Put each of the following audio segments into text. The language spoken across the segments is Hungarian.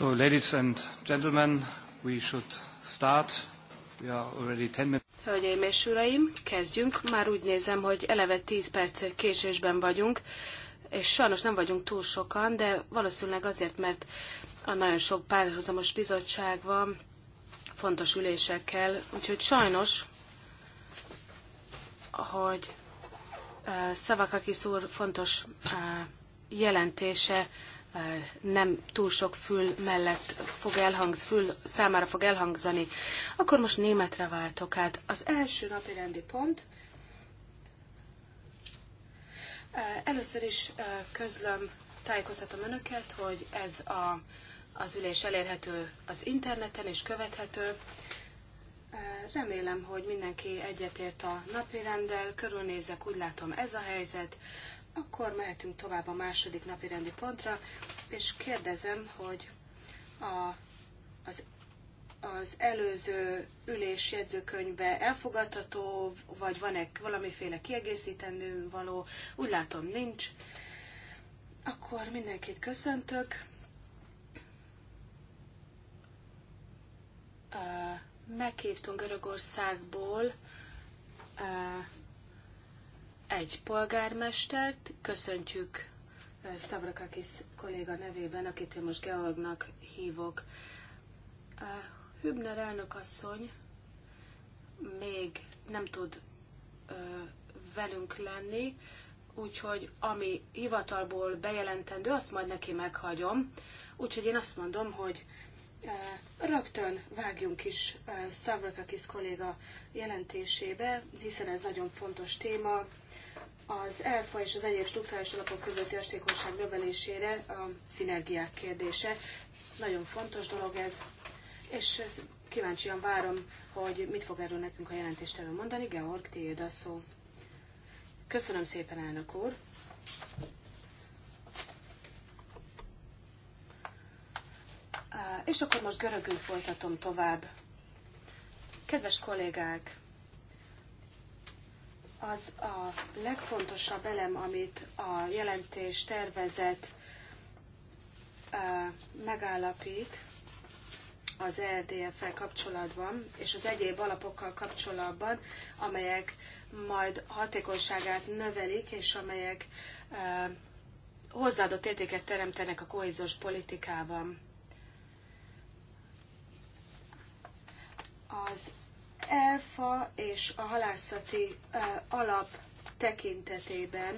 So, ladies and gentlemen, we should start. We are already 10 minutes. Hölgyeim és uraim, kezdjünk. Már úgy nézem, hogy eleve 10 perc késésben vagyunk, és sajnos nem vagyunk túl sokan, de valószínűleg azért, mert a nagyon sok párhuzamos bizottság van, fontos ülésekkel, úgyhogy sajnos, hogy eh, Szavakakis úr fontos eh, jelentése nem túl sok fül mellett fog elhangz, fül számára fog elhangzani, akkor most németre váltok át. Az első napi rendi pont, Először is közlöm, tájékoztatom Önöket, hogy ez a, az ülés elérhető az interneten és követhető. Remélem, hogy mindenki egyetért a napi rendel, körülnézek, úgy látom ez a helyzet. Akkor mehetünk tovább a második napi rendi pontra, és kérdezem, hogy a, az, az előző ülés jegyzőkönyve elfogadható, vagy van-e valamiféle kiegészítendő való? Úgy látom, nincs. Akkor mindenkit köszöntök. Uh, meghívtunk Görögországból uh, egy polgármestert, köszöntjük eh, Stavrakakis kolléga nevében, akit én most Georgnak hívok. Eh, Hübner elnökasszony még nem tud eh, velünk lenni, úgyhogy ami hivatalból bejelentendő, azt majd neki meghagyom. Úgyhogy én azt mondom, hogy rögtön vágjunk is Stavrakakis kolléga jelentésébe, hiszen ez nagyon fontos téma, az ELFA és az egyéb struktúrális alapok közötti estékonyság növelésére a szinergiák kérdése. Nagyon fontos dolog ez, és kíváncsian várom, hogy mit fog erről nekünk a jelentéstevő mondani. Georg, tiéd a szó. Köszönöm szépen, elnök úr. És akkor most görögül folytatom tovább. Kedves kollégák, az a legfontosabb elem, amit a jelentés tervezet megállapít az RDF-fel e kapcsolatban, és az egyéb alapokkal kapcsolatban, amelyek majd hatékonyságát növelik, és amelyek hozzáadott értéket teremtenek a kohéziós politikában. Az ELFA és a halászati alap tekintetében,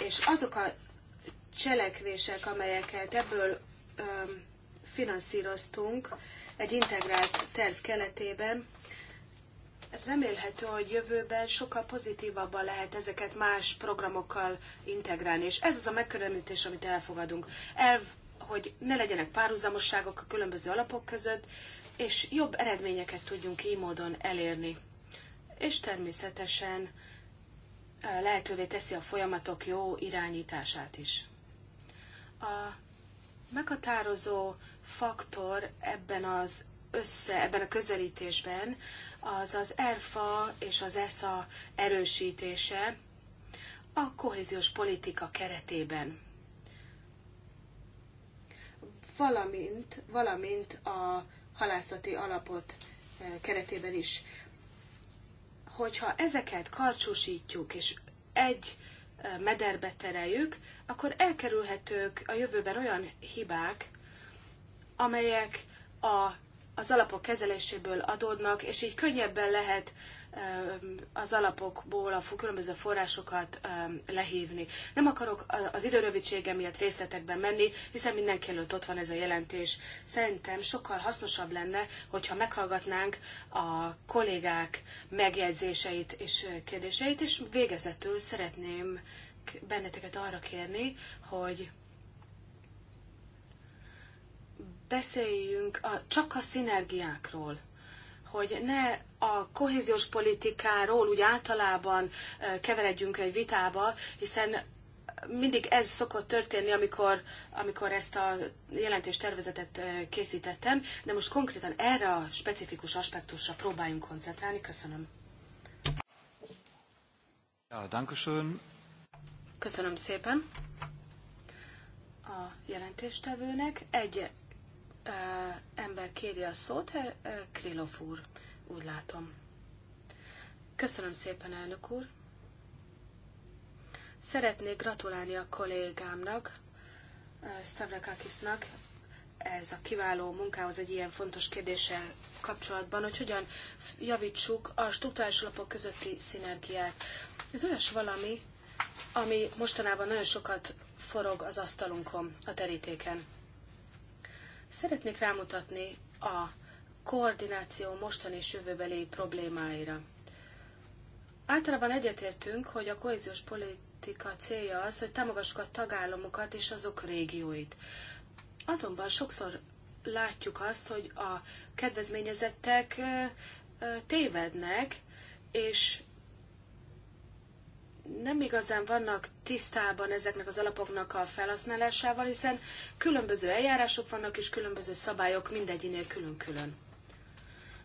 és azok a cselekvések, amelyeket ebből finanszíroztunk egy integrált terv keletében, remélhető, hogy jövőben sokkal pozitívabban lehet ezeket más programokkal integrálni. És ez az a megkülönítés, amit elfogadunk. Elv, hogy ne legyenek párhuzamosságok a különböző alapok között, és jobb eredményeket tudjunk így módon elérni. És természetesen lehetővé teszi a folyamatok jó irányítását is. A meghatározó faktor ebben az össze, ebben a közelítésben az az ERFA és az ESA erősítése a kohéziós politika keretében. Valamint, valamint a halászati alapot keretében is. Hogyha ezeket karcsúsítjuk és egy mederbe tereljük, akkor elkerülhetők a jövőben olyan hibák, amelyek a, az alapok kezeléséből adódnak, és így könnyebben lehet az alapokból a különböző forrásokat lehívni. Nem akarok az időrövidsége miatt részletekben menni, hiszen mindenki előtt ott van ez a jelentés. Szerintem sokkal hasznosabb lenne, hogyha meghallgatnánk a kollégák megjegyzéseit és kérdéseit, és végezetül szeretném benneteket arra kérni, hogy beszéljünk a, csak a szinergiákról hogy ne a kohéziós politikáról úgy általában keveredjünk egy vitába, hiszen mindig ez szokott történni, amikor, amikor ezt a jelentéstervezetet készítettem, de most konkrétan erre a specifikus aspektusra próbáljunk koncentrálni. Köszönöm. Ja, dankeschön. Köszönöm szépen a jelentéstevőnek. Egy ember kéri a szót, Krilov úr, úgy látom. Köszönöm szépen, elnök úr. Szeretnék gratulálni a kollégámnak, Stavrakakisnak, ez a kiváló munkához egy ilyen fontos kérdéssel kapcsolatban, hogy hogyan javítsuk a struktúrális lapok közötti szinergiát. Ez olyas valami, ami mostanában nagyon sokat forog az asztalunkon, a terítéken. Szeretnék rámutatni a koordináció mostani és jövőbeli problémáira. Általában egyetértünk, hogy a kohéziós politika célja az, hogy támogassuk a tagállamokat és azok régióit. Azonban sokszor látjuk azt, hogy a kedvezményezettek tévednek, és nem igazán vannak tisztában ezeknek az alapoknak a felhasználásával, hiszen különböző eljárások vannak és különböző szabályok mindegyinél külön-külön.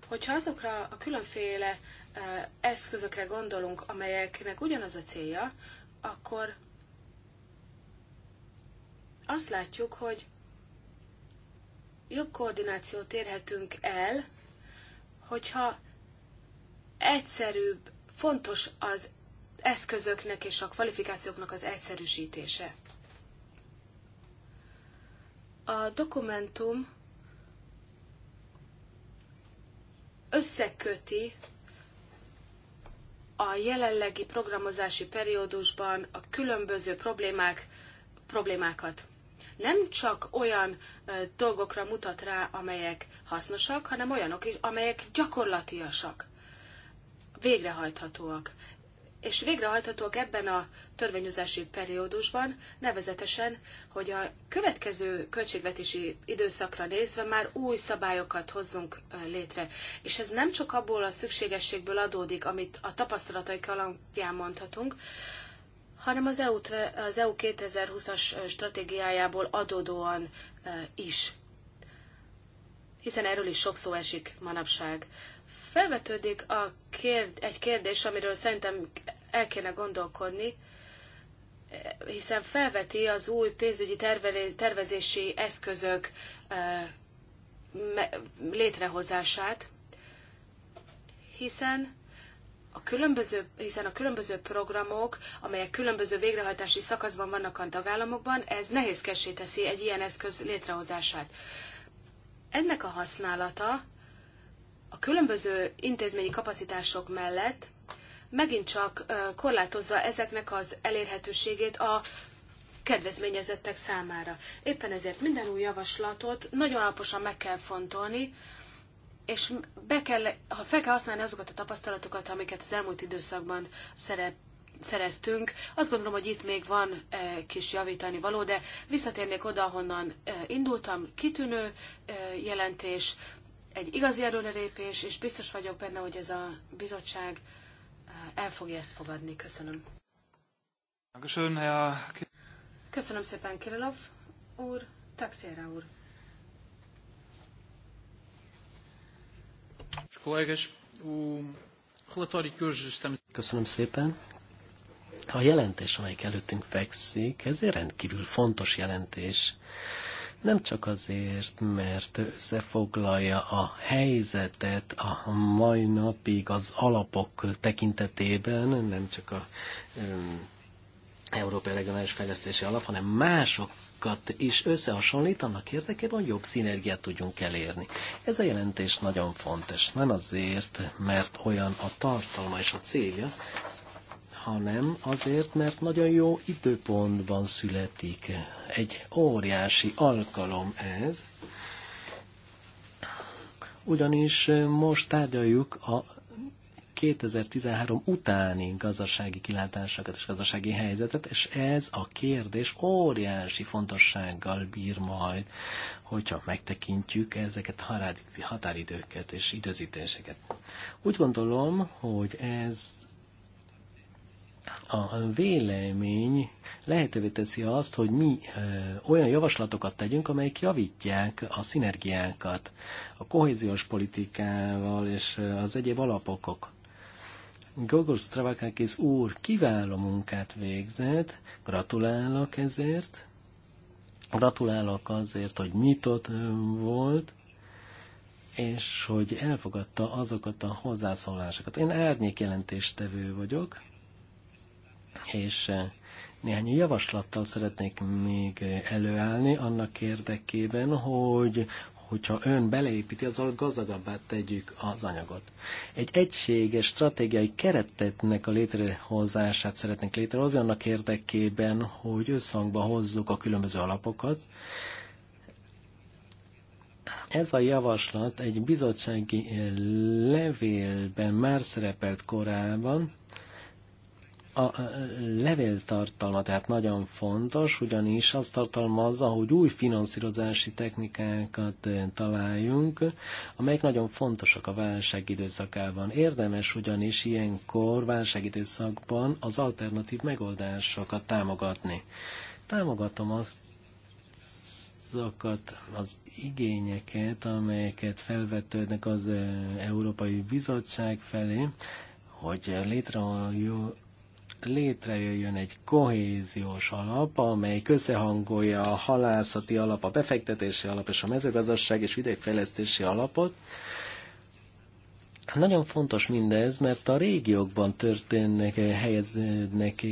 Hogyha azokra a különféle eh, eszközökre gondolunk, amelyeknek ugyanaz a célja, akkor azt látjuk, hogy jobb koordinációt érhetünk el, hogyha egyszerűbb, fontos az eszközöknek és a kvalifikációknak az egyszerűsítése. A dokumentum összeköti a jelenlegi programozási periódusban a különböző problémák, problémákat. Nem csak olyan ö, dolgokra mutat rá, amelyek hasznosak, hanem olyanok is, amelyek gyakorlatiasak, végrehajthatóak és végrehajthatóak ebben a törvényozási periódusban, nevezetesen, hogy a következő költségvetési időszakra nézve már új szabályokat hozzunk létre. És ez nem csak abból a szükségességből adódik, amit a tapasztalataik alapján mondhatunk, hanem az EU, az EU 2020-as stratégiájából adódóan is. Hiszen erről is sok szó esik manapság. Felvetődik a kérd, egy kérdés, amiről szerintem el kéne gondolkodni, hiszen felveti az új pénzügyi tervezési eszközök e, létrehozását, hiszen a különböző, hiszen a különböző programok, amelyek különböző végrehajtási szakaszban vannak a tagállamokban, ez nehézkessé teszi egy ilyen eszköz létrehozását. Ennek a használata a különböző intézményi kapacitások mellett megint csak korlátozza ezeknek az elérhetőségét a kedvezményezettek számára. Éppen ezért minden új javaslatot nagyon alaposan meg kell fontolni, és be kell, ha fel kell használni azokat a tapasztalatokat, amiket az elmúlt időszakban szerep, szereztünk. Azt gondolom, hogy itt még van kis javítani való, de visszatérnék oda, honnan indultam. Kitűnő jelentés, egy igazi előrelépés, és biztos vagyok benne, hogy ez a bizottság eh, el fogja ezt fogadni. Köszönöm. Köszönöm szépen, Kirilov úr, Taxéra úr. Köszönöm szépen. A jelentés, amelyik előttünk fekszik, ez egy rendkívül fontos jelentés nem csak azért, mert összefoglalja a helyzetet a mai napig az alapok tekintetében, nem csak a um, Európai Regionális Fejlesztési Alap, hanem mások is összehasonlít annak érdekében, hogy jobb szinergiát tudjunk elérni. Ez a jelentés nagyon fontos, nem azért, mert olyan a tartalma és a célja, hanem azért, mert nagyon jó időpontban születik. Egy óriási alkalom ez, ugyanis most tárgyaljuk a 2013 utáni gazdasági kilátásokat és gazdasági helyzetet, és ez a kérdés óriási fontossággal bír majd, hogyha megtekintjük ezeket a határidőket és időzítéseket. Úgy gondolom, hogy ez a vélemény lehetővé teszi azt, hogy mi olyan javaslatokat tegyünk, amelyek javítják a szinergiákat a kohéziós politikával és az egyéb alapokok. Gogol Stravakakis úr kiváló munkát végzett, gratulálok ezért, gratulálok azért, hogy nyitott volt, és hogy elfogadta azokat a hozzászólásokat. Én árnyék jelentéstevő vagyok, és eh, néhány javaslattal szeretnék még előállni annak érdekében, hogy hogyha ön beleépíti, azzal gazdagabbá tegyük az anyagot. Egy egységes stratégiai keretetnek a létrehozását szeretnénk létrehozni annak érdekében, hogy összhangba hozzuk a különböző alapokat. Ez a javaslat egy bizottsági levélben már szerepelt korábban, a levél tartalma tehát nagyon fontos, ugyanis az tartalmazza, hogy új finanszírozási technikákat találjunk, amelyek nagyon fontosak a válság időszakában. Érdemes ugyanis ilyenkor válságidőszakban az alternatív megoldásokat támogatni. Támogatom azt azokat az igényeket, amelyeket felvetődnek az Európai Bizottság felé, hogy létrejön létrejöjjön egy kohéziós alap, amely összehangolja a halászati alap, a befektetési alap és a mezőgazdaság és vidékfejlesztési alapot. Nagyon fontos mindez, mert a régiókban történnek, helyeznek,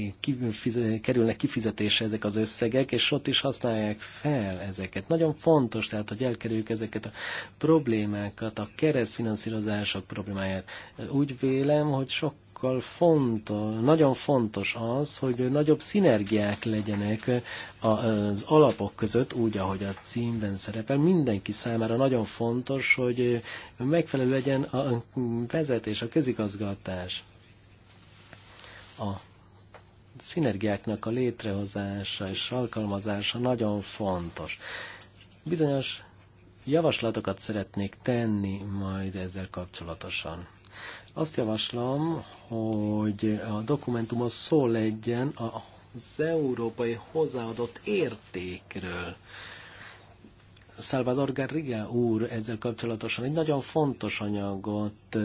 kerülnek kifizetése ezek az összegek, és ott is használják fel ezeket. Nagyon fontos, tehát, hogy elkerüljük ezeket a problémákat, a keresztfinanszírozások problémáját. Úgy vélem, hogy sok sokkal fontos, nagyon fontos az, hogy nagyobb szinergiák legyenek az alapok között, úgy, ahogy a címben szerepel. Mindenki számára nagyon fontos, hogy megfelelő legyen a vezetés, a közigazgatás. A szinergiáknak a létrehozása és alkalmazása nagyon fontos. Bizonyos javaslatokat szeretnék tenni majd ezzel kapcsolatosan. Azt javaslom, hogy a dokumentum az szó legyen az európai hozzáadott értékről. Salvador Garriga úr ezzel kapcsolatosan egy nagyon fontos anyagot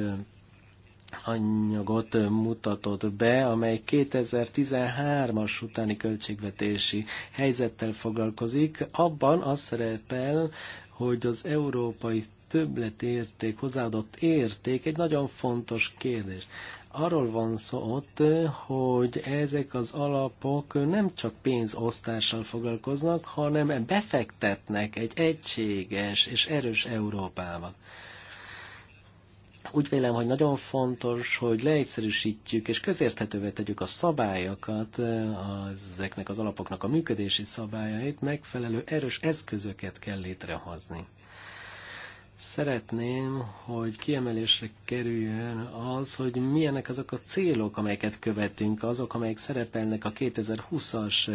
anyagot mutatott be, amely 2013-as utáni költségvetési helyzettel foglalkozik. Abban az szerepel, hogy az európai érték, hozzáadott érték egy nagyon fontos kérdés. Arról van szó ott, hogy ezek az alapok nem csak pénzosztással foglalkoznak, hanem befektetnek egy egységes és erős Európában úgy vélem, hogy nagyon fontos, hogy leegyszerűsítjük és közérthetővé tegyük a szabályokat, ezeknek az alapoknak a működési szabályait, megfelelő erős eszközöket kell létrehozni. Szeretném, hogy kiemelésre kerüljön az, hogy milyenek azok a célok, amelyeket követünk, azok, amelyek szerepelnek a 2020-as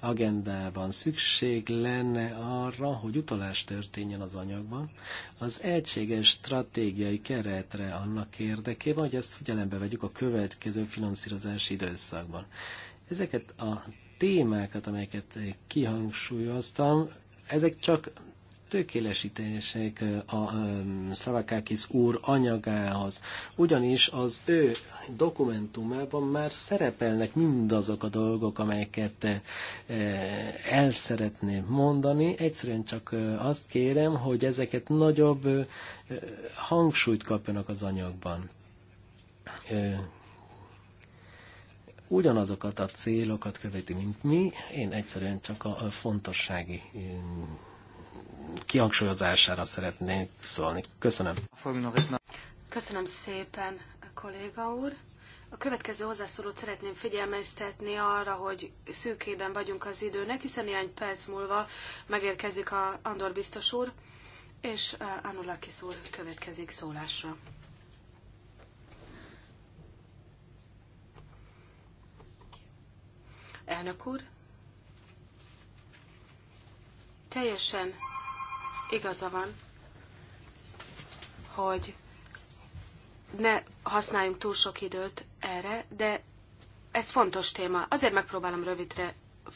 agendában. Szükség lenne arra, hogy utalás történjen az anyagban, az egységes stratégiai keretre annak érdekében, hogy ezt figyelembe vegyük a következő finanszírozási időszakban. Ezeket a témákat, amelyeket kihangsúlyoztam, ezek csak tökéletesek a Szlovakákis úr anyagához, ugyanis az ő dokumentumában már szerepelnek mindazok a dolgok, amelyeket el szeretném mondani. Egyszerűen csak azt kérem, hogy ezeket nagyobb hangsúlyt kapjanak az anyagban ugyanazokat a célokat követi, mint mi, én egyszerűen csak a fontossági kihangsúlyozására szeretnék szólni. Köszönöm. Köszönöm szépen, kolléga úr. A következő hozzászólót szeretném figyelmeztetni arra, hogy szűkében vagyunk az időnek, hiszen néhány perc múlva megérkezik a Andor biztos úr, és eh, Anulakis úr következik szólásra. Elnök úr, teljesen igaza van, hogy ne használjunk túl sok időt erre, de ez fontos téma. Azért megpróbálom rövidre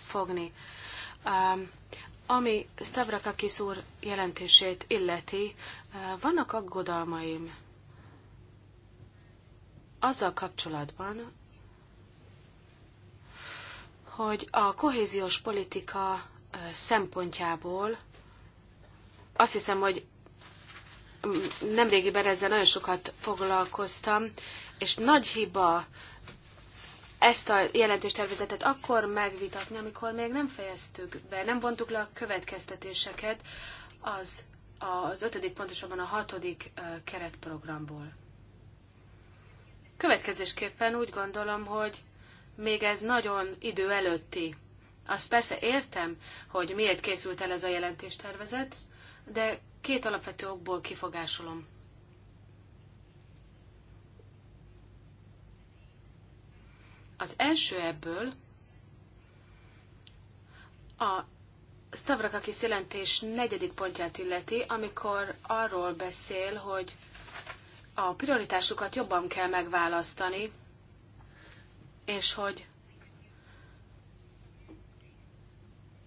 fogni. Um, ami Szabrakakis úr jelentését illeti, uh, vannak aggodalmaim azzal kapcsolatban, hogy a kohéziós politika uh, szempontjából azt hiszem, hogy nemrégiben ezzel nagyon sokat foglalkoztam, és nagy hiba ezt a jelentéstervezetet akkor megvitatni, amikor még nem fejeztük be, nem vontuk le a következtetéseket az, az ötödik, pontosabban a hatodik keretprogramból. Következésképpen úgy gondolom, hogy még ez nagyon idő előtti. Azt persze értem, hogy miért készült el ez a jelentéstervezet, de két alapvető okból kifogásolom. Az első ebből a Stavrakakis jelentés negyedik pontját illeti, amikor arról beszél, hogy a prioritásukat jobban kell megválasztani, és hogy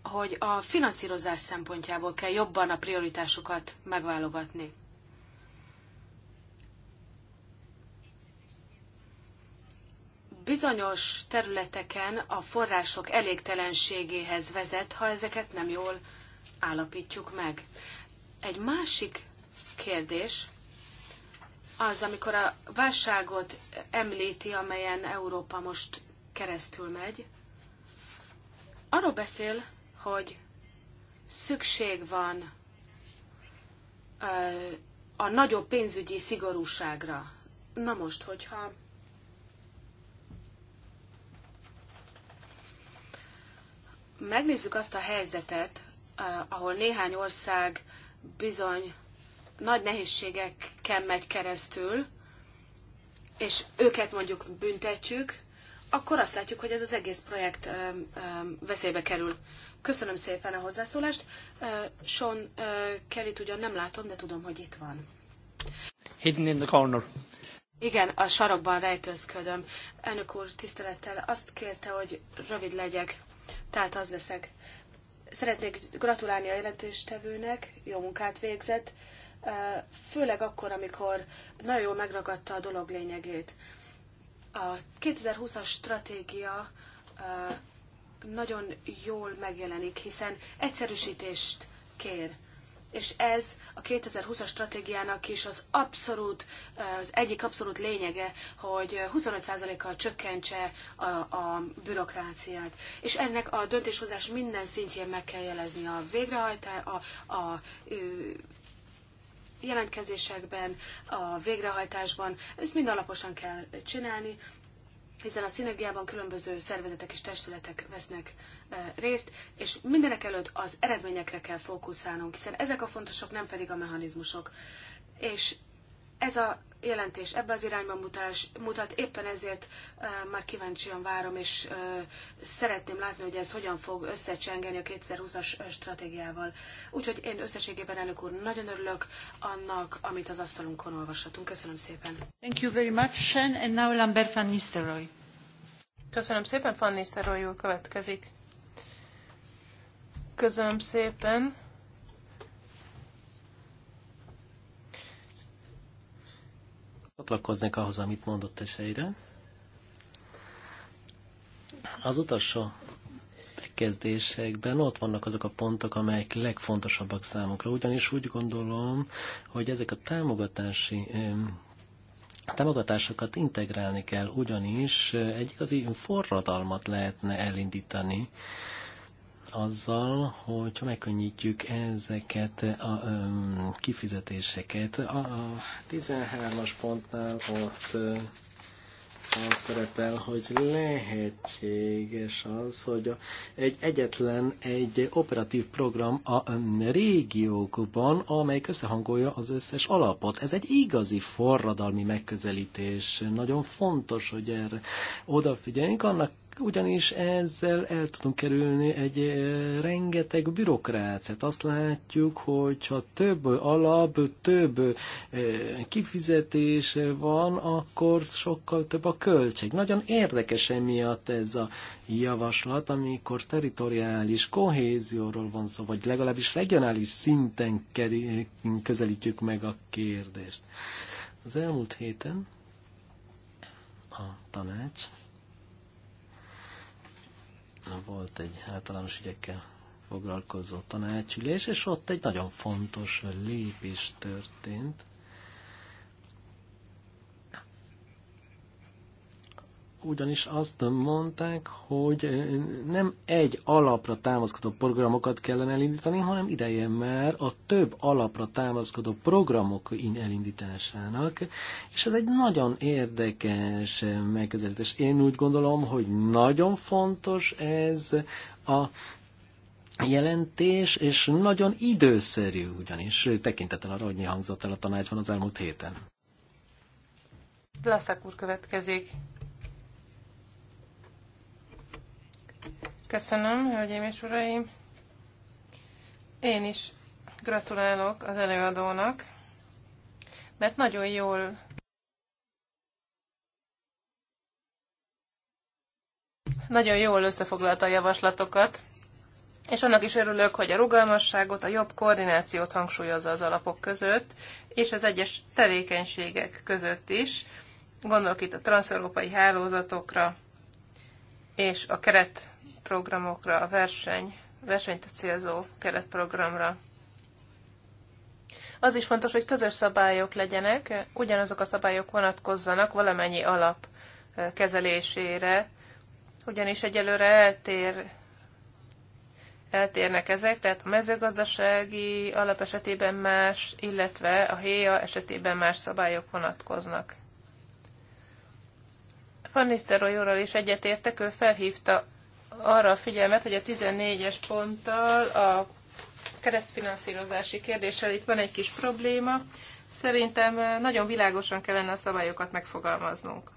hogy a finanszírozás szempontjából kell jobban a prioritásokat megválogatni. Bizonyos területeken a források elégtelenségéhez vezet, ha ezeket nem jól állapítjuk meg. Egy másik kérdés az, amikor a válságot említi, amelyen Európa most keresztül megy, arról beszél, hogy szükség van a nagyobb pénzügyi szigorúságra. Na most, hogyha megnézzük azt a helyzetet, ahol néhány ország bizony nagy nehézségekkel megy keresztül, és őket mondjuk büntetjük, akkor azt látjuk, hogy ez az egész projekt veszélybe kerül. Köszönöm szépen a hozzászólást. Sean kelly ugyan nem látom, de tudom, hogy itt van. Hidden in the corner. Igen, a sarokban rejtőzködöm. Elnök úr tisztelettel azt kérte, hogy rövid legyek, tehát az leszek. Szeretnék gratulálni a jelentéstevőnek, jó munkát végzett, főleg akkor, amikor nagyon jól megragadta a dolog lényegét. A 2020-as stratégia nagyon jól megjelenik, hiszen egyszerűsítést kér. És ez a 2020-as stratégiának is az abszolút, az egyik abszolút lényege, hogy 25%-kal csökkentse a, a bürokráciát. És ennek a döntéshozás minden szintjén meg kell jelezni a végrehajtás, a, a, jelentkezésekben, a végrehajtásban, ezt mind alaposan kell csinálni, hiszen a szinergiában különböző szervezetek és testületek vesznek e, részt, és mindenek előtt az eredményekre kell fókuszálnunk, hiszen ezek a fontosok, nem pedig a mechanizmusok. És ez a jelentés ebbe az irányba mutás, mutat, éppen ezért uh, már kíváncsian várom, és uh, szeretném látni, hogy ez hogyan fog összecsengeni a 2020-as stratégiával. Úgyhogy én összességében, elnök úr, nagyon örülök annak, amit az asztalunkon olvashatunk. Köszönöm szépen. Thank you very much, Shen, and now Lambert van Nistelrooy. Köszönöm szépen, van Nistelrooy úr következik. Köszönöm szépen. csatlakoznék ahhoz, amit mondott eseire. Az utolsó kezdésekben ott vannak azok a pontok, amelyek legfontosabbak számukra. Ugyanis úgy gondolom, hogy ezek a támogatási a támogatásokat integrálni kell, ugyanis eh, egy igazi forradalmat lehetne elindítani azzal, hogyha megkönnyítjük ezeket a kifizetéseket. A, a 13-as pontnál ott az szerepel, hogy lehetséges az, hogy egy egyetlen egy operatív program a, a régiókban, amely összehangolja az összes alapot. Ez egy igazi forradalmi megközelítés. Nagyon fontos, hogy erre odafigyeljünk, annak ugyanis ezzel el tudunk kerülni egy eh, rengeteg bürokráciát. Azt látjuk, hogy ha több alap, több eh, kifizetés van, akkor sokkal több a költség. Nagyon érdekes emiatt ez a javaslat, amikor teritoriális kohézióról van szó, vagy legalábbis regionális szinten közelítjük meg a kérdést. Az elmúlt héten a tanács volt egy általános ügyekkel foglalkozó tanácsülés, és ott egy nagyon fontos lépés történt. ugyanis azt mondták, hogy nem egy alapra támaszkodó programokat kellene elindítani, hanem ideje már a több alapra támaszkodó programok elindításának, és ez egy nagyon érdekes megközelítés. Én úgy gondolom, hogy nagyon fontos ez a jelentés, és nagyon időszerű ugyanis, tekintettel arra, hogy mi hangzott el a tanácsban az elmúlt héten. Vlaszak úr következik. Köszönöm, hölgyeim és uraim. Én is gratulálok az előadónak, mert nagyon jól nagyon jól összefoglalta a javaslatokat, és annak is örülök, hogy a rugalmasságot, a jobb koordinációt hangsúlyozza az alapok között, és az egyes tevékenységek között is. Gondolok itt a transzeurópai hálózatokra és a keret keretprogramokra, a verseny, versenyt célzó keretprogramra. Az is fontos, hogy közös szabályok legyenek, ugyanazok a szabályok vonatkozzanak valamennyi alap kezelésére, ugyanis egyelőre eltér, eltérnek ezek, tehát a mezőgazdasági alap esetében más, illetve a héja esetében más szabályok vonatkoznak. Van Nisztelrooy is egyetértek, ő felhívta arra a figyelmet, hogy a 14-es ponttal a keresztfinanszírozási kérdéssel itt van egy kis probléma. Szerintem eh, nagyon világosan kellene a szabályokat megfogalmaznunk.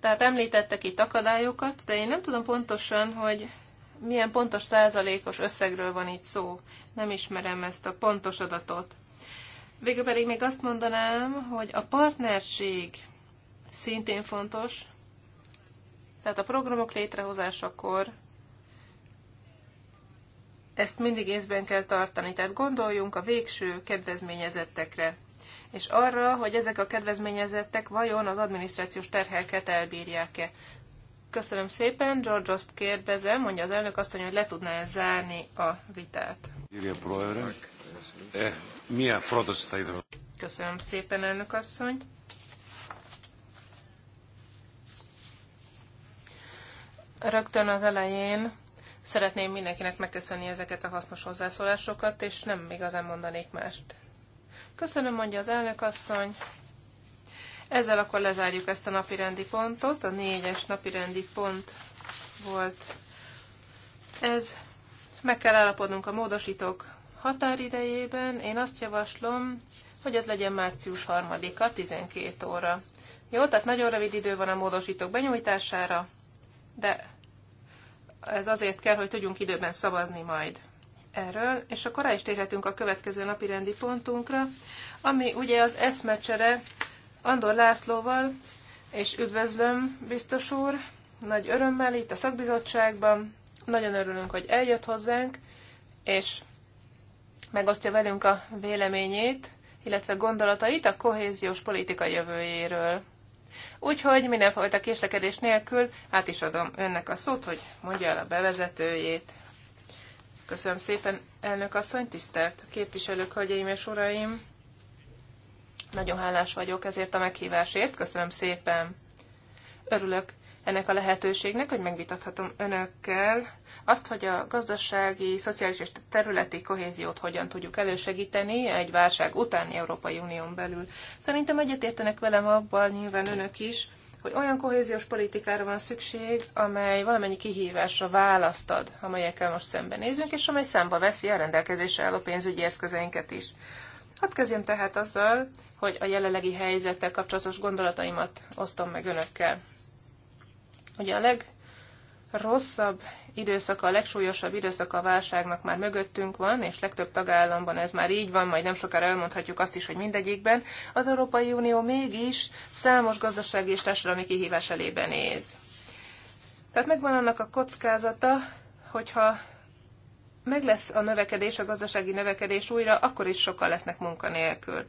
Tehát említettek itt akadályokat, de én nem tudom pontosan, hogy milyen pontos százalékos összegről van itt szó. Nem ismerem ezt a pontos adatot. Végül pedig még azt mondanám, hogy a partnerség szintén fontos. Tehát a programok létrehozásakor ezt mindig észben kell tartani. Tehát gondoljunk a végső kedvezményezettekre, és arra, hogy ezek a kedvezményezettek vajon az adminisztrációs terhelket elbírják-e. Köszönöm szépen, George azt kérdezem, mondja az elnök mondja, hogy le tudná -e zárni a vitát. Eh, Köszönöm szépen, elnök asszony. Rögtön az elején szeretném mindenkinek megköszönni ezeket a hasznos hozzászólásokat, és nem igazán mondanék mást. Köszönöm, mondja az elnök asszony. Ezzel akkor lezárjuk ezt a napirendi pontot. A négyes napirendi pont volt ez. Meg kell állapodnunk a módosítók határidejében. Én azt javaslom, hogy ez legyen március 3-a, 12 óra. Jó, tehát nagyon rövid idő van a módosítók benyújtására de ez azért kell, hogy tudjunk időben szavazni majd erről, és akkor rá is térhetünk a következő napi rendi pontunkra, ami ugye az eszmecsere Andor Lászlóval, és üdvözlöm, biztos úr, nagy örömmel itt a szakbizottságban, nagyon örülünk, hogy eljött hozzánk, és megosztja velünk a véleményét, illetve gondolatait a kohéziós politika jövőjéről. Úgyhogy mindenfajta késlekedés nélkül át is adom önnek a szót, hogy mondja el a bevezetőjét. Köszönöm szépen, elnök asszony, tisztelt képviselők, hölgyeim és uraim! Nagyon hálás vagyok ezért a meghívásért, köszönöm szépen! Örülök ennek a lehetőségnek, hogy megvitathatom önökkel azt, hogy a gazdasági, szociális és területi kohéziót hogyan tudjuk elősegíteni egy válság utáni Európai Unión belül. Szerintem egyetértenek velem abban, nyilván önök is, hogy olyan kohéziós politikára van szükség, amely valamennyi kihívásra választ ad, amelyekkel most szembenézünk, és amely számba veszi a rendelkezésre álló pénzügyi eszközeinket is. Hadd kezdjem tehát azzal, hogy a jelenlegi helyzettel kapcsolatos gondolataimat osztom meg önökkel. Ugye a legrosszabb időszaka, a legsúlyosabb időszaka a válságnak már mögöttünk van, és legtöbb tagállamban ez már így van, majd nem sokára elmondhatjuk azt is, hogy mindegyikben. Az Európai Unió mégis számos gazdasági és társadalmi kihívás elébe néz. Tehát megvan annak a kockázata, hogyha meg lesz a növekedés, a gazdasági növekedés újra, akkor is sokkal lesznek munkanélkül.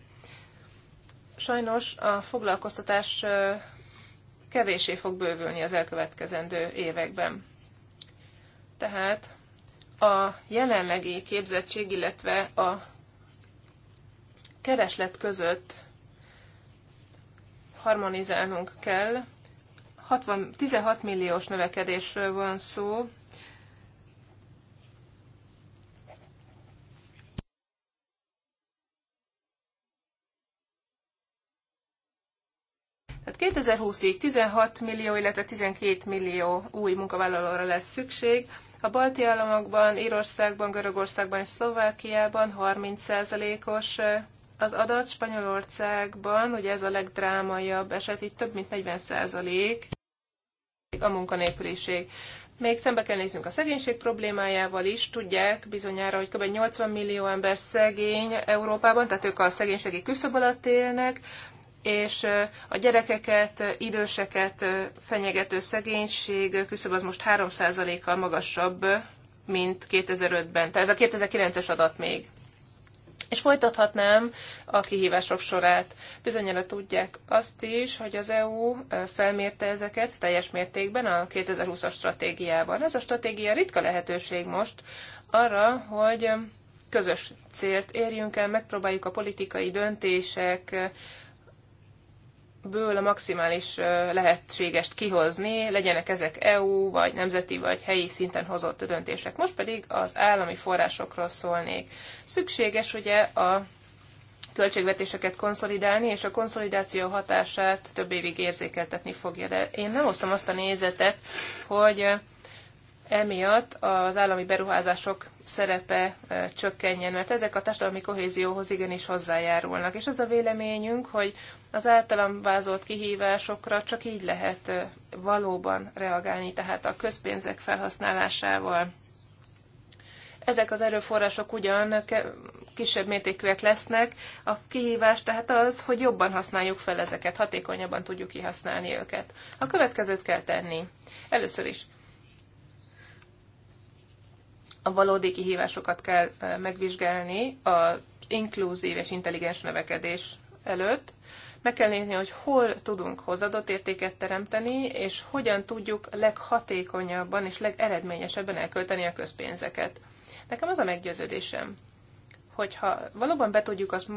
Sajnos a foglalkoztatás kevésé fog bővülni az elkövetkezendő években. Tehát a jelenlegi képzettség, illetve a kereslet között harmonizálnunk kell. 60, 16 milliós növekedésről van szó, Tehát 2020-ig 16 millió, illetve 12 millió új munkavállalóra lesz szükség. A balti államokban, Írországban, Görögországban és Szlovákiában 30%-os az adat Spanyolországban, ugye ez a legdrámaiabb eset, itt több mint 40% százalék a munkanélküliség. Még szembe kell néznünk a szegénység problémájával is. Tudják bizonyára, hogy kb. 80 millió ember szegény Európában, tehát ők a szegénységi küszöb alatt élnek, és a gyerekeket, időseket fenyegető szegénység küszöb az most 3%-kal magasabb, mint 2005-ben. Tehát ez a 2009-es adat még. És folytathatnám a kihívások sorát. Bizonyára tudják azt is, hogy az EU felmérte ezeket teljes mértékben a 2020-as stratégiában. Ez a stratégia ritka lehetőség most arra, hogy közös célt érjünk el, megpróbáljuk a politikai döntések ezekből a maximális lehetségest kihozni, legyenek ezek EU, vagy nemzeti, vagy helyi szinten hozott döntések. Most pedig az állami forrásokról szólnék. Szükséges ugye a költségvetéseket konszolidálni, és a konszolidáció hatását több évig érzékeltetni fogja. De én nem osztom azt a nézetet, hogy emiatt az állami beruházások szerepe csökkenjen, mert ezek a társadalmi kohézióhoz igenis hozzájárulnak. És az a véleményünk, hogy az általam vázolt kihívásokra csak így lehet valóban reagálni, tehát a közpénzek felhasználásával. Ezek az erőforrások ugyan kisebb mértékűek lesznek, a kihívás tehát az, hogy jobban használjuk fel ezeket, hatékonyabban tudjuk kihasználni őket. A következőt kell tenni. Először is a valódi kihívásokat kell megvizsgálni az inkluzív és intelligens növekedés előtt, meg kell nézni, hogy hol tudunk hozadott értéket teremteni, és hogyan tudjuk leghatékonyabban és legeredményesebben elkölteni a közpénzeket. Nekem az a meggyőződésem, hogyha valóban be tudjuk azt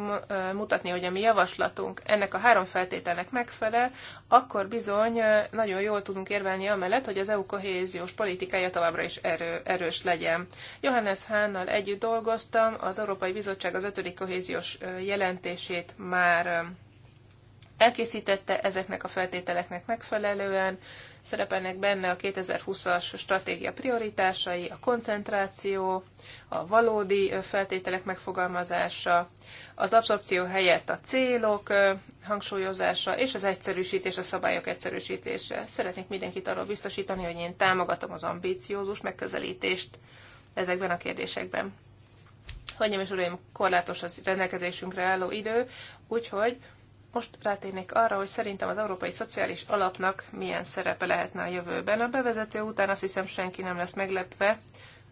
mutatni, hogy a mi javaslatunk ennek a három feltételnek megfelel, akkor bizony nagyon jól tudunk érvelni amellett, hogy az EU kohéziós politikája továbbra is erő, erős legyen. Johannes Hánnal együtt dolgoztam, az Európai Bizottság az ötödik kohéziós jelentését már elkészítette ezeknek a feltételeknek megfelelően, szerepelnek benne a 2020-as stratégia prioritásai, a koncentráció, a valódi feltételek megfogalmazása, az abszorpció helyett a célok hangsúlyozása és az egyszerűsítés, a szabályok egyszerűsítése. Szeretnék mindenkit arról biztosítani, hogy én támogatom az ambíciózus megközelítést ezekben a kérdésekben. Hölgyeim és uraim, korlátos az rendelkezésünkre álló idő, úgyhogy most rátérnék arra, hogy szerintem az Európai Szociális Alapnak milyen szerepe lehetne a jövőben. A bevezető után azt hiszem senki nem lesz meglepve,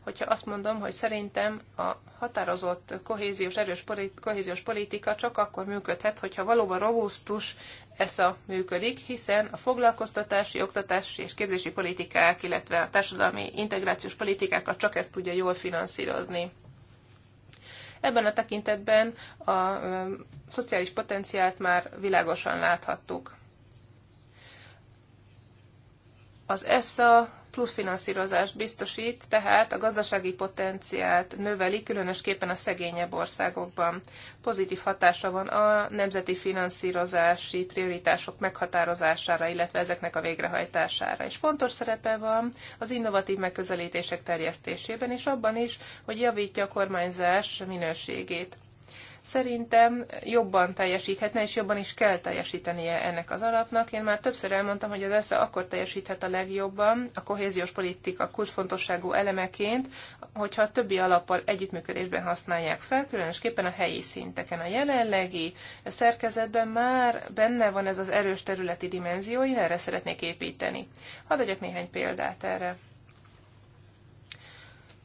hogyha azt mondom, hogy szerintem a határozott kohéziós, erős kohéziós politika csak akkor működhet, hogyha valóban robusztus ESZA működik, hiszen a foglalkoztatási, oktatási és képzési politikák, illetve a társadalmi integrációs politikákat csak ezt tudja jól finanszírozni. Ebben a tekintetben a szociális potenciált már világosan láthattuk. Az ESSA plusz finanszírozást biztosít, tehát a gazdasági potenciált növeli, különösképpen a szegényebb országokban. Pozitív hatása van a nemzeti finanszírozási prioritások meghatározására, illetve ezeknek a végrehajtására. És fontos szerepe van az innovatív megközelítések terjesztésében, és abban is, hogy javítja a kormányzás minőségét szerintem jobban teljesíthetne, és jobban is kell teljesítenie ennek az alapnak. Én már többször elmondtam, hogy az ESZA akkor teljesíthet a legjobban a kohéziós politika kulcsfontosságú elemeként, hogyha a többi alappal együttműködésben használják fel, különösképpen a helyi szinteken. A jelenlegi szerkezetben már benne van ez az erős területi dimenzió, én erre szeretnék építeni. Hadd adjak néhány példát erre.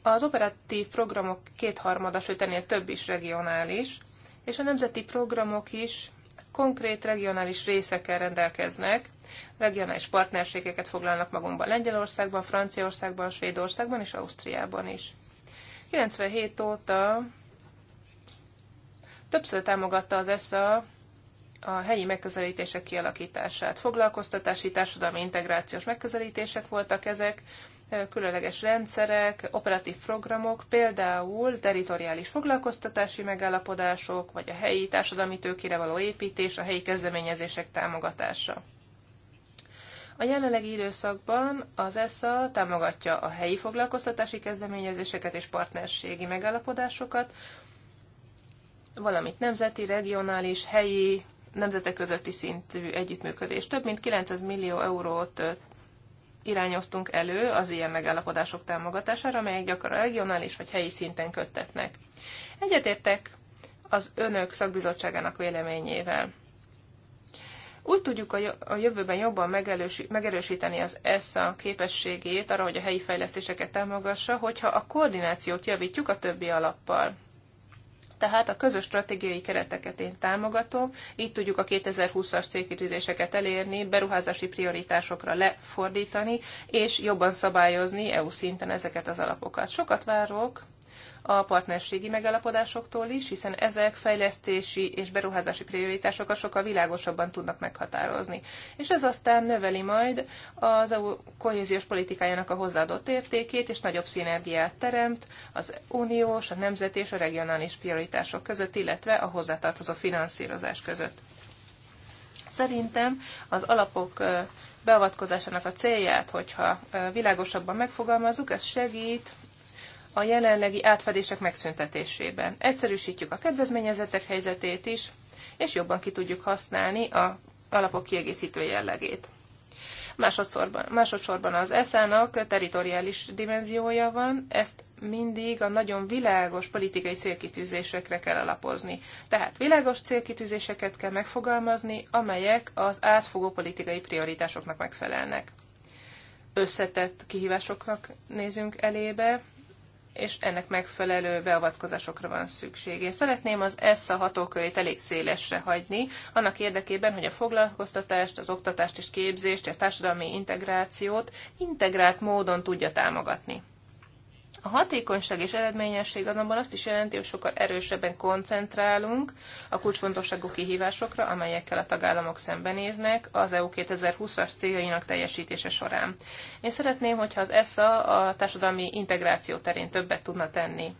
Az operatív programok kétharmada, sőt ennél több is regionális, és a nemzeti programok is konkrét regionális részekkel rendelkeznek, regionális partnerségeket foglalnak magunkban Lengyelországban, Franciaországban, Svédországban és Ausztriában is. 97 óta többször támogatta az ESZA a helyi megközelítések kialakítását. Foglalkoztatási, társadalmi integrációs megközelítések voltak ezek, különleges rendszerek, operatív programok, például teritoriális foglalkoztatási megállapodások, vagy a helyi társadalmi tőkére való építés, a helyi kezdeményezések támogatása. A jelenlegi időszakban az ESA támogatja a helyi foglalkoztatási kezdeményezéseket és partnerségi megállapodásokat, valamint nemzeti, regionális, helyi, nemzetek közötti szintű együttműködés. Több mint 900 millió eurót irányoztunk elő az ilyen megállapodások támogatására, amelyek gyakran regionális vagy helyi szinten köttetnek. Egyetértek az önök szakbizottságának véleményével. Úgy tudjuk a jövőben jobban megerősíteni az ESSA képességét arra, hogy a helyi fejlesztéseket támogassa, hogyha a koordinációt javítjuk a többi alappal tehát a közös stratégiai kereteket én támogatom, így tudjuk a 2020-as célkitűzéseket elérni, beruházási prioritásokra lefordítani, és jobban szabályozni EU szinten ezeket az alapokat. Sokat várok a partnerségi megállapodásoktól is, hiszen ezek fejlesztési és beruházási prioritásokat sokkal világosabban tudnak meghatározni. És ez aztán növeli majd az EU kohéziós politikájának a hozzáadott értékét, és nagyobb szinergiát teremt az uniós, a nemzeti és a regionális prioritások között, illetve a hozzátartozó finanszírozás között. Szerintem az alapok beavatkozásának a célját, hogyha világosabban megfogalmazzuk, ez segít a jelenlegi átfedések megszüntetésébe. Egyszerűsítjük a kedvezményezettek helyzetét is, és jobban ki tudjuk használni a alapok kiegészítő jellegét. Másodszorban, másodszorban az ESZÁ-nak teritoriális dimenziója van, ezt mindig a nagyon világos politikai célkitűzésekre kell alapozni. Tehát világos célkitűzéseket kell megfogalmazni, amelyek az átfogó politikai prioritásoknak megfelelnek. Összetett kihívásoknak nézünk elébe, és ennek megfelelő beavatkozásokra van szükség. Én szeretném az ESSA hatókörét elég szélesre hagyni, annak érdekében, hogy a foglalkoztatást, az oktatást és képzést, a társadalmi integrációt integrált módon tudja támogatni. A hatékonyság és eredményesség azonban azt is jelenti, hogy sokkal erősebben koncentrálunk a kulcsfontosságú kihívásokra, amelyekkel a tagállamok szembenéznek az EU 2020-as céljainak teljesítése során. Én szeretném, hogyha az ESA a társadalmi integráció terén többet tudna tenni.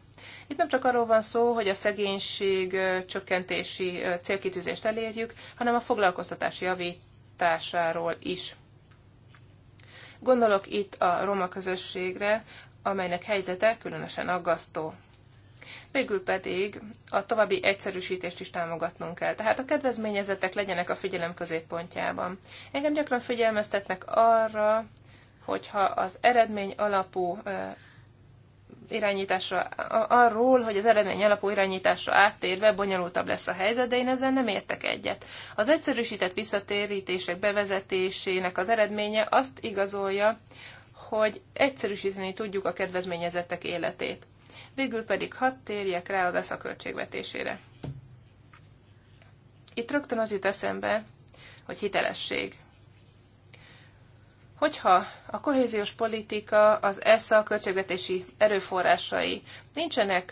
Itt nem csak arról van szó, hogy a szegénység csökkentési célkitűzést elérjük, hanem a foglalkoztatás javításáról is. Gondolok itt a roma közösségre, amelynek helyzete különösen aggasztó. Végül pedig a további egyszerűsítést is támogatnunk kell. Tehát a kedvezményezettek legyenek a figyelem középpontjában. Engem gyakran figyelmeztetnek arra, hogyha az eredmény alapú irányításra, arról, hogy az eredmény alapú irányításra áttérve bonyolultabb lesz a helyzet, de én ezzel nem értek egyet. Az egyszerűsített visszatérítések bevezetésének az eredménye azt igazolja, hogy egyszerűsíteni tudjuk a kedvezményezettek életét. Végül pedig hadd térjek rá az ESZA költségvetésére. Itt rögtön az jut eszembe, hogy hitelesség. Hogyha a kohéziós politika, az ESZA költségvetési erőforrásai nincsenek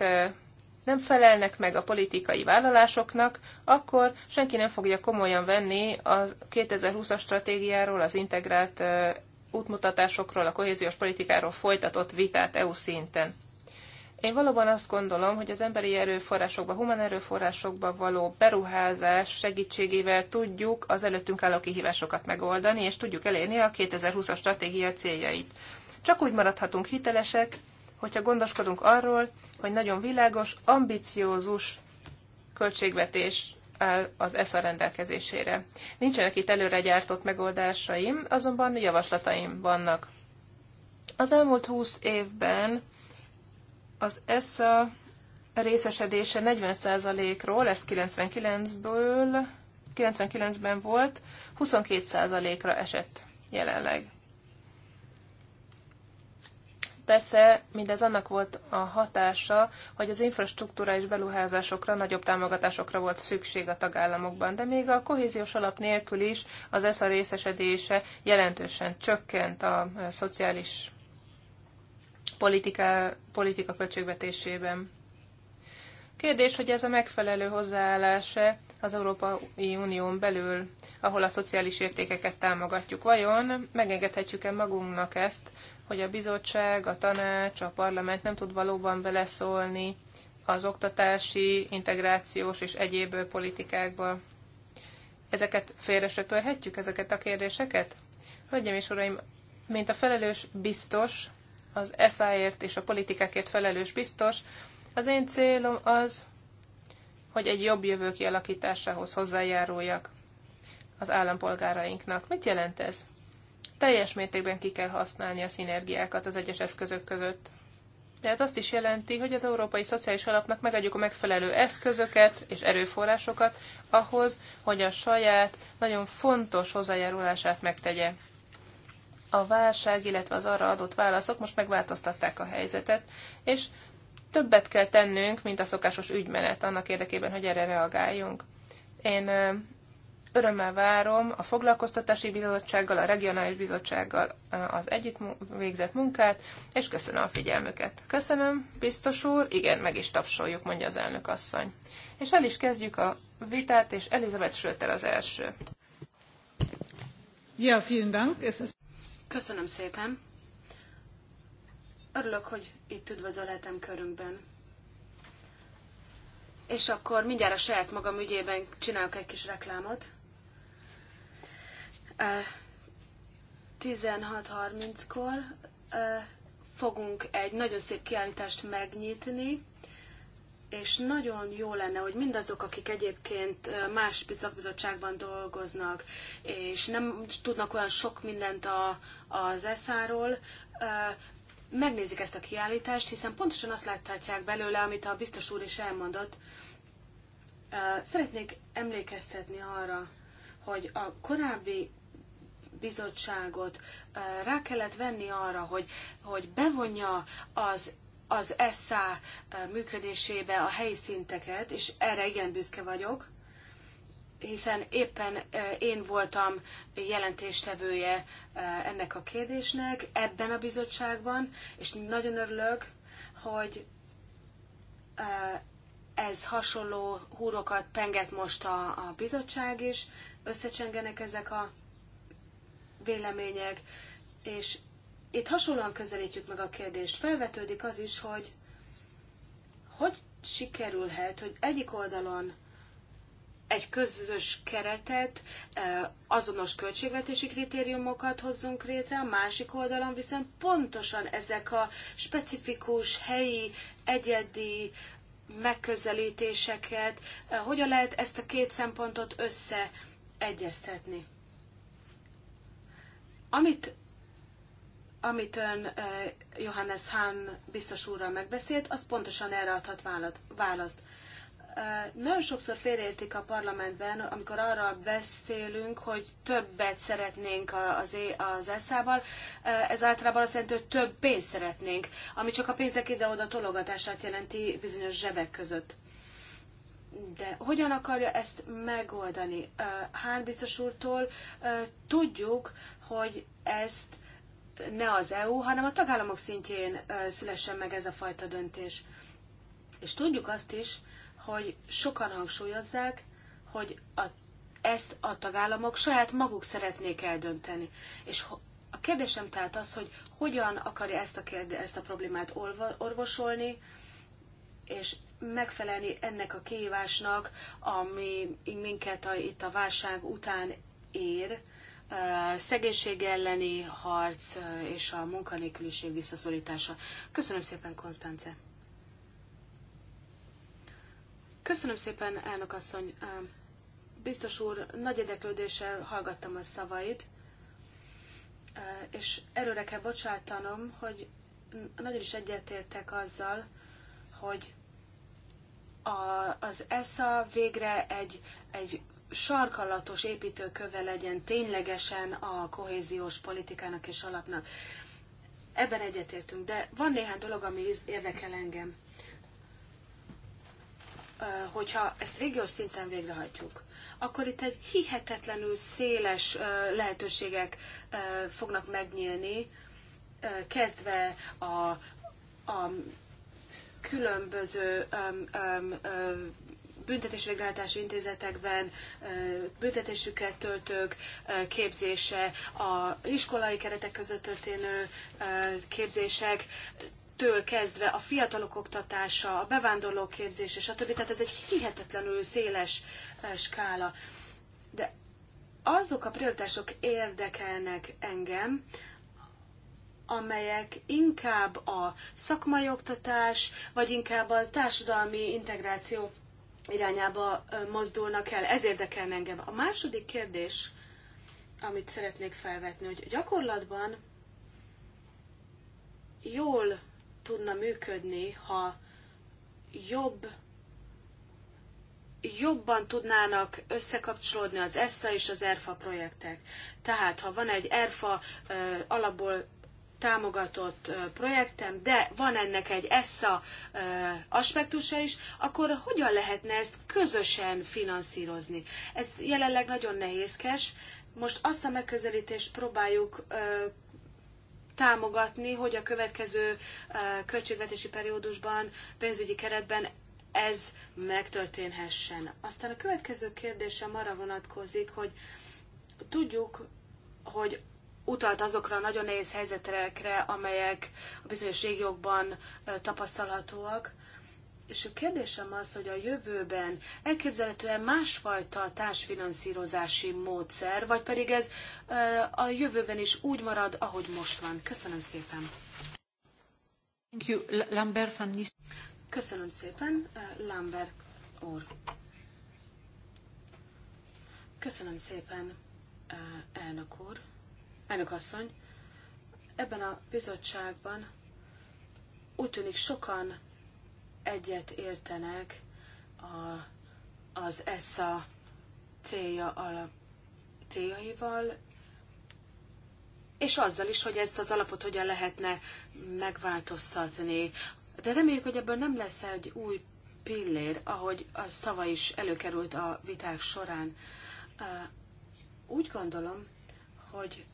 nem felelnek meg a politikai vállalásoknak, akkor senki nem fogja komolyan venni a 2020-as stratégiáról, az integrált útmutatásokról, a kohéziós politikáról folytatott vitát EU szinten. Én valóban azt gondolom, hogy az emberi erőforrásokba, human erőforrásokba való beruházás segítségével tudjuk az előttünk álló kihívásokat megoldani, és tudjuk elérni a 2020-as stratégia céljait. Csak úgy maradhatunk hitelesek, hogyha gondoskodunk arról, hogy nagyon világos, ambiciózus költségvetés áll az ESZA rendelkezésére. Nincsenek itt előre gyártott megoldásaim, azonban javaslataim vannak. Az elmúlt 20 évben az ESZA részesedése 40%-ról, ez 99-ből, 99-ben volt, 22%-ra esett jelenleg. Persze mindez annak volt a hatása, hogy az infrastruktúrális beruházásokra nagyobb támogatásokra volt szükség a tagállamokban, de még a kohéziós alap nélkül is az ESZA részesedése jelentősen csökkent a szociális politika, politika költségvetésében. Kérdés, hogy ez a megfelelő hozzáállása az Európai Unión belül, ahol a szociális értékeket támogatjuk. Vajon megengedhetjük-e magunknak ezt, hogy a bizottság, a tanács, a parlament nem tud valóban beleszólni az oktatási, integrációs és egyéb politikákba. Ezeket félresöpörhetjük, ezeket a kérdéseket? Hölgyeim és uraim, mint a felelős biztos, az SZ-ért és a politikákért felelős biztos, az én célom az, hogy egy jobb jövő kialakításához hozzájáruljak az állampolgárainknak. Mit jelent ez? teljes mértékben ki kell használni a szinergiákat az egyes eszközök között. De ez azt is jelenti, hogy az Európai Szociális Alapnak megadjuk a megfelelő eszközöket és erőforrásokat ahhoz, hogy a saját nagyon fontos hozzájárulását megtegye. A válság, illetve az arra adott válaszok most megváltoztatták a helyzetet, és többet kell tennünk, mint a szokásos ügymenet annak érdekében, hogy erre reagáljunk. Én örömmel várom a foglalkoztatási bizottsággal, a regionális bizottsággal az együtt végzett munkát, és köszönöm a figyelmüket. Köszönöm, biztos úr, igen, meg is tapsoljuk, mondja az elnök asszony. És el is kezdjük a vitát, és Elizabeth Schröter az első. Ja, vielen Dank. Köszönöm szépen. Örülök, hogy itt üdvözölhetem körünkben. És akkor mindjárt a saját magam ügyében csinálok egy kis reklámot. 16.30-kor fogunk egy nagyon szép kiállítást megnyitni, és nagyon jó lenne, hogy mindazok, akik egyébként más szakbizottságban dolgoznak, és nem tudnak olyan sok mindent a, az eszáról, megnézik ezt a kiállítást, hiszen pontosan azt láthatják belőle, amit a biztos úr is elmondott. Szeretnék emlékeztetni arra, hogy a korábbi bizottságot rá kellett venni arra, hogy, hogy bevonja az az ESSA működésébe a helyi szinteket, és erre igen büszke vagyok, hiszen éppen én voltam jelentéstevője ennek a kérdésnek ebben a bizottságban, és nagyon örülök, hogy ez hasonló húrokat penget most a, a bizottság is, összecsengenek ezek a vélemények, és itt hasonlóan közelítjük meg a kérdést. Felvetődik az is, hogy hogy sikerülhet, hogy egyik oldalon egy közös keretet, azonos költségvetési kritériumokat hozzunk létre, a másik oldalon viszont pontosan ezek a specifikus, helyi, egyedi megközelítéseket, hogyan lehet ezt a két szempontot összeegyeztetni. Amit, amit ön eh, Johannes Hahn biztos úrral megbeszélt, az pontosan erre adhat választ. Eh, nagyon sokszor félreértik a parlamentben, amikor arra beszélünk, hogy többet szeretnénk az, az ESZ-val, eh, ez általában azt jelenti, hogy több pénzt szeretnénk, ami csak a pénzek ide-oda tologatását jelenti bizonyos zsebek között. De hogyan akarja ezt megoldani? Hán biztos úrtól tudjuk, hogy ezt ne az EU, hanem a tagállamok szintjén szülessen meg ez a fajta döntés. És tudjuk azt is, hogy sokan hangsúlyozzák, hogy a, ezt a tagállamok saját maguk szeretnék eldönteni. És a kérdésem tehát az, hogy hogyan akarja ezt a, kérde, ezt a problémát orvosolni, és megfelelni ennek a kihívásnak, ami minket a, itt a válság után ér, szegénység elleni harc és a munkanélküliség visszaszorítása. Köszönöm szépen, Konstance! Köszönöm szépen, elnök asszony! Biztos úr, nagy érdeklődéssel hallgattam a szavait, és erőre kell bocsátanom, hogy nagyon is egyetértek azzal, hogy a, az ESA végre egy, egy sarkalatos építőköve legyen ténylegesen a kohéziós politikának és alapnak. Ebben egyetértünk, de van néhány dolog, ami érdekel engem. Hogyha ezt régiós szinten végrehajtjuk, akkor itt egy hihetetlenül széles lehetőségek fognak megnyílni, kezdve a, a különböző büntetésreglátási intézetekben büntetésüket töltők képzése, a iskolai keretek között történő képzések, től kezdve a fiatalok oktatása, a bevándorlók képzése, stb. Tehát ez egy hihetetlenül széles skála. De azok a prioritások érdekelnek engem, amelyek inkább a szakmai oktatás, vagy inkább a társadalmi integráció irányába mozdulnak el. Ez érdekel engem. A második kérdés, amit szeretnék felvetni, hogy gyakorlatban jól tudna működni, ha jobb jobban tudnának összekapcsolódni az ESSA és az ERFA projektek. Tehát, ha van egy ERFA alapból támogatott projektem, de van ennek egy ESSA aspektusa is, akkor hogyan lehetne ezt közösen finanszírozni? Ez jelenleg nagyon nehézkes. Most azt a megközelítést próbáljuk támogatni, hogy a következő költségvetési periódusban, pénzügyi keretben ez megtörténhessen. Aztán a következő kérdésem arra vonatkozik, hogy tudjuk, hogy utalt azokra a nagyon nehéz helyzetekre, amelyek a bizonyos régiókban tapasztalhatóak. És a kérdésem az, hogy a jövőben elképzelhetően másfajta társfinanszírozási módszer, vagy pedig ez a jövőben is úgy marad, ahogy most van. Köszönöm szépen. Thank you. Lambert van Köszönöm szépen, Lambert úr. Köszönöm szépen, elnök úr. Elnök asszony, ebben a bizottságban úgy tűnik sokan egyet értenek a, az ESSA célja alap, céljaival, és azzal is, hogy ezt az alapot hogyan lehetne megváltoztatni. De reméljük, hogy ebből nem lesz egy új pillér, ahogy az tavaly is előkerült a viták során. Úgy gondolom, hogy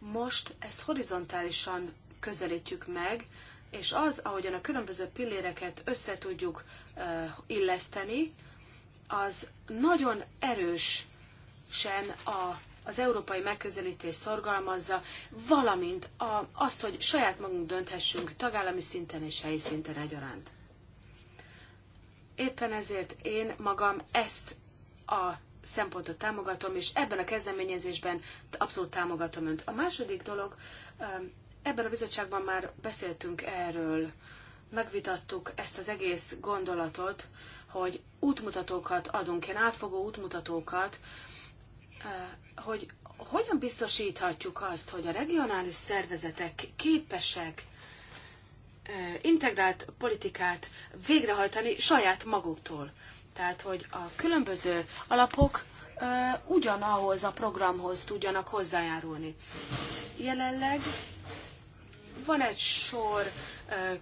most ezt horizontálisan közelítjük meg, és az, ahogyan a különböző pilléreket össze tudjuk illeszteni, az nagyon erősen a, az európai megközelítés szorgalmazza, valamint a, azt, hogy saját magunk dönthessünk tagállami szinten és helyi szinten egyaránt. Éppen ezért én magam ezt a szempontot támogatom, és ebben a kezdeményezésben abszolút támogatom Önt. A második dolog, ebben a bizottságban már beszéltünk erről, megvitattuk ezt az egész gondolatot, hogy útmutatókat adunk, ilyen átfogó útmutatókat, hogy hogyan biztosíthatjuk azt, hogy a regionális szervezetek képesek integrált politikát végrehajtani saját maguktól. Tehát, hogy a különböző alapok ugyanahhoz a programhoz tudjanak hozzájárulni. Jelenleg van egy sor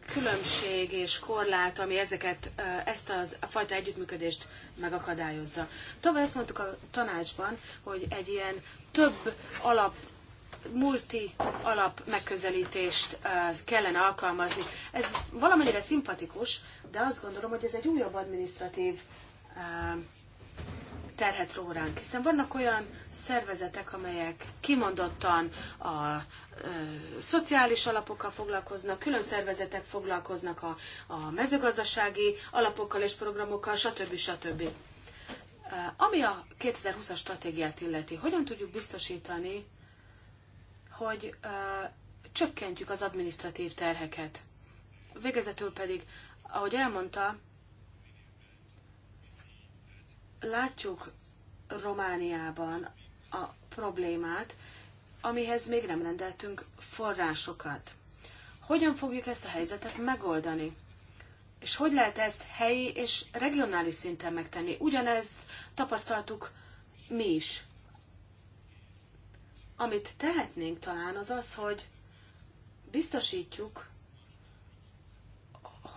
különbség és korlát, ami ezeket, ezt az, a fajta együttműködést megakadályozza. Tovább azt mondtuk a tanácsban, hogy egy ilyen több alap multi alap megközelítést kellene alkalmazni. Ez valamennyire szimpatikus, de azt gondolom, hogy ez egy újabb administratív terhet ró ránk, hiszen vannak olyan szervezetek, amelyek kimondottan a ö, szociális alapokkal foglalkoznak, külön szervezetek foglalkoznak a, a mezőgazdasági alapokkal és programokkal, stb. stb. Ami a 2020-as stratégiát illeti, hogyan tudjuk biztosítani, hogy ö, csökkentjük az administratív terheket? Végezetül pedig, ahogy elmondta, látjuk Romániában a problémát, amihez még nem rendeltünk forrásokat. Hogyan fogjuk ezt a helyzetet megoldani? És hogy lehet ezt helyi és regionális szinten megtenni? Ugyanezt tapasztaltuk mi is. Amit tehetnénk talán az az, hogy biztosítjuk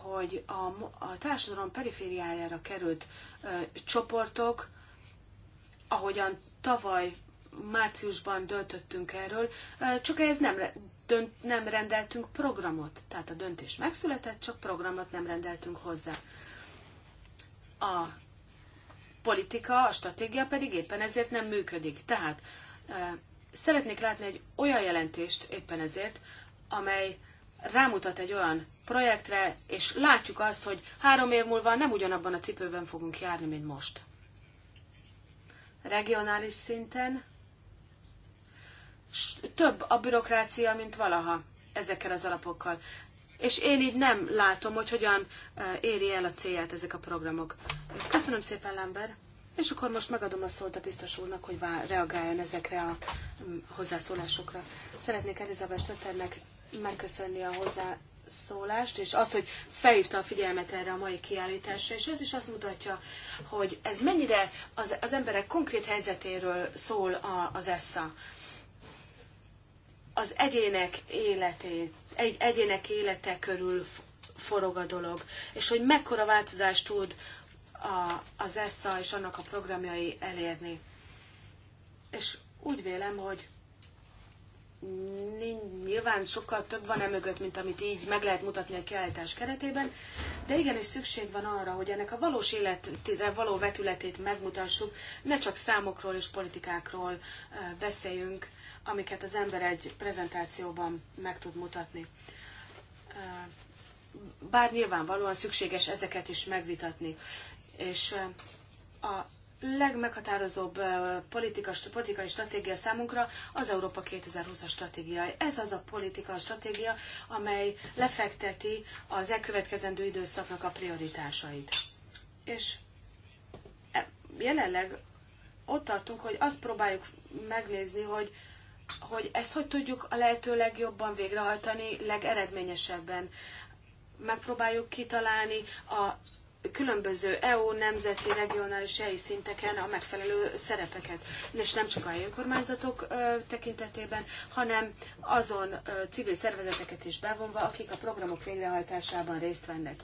hogy a, a társadalom perifériájára került ö, csoportok, ahogyan tavaly márciusban döntöttünk erről, ö, csak ez nem, dönt, nem rendeltünk programot. Tehát a döntés megszületett, csak programot nem rendeltünk hozzá. A politika, a stratégia pedig éppen ezért nem működik. Tehát ö, szeretnék látni egy olyan jelentést éppen ezért, amely rámutat egy olyan projektre, és látjuk azt, hogy három év múlva nem ugyanabban a cipőben fogunk járni, mint most. Regionális szinten több a bürokrácia, mint valaha ezekkel az alapokkal. És én így nem látom, hogy hogyan éri el a célját ezek a programok. Köszönöm szépen, Lember. És akkor most megadom a szót a biztos úrnak, hogy reagáljon ezekre a mm, hozzászólásokra. Szeretnék Elizabeth Stötternek megköszönni a hozzászólást, és azt, hogy felhívta a figyelmet erre a mai kiállításra, és ez is azt mutatja, hogy ez mennyire az, az emberek konkrét helyzetéről szól a, az ESSA. Az egyének életét, egy, egyének élete körül forog a dolog, és hogy mekkora változást tud a, az ESSA és annak a programjai elérni. És úgy vélem, hogy nyilván sokkal több van emögött, mint amit így meg lehet mutatni a kiállítás keretében, de igenis szükség van arra, hogy ennek a valós életre való vetületét megmutassuk, ne csak számokról és politikákról beszéljünk, amiket az ember egy prezentációban meg tud mutatni. Bár nyilvánvalóan szükséges ezeket is megvitatni. És a legmeghatározóbb politika, politikai stratégia számunkra az Európa 2020-as stratégia. Ez az a politika, a stratégia, amely lefekteti az elkövetkezendő időszaknak a prioritásait. És e, jelenleg ott tartunk, hogy azt próbáljuk megnézni, hogy, hogy ezt hogy tudjuk a lehető legjobban végrehajtani, legeredményesebben. Megpróbáljuk kitalálni a különböző EU, nemzeti, regionális helyi szinteken a megfelelő szerepeket. És nem csak a helyi önkormányzatok tekintetében, hanem azon civil szervezeteket is bevonva, akik a programok végrehajtásában részt vennek.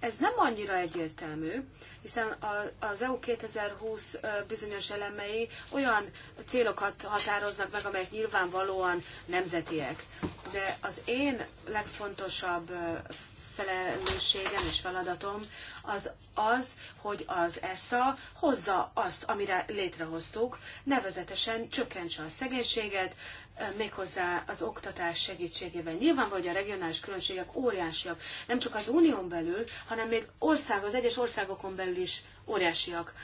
Ez nem annyira egyértelmű, hiszen az EU 2020 bizonyos elemei olyan célokat határoznak meg, amelyek nyilvánvalóan nemzetiek. De az én legfontosabb felelősségem és feladatom az az, hogy az ESSA hozza azt, amire létrehoztuk, nevezetesen csökkentse a szegénységet, méghozzá az oktatás segítségével. Nyilván, hogy a regionális különbségek óriásiak, nem csak az unión belül, hanem még ország, az egyes országokon belül is óriásiak.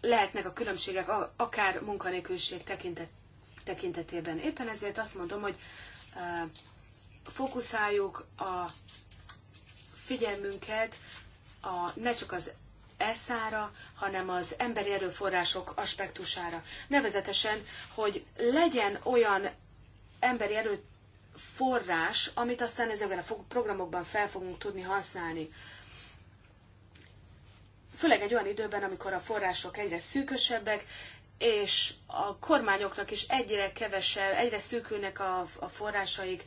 Lehetnek a különbségek akár munkanélküliség tekintet, tekintetében. Éppen ezért azt mondom, hogy fókuszáljuk a figyelmünket a, ne csak az eszára, hanem az emberi erőforrások aspektusára. Nevezetesen, hogy legyen olyan emberi erőforrás, amit aztán ezekben a programokban fel fogunk tudni használni. Főleg egy olyan időben, amikor a források egyre szűkösebbek, és a kormányoknak is egyre kevesebb, egyre szűkülnek a, a forrásaik,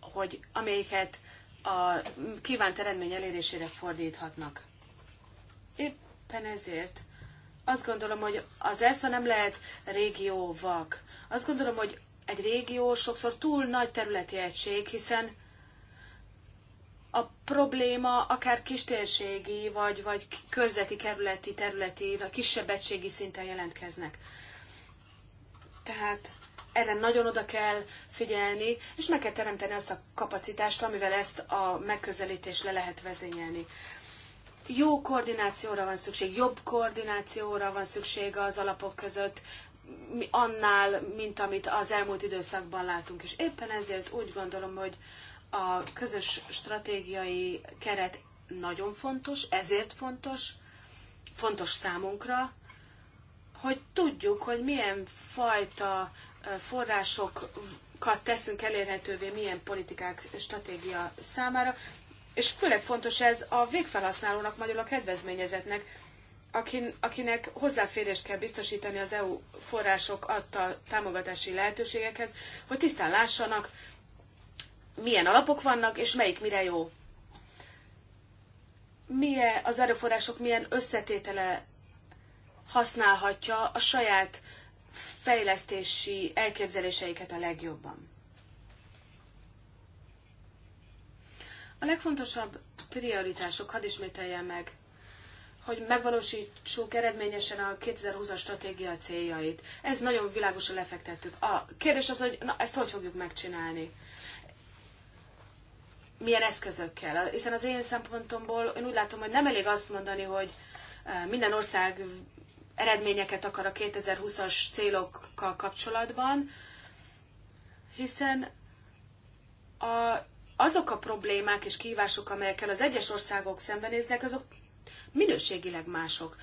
hogy amelyiket a kívánt eredmény elérésére fordíthatnak. Éppen ezért azt gondolom, hogy az ESZA nem lehet régióvak. Azt gondolom, hogy egy régió sokszor túl nagy területi egység, hiszen a probléma akár kistérségi, vagy, vagy körzeti, kerületi, területi, kisebb egységi szinten jelentkeznek. Tehát erre nagyon oda kell figyelni, és meg kell teremteni azt a kapacitást, amivel ezt a megközelítést le lehet vezényelni. Jó koordinációra van szükség, jobb koordinációra van szükség az alapok között, annál, mint amit az elmúlt időszakban látunk. És éppen ezért úgy gondolom, hogy a közös stratégiai keret nagyon fontos, ezért fontos, fontos számunkra, hogy tudjuk, hogy milyen fajta forrásokat teszünk elérhetővé milyen politikák, stratégia számára, és főleg fontos ez a végfelhasználónak, magyarul a kedvezményezetnek, akin, akinek hozzáférést kell biztosítani az EU források adta támogatási lehetőségekhez, hogy tisztán lássanak, milyen alapok vannak, és melyik mire jó. Milyen az erőforrások milyen összetétele használhatja a saját fejlesztési elképzeléseiket a legjobban. A legfontosabb prioritások, hadd ismételjem meg, hogy megvalósítsuk eredményesen a 2020-as stratégia céljait. Ez nagyon világosan lefektettük. A kérdés az, hogy na, ezt hogy fogjuk megcsinálni? Milyen eszközökkel? Hiszen az én szempontomból én úgy látom, hogy nem elég azt mondani, hogy eh, minden ország eredményeket akar a 2020-as célokkal kapcsolatban, hiszen a, azok a problémák és kihívások, amelyekkel az egyes országok szembenéznek, azok minőségileg mások.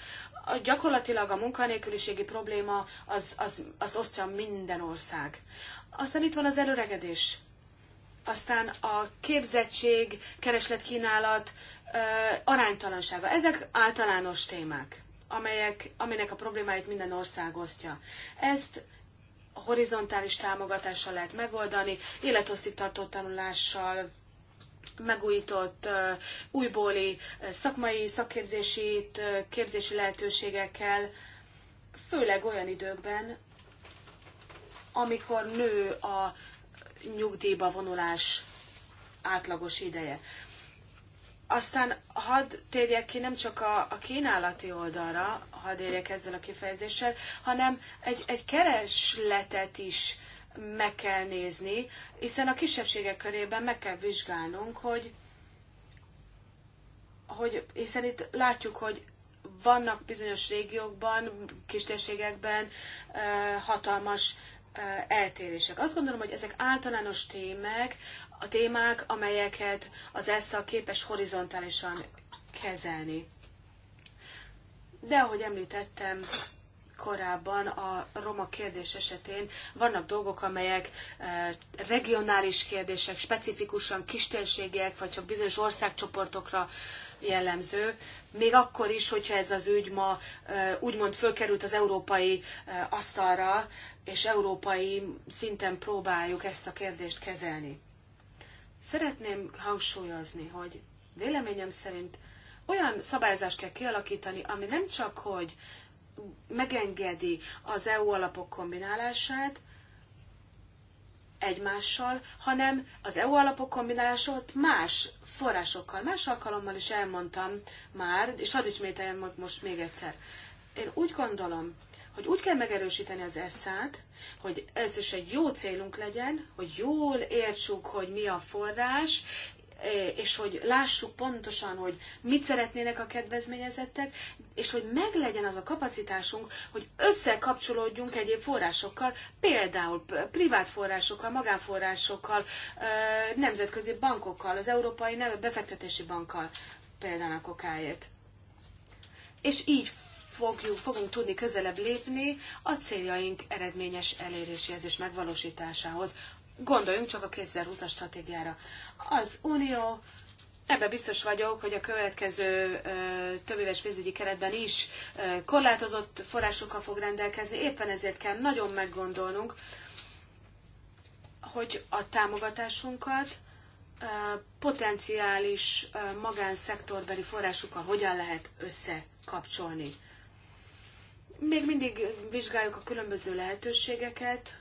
A, gyakorlatilag a munkanélküliségi probléma az, az, az osztja minden ország. Aztán itt van az előregedés. Aztán a képzettség, keresletkínálat, ö, aránytalansága. Ezek általános témák amelyek, aminek a problémáit minden ország osztja. Ezt horizontális támogatással lehet megoldani, élethosszígtartó tanulással, megújított újbóli szakmai, szakképzési, képzési lehetőségekkel, főleg olyan időkben, amikor nő a nyugdíjba vonulás átlagos ideje. Aztán hadd térjek ki nem csak a, a kínálati oldalra, hadd érjek ezzel a kifejezéssel, hanem egy, egy keresletet is meg kell nézni, hiszen a kisebbségek körében meg kell vizsgálnunk, hogy, hogy hiszen itt látjuk, hogy vannak bizonyos régiókban, kistérségekben hatalmas eltérések. Azt gondolom, hogy ezek általános témák, a témák, amelyeket az ESZA képes horizontálisan kezelni. De ahogy említettem korábban, a roma kérdés esetén vannak dolgok, amelyek e, regionális kérdések, specifikusan kistérségiek, vagy csak bizonyos országcsoportokra jellemző, még akkor is, hogyha ez az ügy ma e, úgymond fölkerült az európai e, asztalra, és európai szinten próbáljuk ezt a kérdést kezelni. Szeretném hangsúlyozni, hogy véleményem szerint olyan szabályzást kell kialakítani, ami nem csak, hogy megengedi az EU alapok kombinálását egymással, hanem az EU alapok kombinálását más forrásokkal. Más alkalommal is elmondtam már, és hadd ismételjem most még egyszer. Én úgy gondolom, hogy úgy kell megerősíteni az eszát, hogy ez is egy jó célunk legyen, hogy jól értsük, hogy mi a forrás, és hogy lássuk pontosan, hogy mit szeretnének a kedvezményezettek, és hogy meglegyen az a kapacitásunk, hogy összekapcsolódjunk egyéb forrásokkal, például privát forrásokkal, magánforrásokkal, nemzetközi bankokkal, az Európai Befektetési Bankkal például a kokáért. És így fogjuk, fogunk tudni közelebb lépni a céljaink eredményes eléréséhez és megvalósításához. Gondoljunk csak a 2020-as stratégiára. Az Unió Ebben biztos vagyok, hogy a következő többéves pénzügyi keretben is korlátozott forrásokkal fog rendelkezni, éppen ezért kell nagyon meggondolnunk, hogy a támogatásunkat potenciális magánszektorbeli forrásukkal hogyan lehet összekapcsolni még mindig vizsgáljuk a különböző lehetőségeket,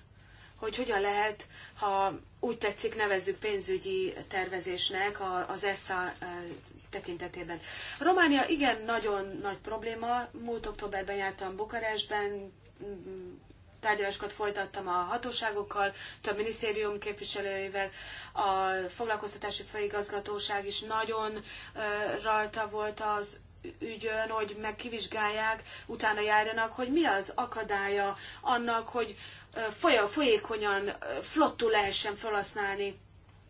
hogy hogyan lehet, ha úgy tetszik, nevezzük pénzügyi tervezésnek az ESSA e, tekintetében. A Románia igen nagyon nagy probléma. Múlt októberben jártam Bukarestben, tárgyalásokat folytattam a hatóságokkal, több minisztérium képviselőivel, a foglalkoztatási főigazgatóság is nagyon e, rajta volt az ügyön, hogy megkivizsgálják utána járjanak, hogy mi az akadálya annak, hogy folyékonyan, flottul lehessen felhasználni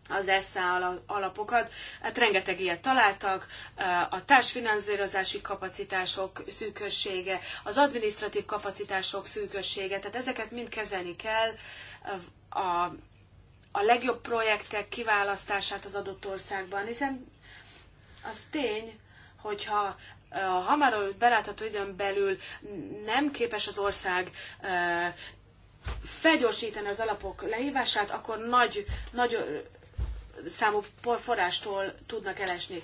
az ESZA alapokat. Hát rengeteg ilyet találtak, a társfinanszírozási kapacitások szűkössége, az adminisztratív kapacitások szűkössége, tehát ezeket mind kezelni kell. A, a legjobb projektek kiválasztását az adott országban, hiszen az tény, hogyha a hamarobb belátható időn belül nem képes az ország felgyorsítani az alapok lehívását, akkor nagy, nagy számú forrástól tudnak elesni.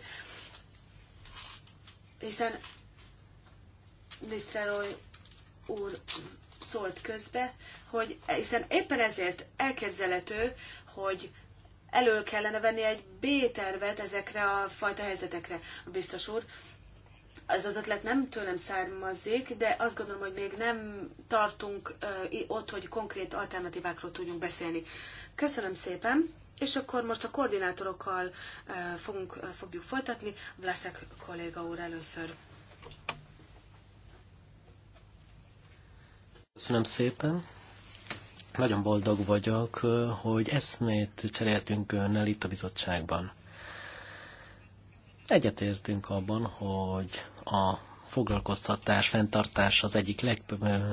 Hiszen Nisztrároly úr szólt közbe, hogy hiszen éppen ezért elképzelhető, hogy elő kellene venni egy B-tervet ezekre a fajta helyzetekre, biztos úr. Ez az ötlet nem tőlem származik, de azt gondolom, hogy még nem tartunk ott, hogy konkrét alternatívákról tudjunk beszélni. Köszönöm szépen, és akkor most a koordinátorokkal fogunk, fogjuk folytatni. Vlaszek kolléga úr először. Köszönöm szépen. Nagyon boldog vagyok, hogy eszmét cseréltünk önnel itt a bizottságban. Egyetértünk abban, hogy a foglalkoztatás, fenntartás az egyik, leg,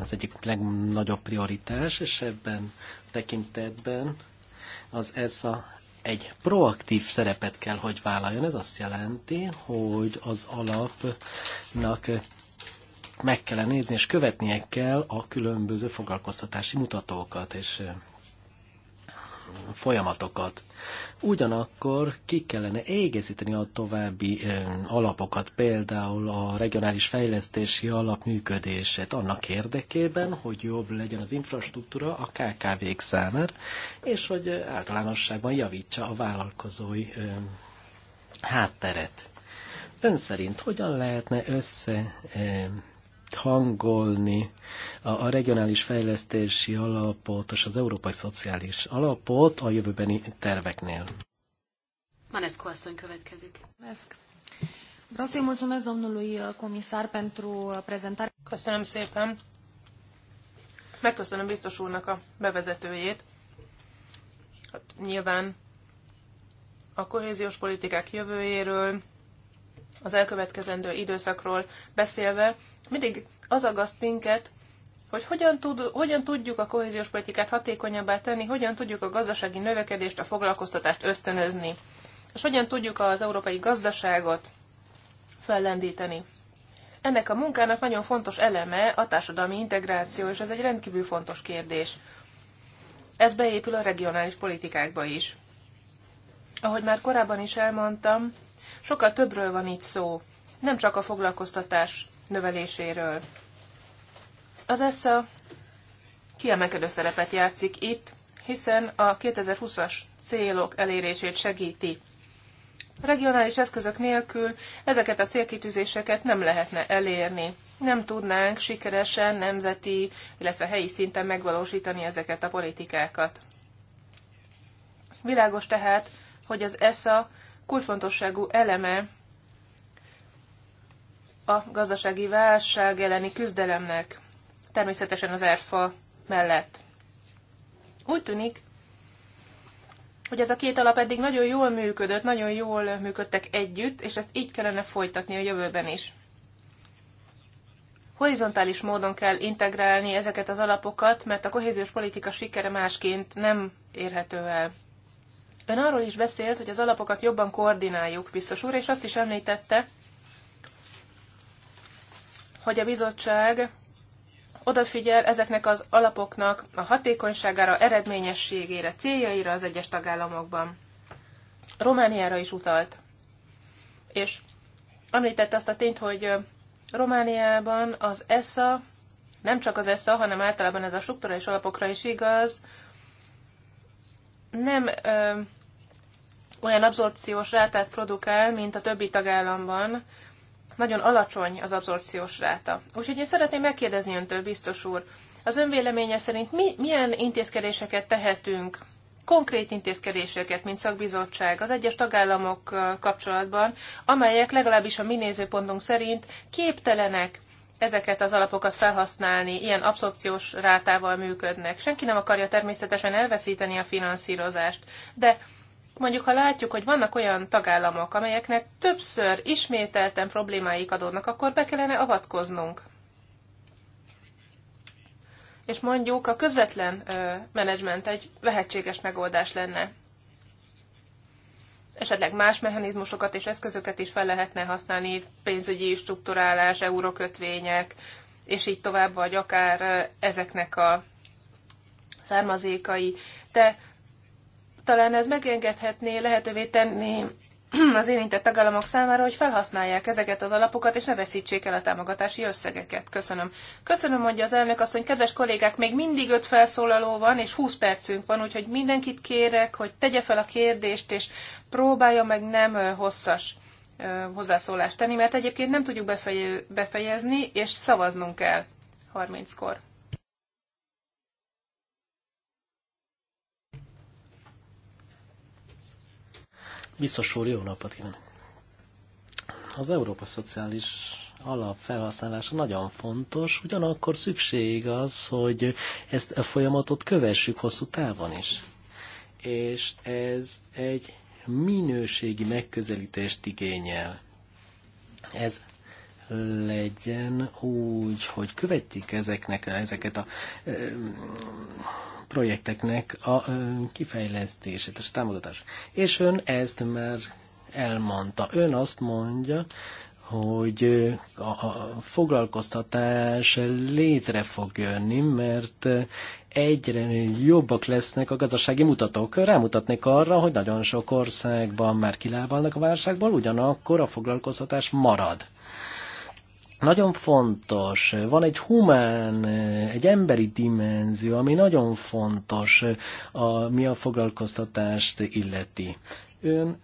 az egyik legnagyobb prioritás, és ebben tekintetben az ez a egy proaktív szerepet kell, hogy vállaljon. Ez azt jelenti, hogy az alapnak meg kell nézni, és követnie kell a különböző foglalkoztatási mutatókat és folyamatokat. Ugyanakkor ki kellene égészíteni a további alapokat, például a regionális fejlesztési alap működését annak érdekében, hogy jobb legyen az infrastruktúra a KKV-k számára, és hogy általánosságban javítsa a vállalkozói hátteret. Ön szerint hogyan lehetne össze hangolni a, a regionális fejlesztési alapot és az európai szociális alapot a jövőbeni terveknél. Manescu asszony következik. Meszk. Uh, uh, Köszönöm szépen. Megköszönöm biztos úrnak a bevezetőjét. Hát nyilván a kohéziós politikák jövőjéről, az elkövetkezendő időszakról beszélve mindig az agaszt minket, hogy hogyan, tud, hogyan tudjuk a kohéziós politikát hatékonyabbá tenni, hogyan tudjuk a gazdasági növekedést, a foglalkoztatást ösztönözni, és hogyan tudjuk az európai gazdaságot fellendíteni. Ennek a munkának nagyon fontos eleme a társadalmi integráció, és ez egy rendkívül fontos kérdés. Ez beépül a regionális politikákba is. Ahogy már korábban is elmondtam, sokkal többről van itt szó. Nem csak a foglalkoztatás növeléséről. Az ESSA kiemelkedő szerepet játszik itt, hiszen a 2020-as célok elérését segíti. Regionális eszközök nélkül ezeket a célkitűzéseket nem lehetne elérni. Nem tudnánk sikeresen nemzeti, illetve helyi szinten megvalósítani ezeket a politikákat. Világos tehát, hogy az ESA kulcsfontosságú eleme a gazdasági válság elleni küzdelemnek, természetesen az ERFA mellett. Úgy tűnik, hogy ez a két alap eddig nagyon jól működött, nagyon jól működtek együtt, és ezt így kellene folytatni a jövőben is. Horizontális módon kell integrálni ezeket az alapokat, mert a kohéziós politika sikere másként nem érhető el. Ön arról is beszélt, hogy az alapokat jobban koordináljuk, biztos úr, és azt is említette, hogy a bizottság odafigyel ezeknek az alapoknak a hatékonyságára, eredményességére, céljaira az egyes tagállamokban. Romániára is utalt. És említette azt a tényt, hogy Romániában az ESA, nem csak az ESA, hanem általában ez a struktúrális alapokra is igaz, nem ö, olyan abszorpciós rátát produkál, mint a többi tagállamban, nagyon alacsony az abszorpciós ráta. Úgyhogy én szeretném megkérdezni öntől, biztos úr, az ön véleménye szerint mi, milyen intézkedéseket tehetünk, konkrét intézkedéseket, mint szakbizottság az egyes tagállamok kapcsolatban, amelyek legalábbis a mi nézőpontunk szerint képtelenek ezeket az alapokat felhasználni, ilyen abszorpciós rátával működnek. Senki nem akarja természetesen elveszíteni a finanszírozást, de mondjuk ha látjuk, hogy vannak olyan tagállamok, amelyeknek többször ismételten problémáik adódnak, akkor be kellene avatkoznunk. És mondjuk a közvetlen menedzsment egy lehetséges megoldás lenne. Esetleg más mechanizmusokat és eszközöket is fel lehetne használni, pénzügyi strukturálás, eurokötvények, és így tovább, vagy akár ezeknek a származékai. De talán ez megengedhetné, lehetővé tenni az érintett tagállamok számára, hogy felhasználják ezeket az alapokat, és ne veszítsék el a támogatási összegeket. Köszönöm. Köszönöm, mondja az elnök azt, hogy kedves kollégák, még mindig öt felszólaló van, és 20 percünk van, úgyhogy mindenkit kérek, hogy tegye fel a kérdést, és próbálja meg nem hosszas hozzászólást tenni, mert egyébként nem tudjuk befejezni, és szavaznunk kell 30-kor. Biztos úr, jó napot kívánok! Az Európa Szociális alap felhasználása nagyon fontos, ugyanakkor szükség az, hogy ezt a folyamatot kövessük hosszú távon is. És ez egy minőségi megközelítést igényel. Ez legyen úgy, hogy követik ezeknek, ezeket a projekteknek a kifejlesztését és támogatását. És ön ezt már elmondta. Ön azt mondja, hogy a foglalkoztatás létre fog jönni, mert egyre jobbak lesznek a gazdasági mutatók. Rámutatnék arra, hogy nagyon sok országban már kilábalnak a válságból, ugyanakkor a foglalkoztatás marad nagyon fontos, van egy humán, egy emberi dimenzió, ami nagyon fontos, a mi a foglalkoztatást illeti. Ön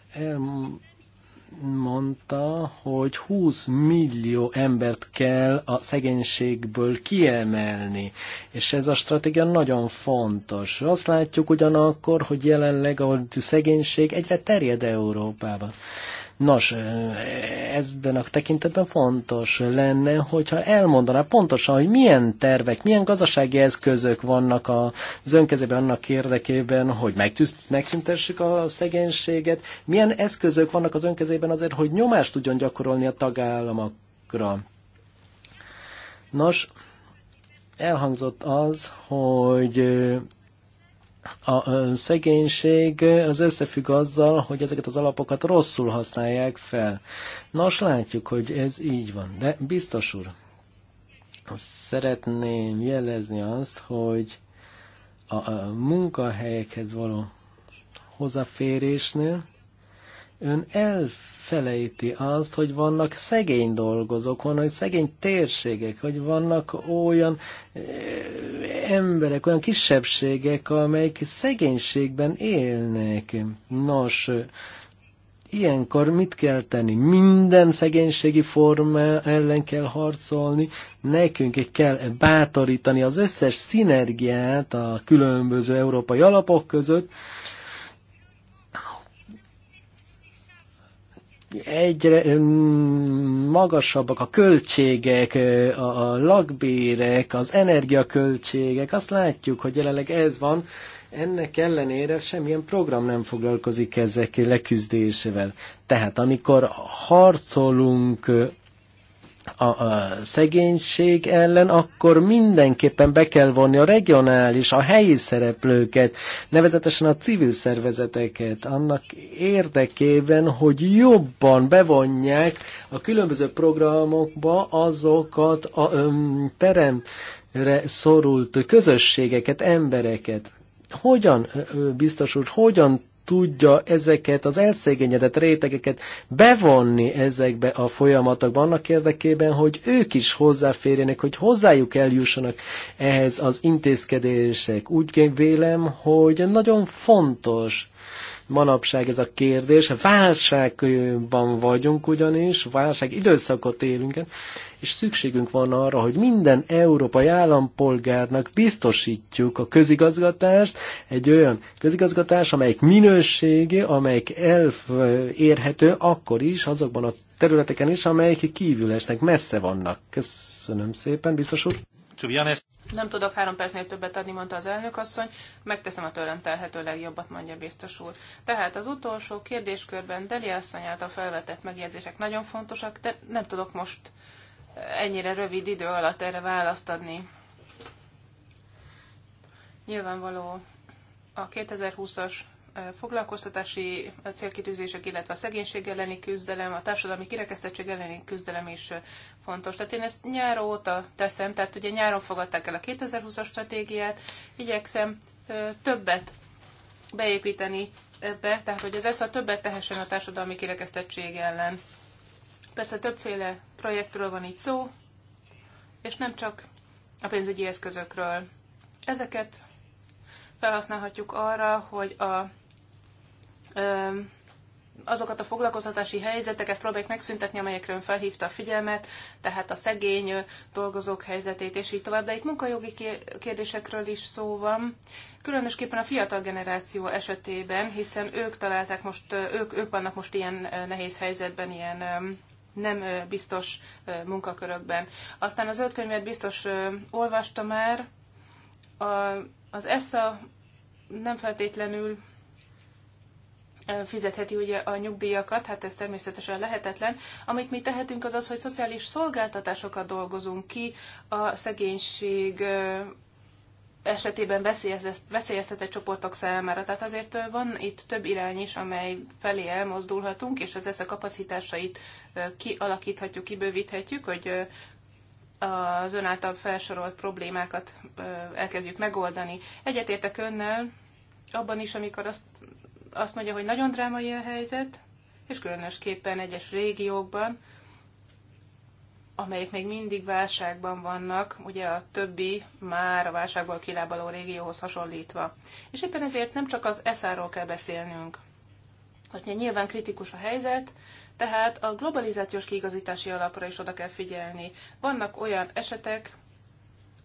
mondta, hogy 20 millió embert kell a szegénységből kiemelni, és ez a stratégia nagyon fontos. Azt látjuk ugyanakkor, hogy jelenleg a szegénység egyre terjed Európában. Nos, ezben a tekintetben fontos lenne, hogyha elmondaná pontosan, hogy milyen tervek, milyen gazdasági eszközök vannak az önkezében annak érdekében, hogy megszüntessük a szegénységet, milyen eszközök vannak az önkezében azért, hogy nyomást tudjon gyakorolni a tagállamokra. Nos, elhangzott az, hogy a szegénység az összefügg azzal, hogy ezeket az alapokat rosszul használják fel. Nos, látjuk, hogy ez így van. De biztos úr, szeretném jelezni azt, hogy a, munkahelyekhez való hozzáférésnél ön elfelejti azt, hogy vannak szegény dolgozók, vannak szegény térségek, hogy vannak olyan eh, emberek, olyan kisebbségek, amelyek szegénységben élnek. Nos, ilyenkor mit kell tenni? Minden szegénységi forma ellen kell harcolni, nekünk kell bátorítani az összes szinergiát a különböző európai alapok között, egyre magasabbak a költségek, a, a lakbérek, az energiaköltségek. Azt látjuk, hogy jelenleg ez van, ennek ellenére semmilyen program nem foglalkozik ezek leküzdésével. Tehát amikor harcolunk a, a szegénység ellen, akkor mindenképpen be kell vonni a regionális, a helyi szereplőket, nevezetesen a civil szervezeteket, annak érdekében, hogy jobban bevonják a különböző programokba azokat a öm, teremre szorult közösségeket, embereket. Hogyan, biztos úr, hogyan tudja ezeket az elszegényedett rétegeket bevonni ezekbe a folyamatokban annak érdekében, hogy ők is hozzáférjenek, hogy hozzájuk eljussanak ehhez az intézkedések. Úgy vélem, hogy nagyon fontos manapság ez a kérdés. Válságban vagyunk ugyanis, válság időszakot élünk, és szükségünk van arra, hogy minden európai állampolgárnak biztosítjuk a közigazgatást, egy olyan közigazgatás, amelyik minőségi, amelyik elérhető akkor is azokban a területeken is, amelyik kívül esnek, messze vannak. Köszönöm szépen, biztos úr. Nem tudok három percnél többet adni, mondta az elnök asszony. Megteszem a tőlem telhető legjobbat, mondja biztos úr. Tehát az utolsó kérdéskörben Deli asszony által felvetett megjegyzések nagyon fontosak, de nem tudok most ennyire rövid idő alatt erre választ adni. Nyilvánvaló a 2020-as foglalkoztatási célkitűzések, illetve a szegénység elleni küzdelem, a társadalmi kirekesztettség elleni küzdelem is fontos. Tehát én ezt nyár óta teszem, tehát ugye nyáron fogadták el a 2020-as stratégiát, igyekszem többet beépíteni ebbe, tehát hogy az ESZA többet tehessen a társadalmi kirekesztettség ellen. Persze többféle projektről van itt szó, és nem csak a pénzügyi eszközökről. Ezeket felhasználhatjuk arra, hogy a, ö, azokat a foglalkoztatási helyzeteket próbáljuk megszüntetni, amelyekről ön felhívta a figyelmet, tehát a szegény dolgozók helyzetét, és így tovább. De itt munkajogi kérdésekről is szó van, különösképpen a fiatal generáció esetében, hiszen ők találták most, ők, ők vannak most ilyen nehéz helyzetben, ilyen nem biztos munkakörökben. Aztán az öt könyvet biztos olvasta már. Az ESSA nem feltétlenül fizetheti ugye a nyugdíjakat, hát ez természetesen lehetetlen. Amit mi tehetünk az az, hogy szociális szolgáltatásokat dolgozunk ki a szegénység esetében veszélyeztetett csoportok számára. Tehát azért van itt több irány is, amely felé elmozdulhatunk, és az ESZA kapacitásait kialakíthatjuk, kibővíthetjük, hogy az ön által felsorolt problémákat elkezdjük megoldani. Egyetértek önnel abban is, amikor azt, azt mondja, hogy nagyon drámai a helyzet, és különösképpen egyes régiókban, amelyek még mindig válságban vannak, ugye a többi már a válságból kilábaló régióhoz hasonlítva. És éppen ezért nem csak az eszáról kell beszélnünk. Hogy nyilván kritikus a helyzet, tehát a globalizációs kiigazítási alapra is oda kell figyelni. Vannak olyan esetek,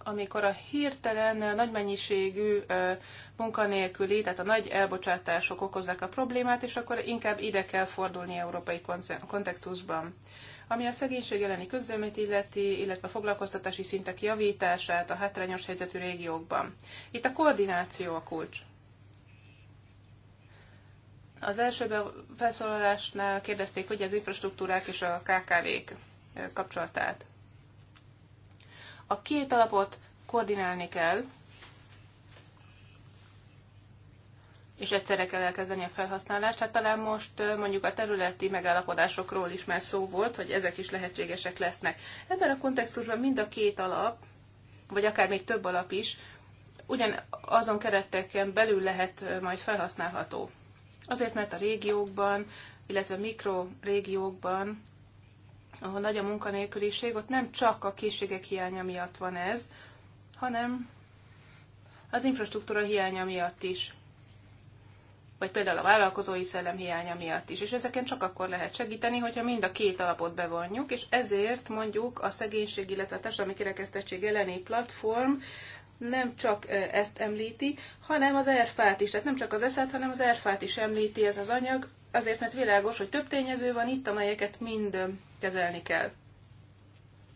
amikor a hirtelen nagy mennyiségű munkanélküli, tehát a nagy elbocsátások okozzák a problémát, és akkor inkább ide kell fordulni európai kontextusban. Ami a szegénység elleni közzömét illeti, illetve a foglalkoztatási szintek javítását a hátrányos helyzetű régiókban. Itt a koordináció a kulcs. Az első felszólalásnál kérdezték, hogy az infrastruktúrák és a KKV-k kapcsolatát. A két alapot koordinálni kell, és egyszerre kell elkezdeni a felhasználást. Hát talán most mondjuk a területi megállapodásokról is már szó volt, hogy ezek is lehetségesek lesznek. Ebben a kontextusban mind a két alap, vagy akár még több alap is, ugyan azon kereteken belül lehet majd felhasználható. Azért, mert a régiókban, illetve mikrorégiókban, ahol nagy a munkanélküliség, ott nem csak a készségek hiánya miatt van ez, hanem az infrastruktúra hiánya miatt is vagy például a vállalkozói szellem hiánya miatt is. És ezeken csak akkor lehet segíteni, hogyha mind a két alapot bevonjuk, és ezért mondjuk a szegénység, illetve a társadalmi kirekesztettség elleni platform nem csak ezt említi, hanem az erfát is. Tehát nem csak az eszet, hanem az erfát is említi ez az anyag, azért mert világos, hogy több tényező van itt, amelyeket mind kezelni kell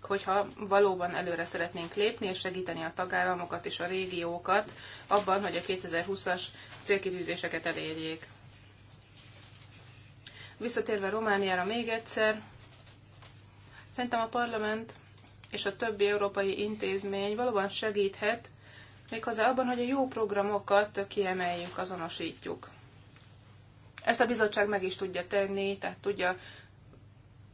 hogyha valóban előre szeretnénk lépni és segíteni a tagállamokat és a régiókat abban, hogy a 2020-as célkitűzéseket elérjék. Visszatérve Romániára még egyszer, szerintem a parlament és a többi európai intézmény valóban segíthet, méghozzá abban, hogy a jó programokat kiemeljük, azonosítjuk. Ezt a bizottság meg is tudja tenni, tehát tudja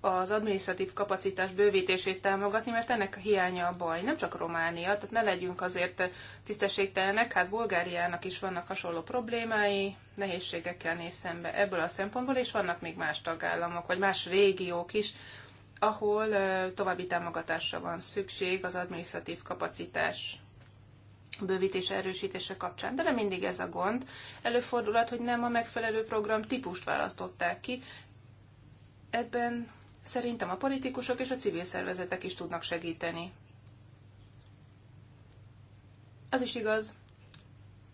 az adminisztratív kapacitás bővítését támogatni, mert ennek a hiánya a baj. Nem csak Románia, tehát ne legyünk azért tisztességtelenek, hát Bulgáriának is vannak hasonló problémái, nehézségekkel néz szembe ebből a szempontból, és vannak még más tagállamok, vagy más régiók is, ahol további támogatásra van szükség az adminisztratív kapacitás bővítése, erősítése kapcsán. De nem mindig ez a gond. Előfordulhat, hogy nem a megfelelő program típust választották ki. Ebben Szerintem a politikusok és a civil szervezetek is tudnak segíteni. Az is igaz,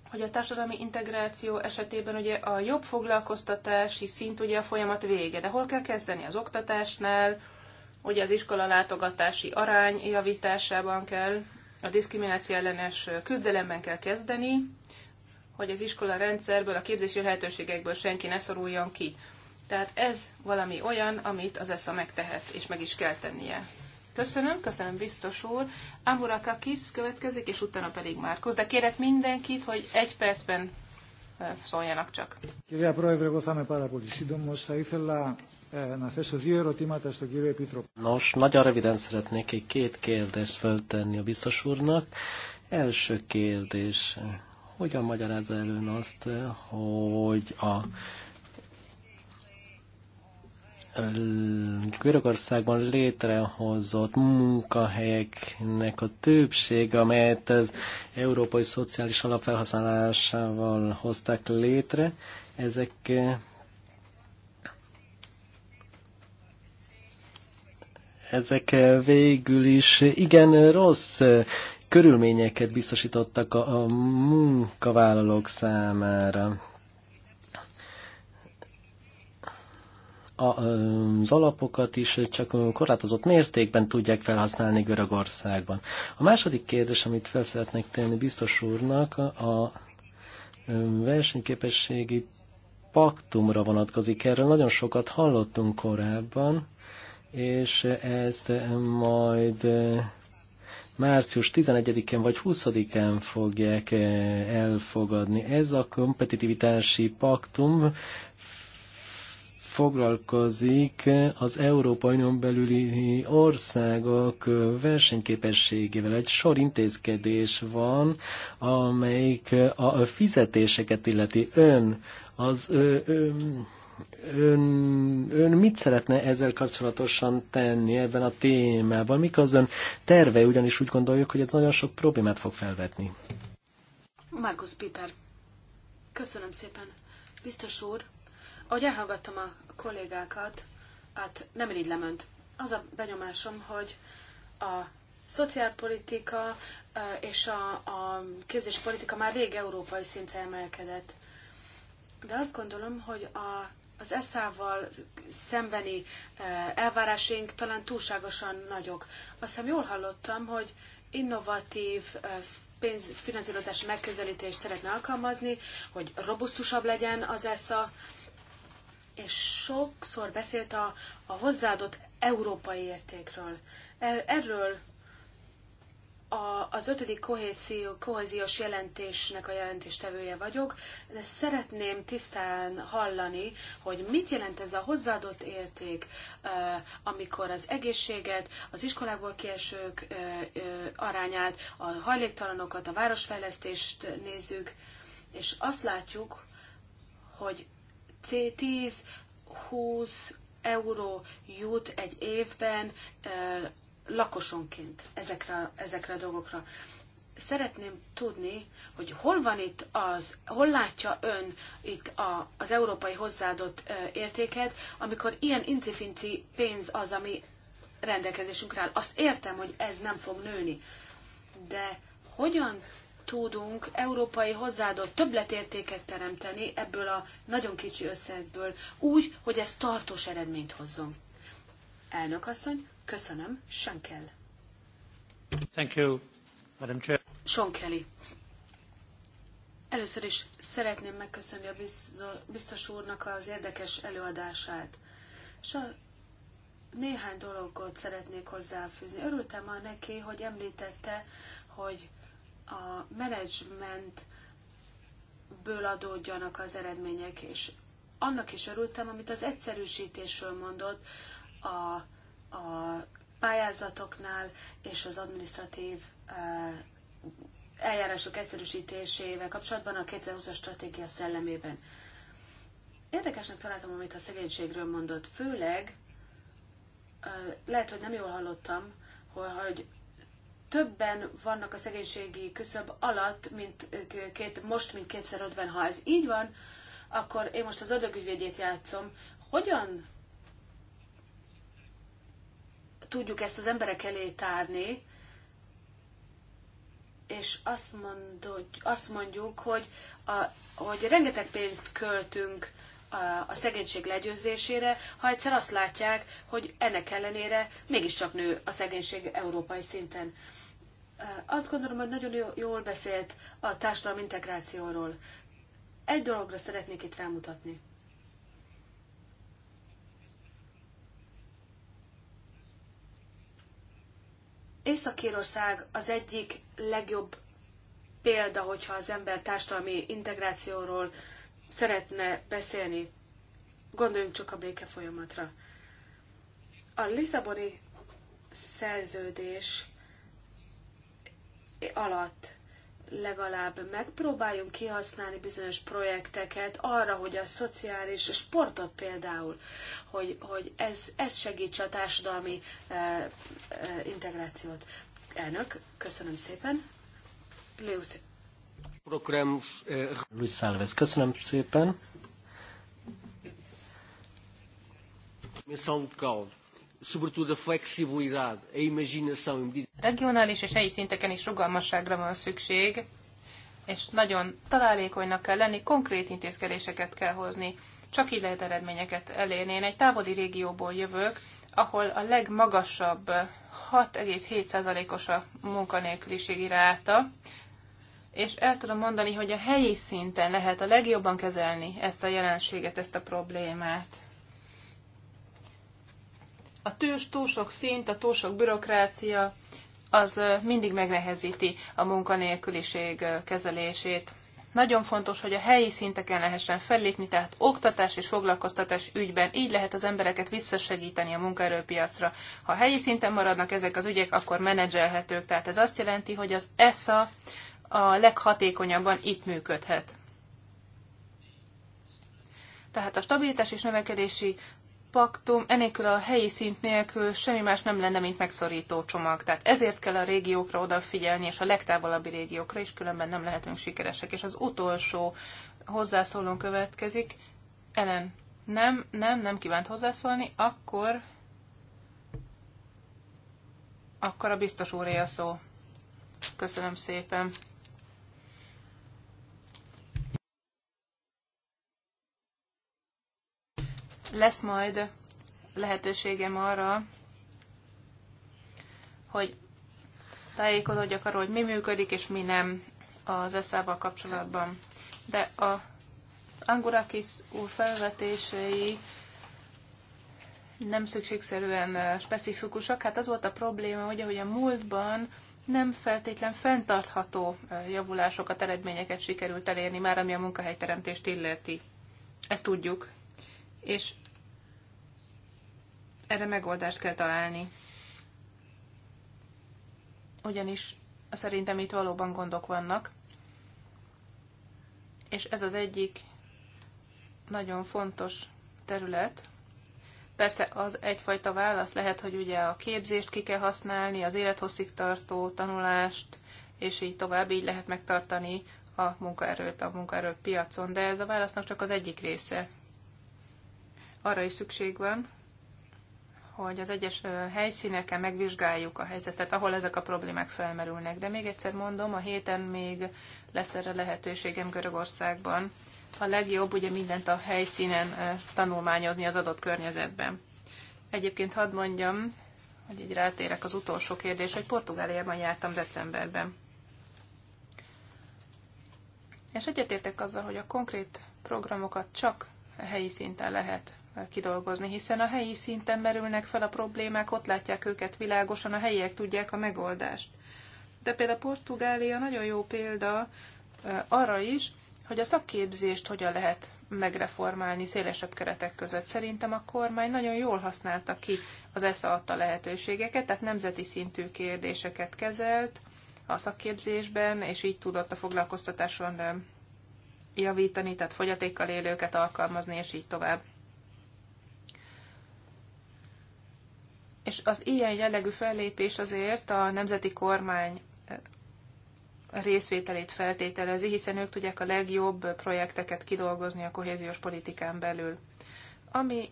hogy a társadalmi integráció esetében ugye a jobb foglalkoztatási szint ugye a folyamat vége, de hol kell kezdeni? Az oktatásnál, ugye az iskola látogatási arány javításában kell, a diszkrimináció ellenes küzdelemben kell kezdeni, hogy az iskola rendszerből, a képzési lehetőségekből senki ne szoruljon ki. Tehát ez valami olyan, amit az ESZA megtehet, és meg is kell tennie. Köszönöm, köszönöm biztos úr. kis következik, és utána pedig Márkusz. De kérek mindenkit, hogy egy percben szóljanak csak. Κυρία Proezre, εγώ θα είμαι πάρα πολύ Nos, nagyon röviden szeretnék egy két kérdést föltenni a biztos úrnak. Első kérdés, hogyan magyarázza előn azt, hogy a Görögországban létrehozott munkahelyeknek a többség, amelyet az Európai Szociális Alap felhasználásával hozták létre, ezek ezek végül is igen rossz körülményeket biztosítottak a, a munkavállalók számára. az alapokat is csak korlátozott mértékben tudják felhasználni Görögországban. A második kérdés, amit fel szeretnék tenni biztos úrnak, a versenyképességi paktumra vonatkozik. Erről nagyon sokat hallottunk korábban, és ezt majd e, március 11 en vagy 20-án fogják e, elfogadni. Ez a kompetitivitási paktum foglalkozik az Európai Unión belüli országok versenyképességével. Egy sor intézkedés van, amelyik a fizetéseket illeti ön, az ö, ö, ön, ön mit szeretne ezzel kapcsolatosan tenni ebben a témában? Mik az ön terve? Ugyanis úgy gondoljuk, hogy ez nagyon sok problémát fog felvetni. Markus Piper. Köszönöm szépen. Biztos úr, ahogy elhallgattam a kollégákat, hát nem irigylem önt. Az a benyomásom, hogy a szociálpolitika és a, a képzéspolitika már rég európai szintre emelkedett. De azt gondolom, hogy a, az eszával szembeni elvárásaink talán túlságosan nagyok. Azt hiszem jól hallottam, hogy innovatív pénzfinanszírozási megközelítést szeretne alkalmazni, hogy robusztusabb legyen az ESZA, és sokszor beszélt a, a hozzáadott európai értékről. Er, erről a, az ötödik kohézió, kohéziós jelentésnek a jelentéstevője vagyok, de szeretném tisztán hallani, hogy mit jelent ez a hozzáadott érték, eh, amikor az egészséget, az iskolából kiesők eh, eh, arányát, a hajléktalanokat, a városfejlesztést nézzük, és azt látjuk, hogy 10-20 euró jut egy évben lakosonként ezekre, ezekre a dolgokra. Szeretném tudni, hogy hol van itt az, hol látja ön itt a, az európai hozzáadott értéket, amikor ilyen incifinci pénz az, ami rendelkezésünkre áll. Azt értem, hogy ez nem fog nőni, de hogyan tudunk európai hozzáadott többletértéket teremteni ebből a nagyon kicsi összegből, úgy, hogy ez tartós eredményt hozzon. Elnök asszony, köszönöm, Sankel. Thank you, Madam Chair. Sean Kelly. Először is szeretném megköszönni a biztos úrnak az érdekes előadását. És a néhány dologot szeretnék hozzáfűzni. Örültem a neki, hogy említette, hogy a menedzsmentből adódjanak az eredmények, és annak is örültem, amit az egyszerűsítésről mondott a, a pályázatoknál és az administratív eljárások egyszerűsítésével kapcsolatban a 2020-as stratégia szellemében. Érdekesnek találtam, amit a szegénységről mondott, főleg lehet, hogy nem jól hallottam, hogy többen vannak a szegénységi küszöb alatt, mint két, most, mint kétszer ötben. Ha ez így van, akkor én most az ördögügyvédjét játszom. Hogyan tudjuk ezt az emberek elé tárni, és azt, mondod, azt mondjuk, hogy, a, hogy rengeteg pénzt költünk a szegénység legyőzésére, ha egyszer azt látják, hogy ennek ellenére mégiscsak nő a szegénység európai szinten. Azt gondolom, hogy nagyon jól beszélt a társadalmi integrációról. Egy dologra szeretnék itt rámutatni. Észak-Írország az egyik legjobb példa, hogyha az ember társadalmi integrációról szeretne beszélni. Gondoljunk csak a béke folyamatra. A Lisszaboni szerződés alatt legalább megpróbáljunk kihasználni bizonyos projekteket arra, hogy a szociális a sportot például, hogy, hogy ez, ez segítse a társadalmi e, e, integrációt. Elnök, köszönöm szépen. Liusz E, Luis Salves, köszönöm szépen. a a e Regionális és helyi szinteken is rugalmasságra van szükség, és nagyon találékonynak kell lenni, konkrét intézkedéseket kell hozni. Csak így lehet eredményeket elérni. Én egy távoli régióból jövök, ahol a legmagasabb 6,7%-os a munkanélküliségi ráta, és el tudom mondani, hogy a helyi szinten lehet a legjobban kezelni ezt a jelenséget, ezt a problémát. A tűz, túl sok szint, a túl sok bürokrácia, az mindig megnehezíti a munkanélküliség kezelését. Nagyon fontos, hogy a helyi szinteken lehessen fellépni, tehát oktatás és foglalkoztatás ügyben. Így lehet az embereket visszasegíteni a munkaerőpiacra. Ha helyi szinten maradnak ezek az ügyek, akkor menedzselhetők. Tehát ez azt jelenti, hogy az ESA a leghatékonyabban itt működhet. Tehát a stabilitás és növekedési paktum enélkül a helyi szint nélkül semmi más nem lenne, mint megszorító csomag. Tehát ezért kell a régiókra odafigyelni, és a legtávolabbi régiókra is, különben nem lehetünk sikeresek. És az utolsó hozzászólón következik. Ellen, nem, nem, nem kívánt hozzászólni, akkor akkor a biztos úré a szó. Köszönöm szépen. lesz majd lehetőségem arra, hogy tájékozódjak arról, hogy mi működik és mi nem az eszával kapcsolatban. De a Angurakis úr felvetései nem szükségszerűen specifikusak. Hát az volt a probléma, ugye, hogy a múltban nem feltétlen fenntartható javulásokat, eredményeket sikerült elérni, már ami a munkahelyteremtést illeti. Ezt tudjuk. És erre megoldást kell találni. Ugyanis szerintem itt valóban gondok vannak, és ez az egyik nagyon fontos terület. Persze az egyfajta válasz lehet, hogy ugye a képzést ki kell használni, az élethosszígtartó tartó tanulást, és így tovább, így lehet megtartani a munkaerőt a munkaerőpiacon, de ez a válasznak csak az egyik része. Arra is szükség van, hogy az egyes helyszíneken megvizsgáljuk a helyzetet, ahol ezek a problémák felmerülnek. De még egyszer mondom, a héten még lesz erre lehetőségem Görögországban. A legjobb ugye mindent a helyszínen tanulmányozni az adott környezetben. Egyébként hadd mondjam, hogy így rátérek az utolsó kérdés, hogy Portugáliában jártam decemberben. És egyetértek azzal, hogy a konkrét programokat csak helyi szinten lehet kidolgozni, hiszen a helyi szinten merülnek fel a problémák, ott látják őket világosan, a helyiek tudják a megoldást. De például Portugália nagyon jó példa eh, arra is, hogy a szakképzést hogyan lehet megreformálni szélesebb keretek között. Szerintem a kormány nagyon jól használta ki az ESZA adta lehetőségeket, tehát nemzeti szintű kérdéseket kezelt a szakképzésben, és így tudott a foglalkoztatáson eh, javítani, tehát fogyatékkal élőket alkalmazni, és így tovább. és az ilyen jellegű fellépés azért a nemzeti kormány eh, részvételét feltételezi, hiszen ők tudják a legjobb projekteket kidolgozni a kohéziós politikán belül. Ami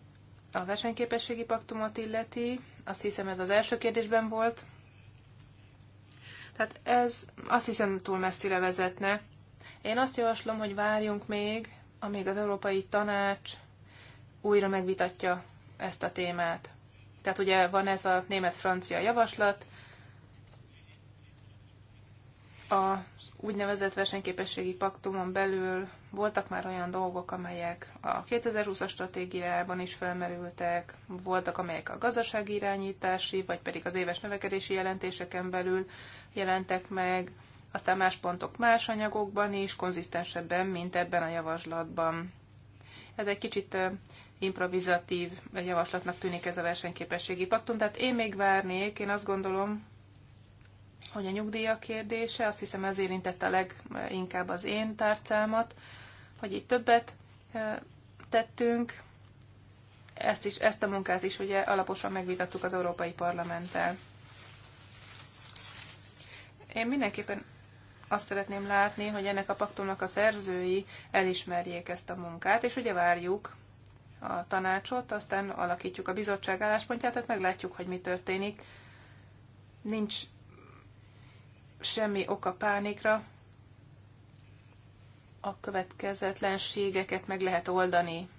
a versenyképességi paktumot illeti, azt hiszem ez az első kérdésben volt. Tehát ez azt hiszem túl messzire vezetne. Én azt javaslom, hogy várjunk még, amíg az Európai Tanács újra megvitatja ezt a témát. Tehát ugye van ez a német-francia javaslat, a úgynevezett versenyképességi paktumon belül voltak már olyan dolgok, amelyek a 2020-as stratégiában is felmerültek, voltak amelyek a gazdasági irányítási, vagy pedig az éves növekedési jelentéseken belül jelentek meg, aztán más pontok más anyagokban is, konzisztensebben, mint ebben a javaslatban. Ez egy kicsit improvizatív javaslatnak tűnik ez a versenyképességi paktum, tehát én még várnék, én azt gondolom, hogy a nyugdíja kérdése, azt hiszem ez érintette leginkább az én tárcámat, hogy itt többet eh, tettünk, ezt, is, ezt a munkát is ugye alaposan megvitattuk az Európai Parlamenttel. Én mindenképpen azt szeretném látni, hogy ennek a paktumnak a szerzői elismerjék ezt a munkát, és ugye várjuk a tanácsot, aztán alakítjuk a bizottság álláspontját, tehát meglátjuk, hogy mi történik. Nincs semmi oka pánikra, a következetlenségeket meg lehet oldani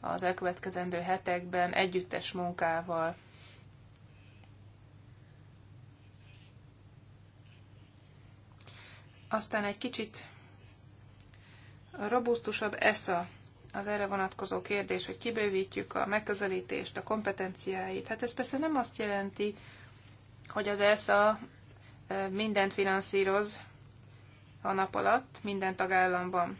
az elkövetkezendő hetekben együttes munkával. Aztán egy kicsit robusztusabb esza az erre vonatkozó kérdés, hogy kibővítjük a megközelítést, a kompetenciáit. Hát ez persze nem azt jelenti, hogy az ESA mindent finanszíroz a nap alatt minden tagállamban,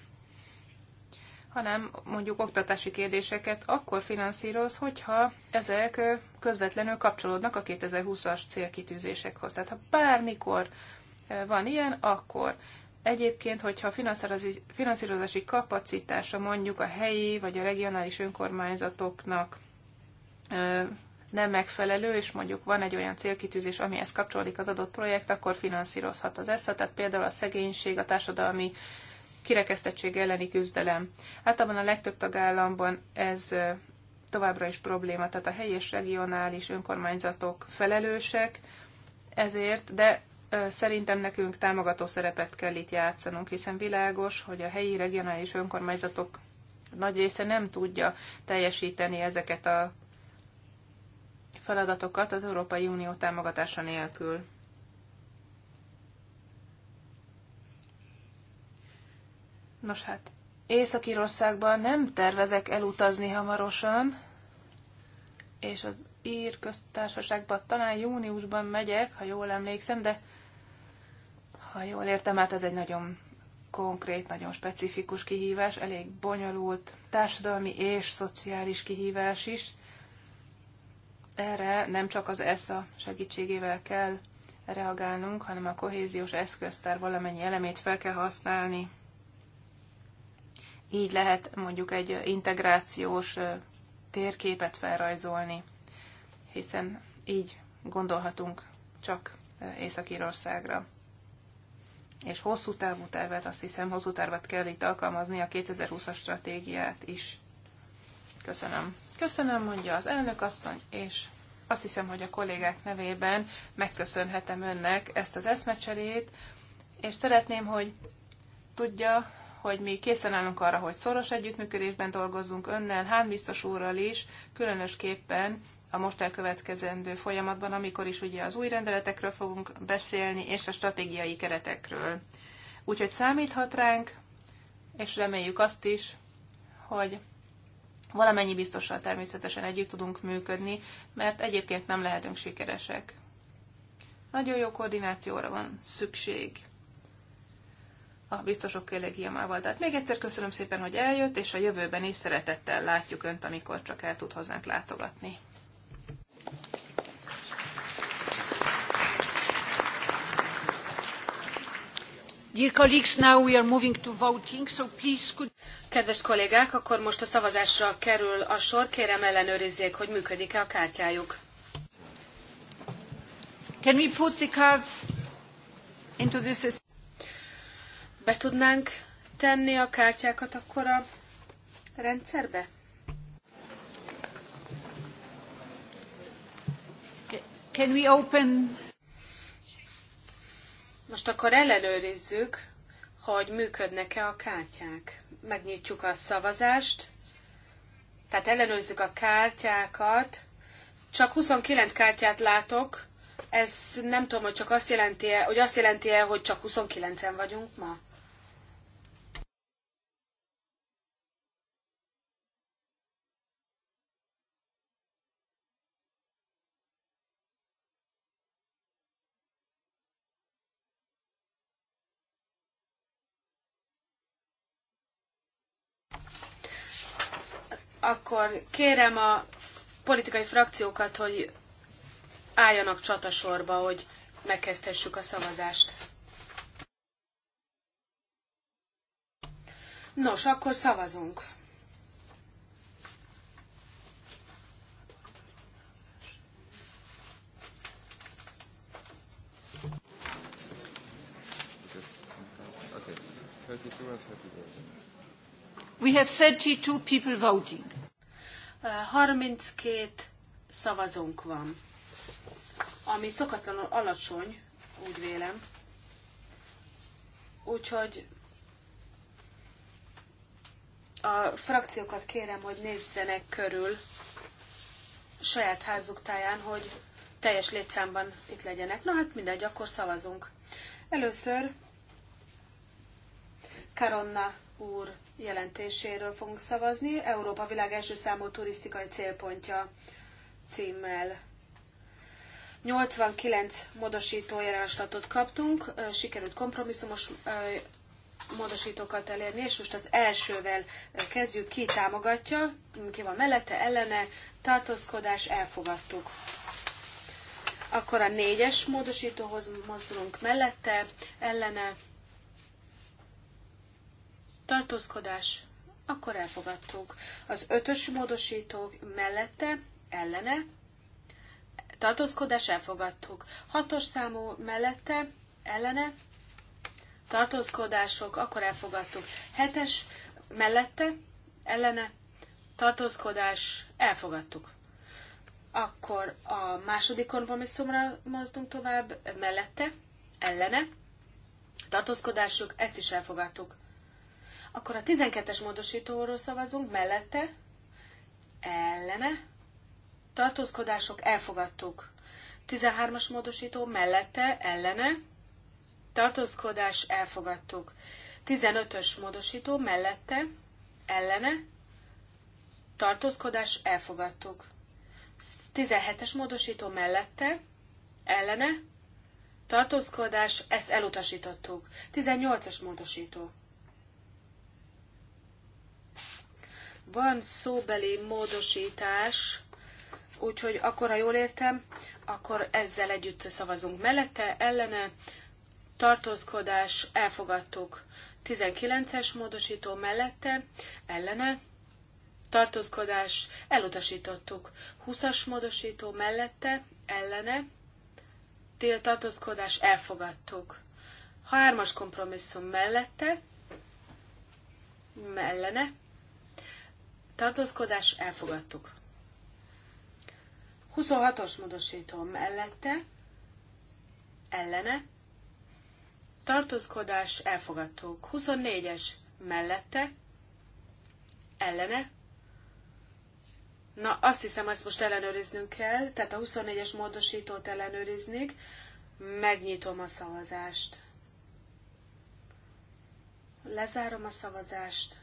hanem mondjuk oktatási kérdéseket akkor finanszíroz, hogyha ezek közvetlenül kapcsolódnak a 2020-as célkitűzésekhoz. Tehát ha bármikor van ilyen, akkor. Egyébként, hogyha a finanszírozási kapacitása mondjuk a helyi vagy a regionális önkormányzatoknak nem megfelelő, és mondjuk van egy olyan célkitűzés, amihez kapcsolódik az adott projekt, akkor finanszírozhat az ESZA, tehát például a szegénység, a társadalmi kirekesztettség elleni küzdelem. Általában a legtöbb tagállamban ez továbbra is probléma, tehát a helyi és regionális önkormányzatok felelősek ezért, de szerintem nekünk támogató szerepet kell itt játszanunk, hiszen világos, hogy a helyi regionális önkormányzatok nagy része nem tudja teljesíteni ezeket a feladatokat az Európai Unió támogatása nélkül. Nos hát, Észak-Írországban nem tervezek elutazni hamarosan, és az ír köztársaságban talán júniusban megyek, ha jól emlékszem, de ha jól értem, hát ez egy nagyon konkrét, nagyon specifikus kihívás, elég bonyolult társadalmi és szociális kihívás is. Erre nem csak az ESA segítségével kell reagálnunk, hanem a kohéziós eszköztár valamennyi elemét fel kell használni. Így lehet mondjuk egy integrációs térképet felrajzolni, hiszen így gondolhatunk csak Észak-Írországra és hosszú távú tervet, azt hiszem hosszú tervet kell itt alkalmazni a 2020-as stratégiát is. Köszönöm. Köszönöm, mondja az asszony, és azt hiszem, hogy a kollégák nevében megköszönhetem önnek ezt az eszmecserét, és szeretném, hogy tudja, hogy mi készen állunk arra, hogy szoros együttműködésben dolgozzunk önnel, Hán biztos úrral is, különösképpen a most elkövetkezendő folyamatban, amikor is ugye az új rendeletekről fogunk beszélni, és a stratégiai keretekről. Úgyhogy számíthat ránk, és reméljük azt is, hogy valamennyi biztossal természetesen együtt tudunk működni, mert egyébként nem lehetünk sikeresek. Nagyon jó koordinációra van szükség a biztosok kollégiumával. Tehát még egyszer köszönöm szépen, hogy eljött, és a jövőben is szeretettel látjuk Önt, amikor csak el tud hozzánk látogatni. Dear colleagues, now we are moving to voting, so please could... Kedves kollégák, akkor most a szavazásra kerül a sor. Kérem ellenőrizzék, hogy működik-e a kártyájuk. Can we put the cards into this system? Be tudnánk tenni a kártyákat akkor a rendszerbe? Can we open most akkor ellenőrizzük, hogy működnek-e a kártyák. Megnyitjuk a szavazást, tehát ellenőrizzük a kártyákat. Csak 29 kártyát látok, ez nem tudom, hogy csak azt jelenti -e, hogy azt jelenti -e, hogy csak 29-en vagyunk ma. akkor kérem a politikai frakciókat, hogy álljanak csatasorba, hogy megkezdhessük a szavazást. Nos, akkor szavazunk. Okay. 32 and 31. We have 32 people voting. 32 szavazónk van, ami szokatlanul alacsony, úgy vélem. Úgyhogy a frakciókat kérem, hogy nézzenek körül saját házuk táján, hogy teljes létszámban itt legyenek. Na hát mindegy, akkor szavazunk. Először Karonna úr jelentéséről fogunk szavazni. Európa világ első számú turisztikai célpontja címmel. 89 módosító javaslatot kaptunk, sikerült kompromisszumos módosítókat elérni, és most az elsővel kezdjük, ki támogatja, ki van mellette, ellene, tartózkodás, elfogadtuk. Akkor a négyes módosítóhoz mozdulunk mellette, ellene, tartózkodás, akkor elfogadtuk. Az ötös módosítók mellette, ellene, tartózkodás, elfogadtuk. Hatos számú mellette, ellene, tartózkodások, akkor elfogadtuk. Hetes mellette, ellene, tartózkodás, elfogadtuk. Akkor a második kompromisszumra mozdunk tovább, mellette, ellene, tartózkodások, ezt is elfogadtuk. Akkor a 12-es módosítóról szavazunk, mellette, ellene, tartózkodások, elfogadtuk. 13-as módosító, mellette, ellene, tartózkodás, elfogadtuk. 15-ös módosító, mellette, ellene, tartózkodás, elfogadtuk. 17-es módosító mellette, ellene, tartózkodás, ezt elutasítottuk. 18-as módosító Van szóbeli módosítás, úgyhogy akkor, ha jól értem, akkor ezzel együtt szavazunk mellette, ellene, tartózkodás, elfogadtuk. 19-es módosító mellette, ellene, tartózkodás, elutasítottuk. 20-as módosító mellette, ellene, tiltartózkodás, elfogadtuk. Hármas kompromisszum mellette, mellene, tartózkodás, elfogadtuk. 26-os módosító mellette, ellene, tartózkodás, elfogadtuk. 24-es mellette, ellene, Na, azt hiszem, ezt most ellenőriznünk kell, tehát a 24-es módosítót ellenőriznék. Megnyitom a szavazást. Lezárom a szavazást.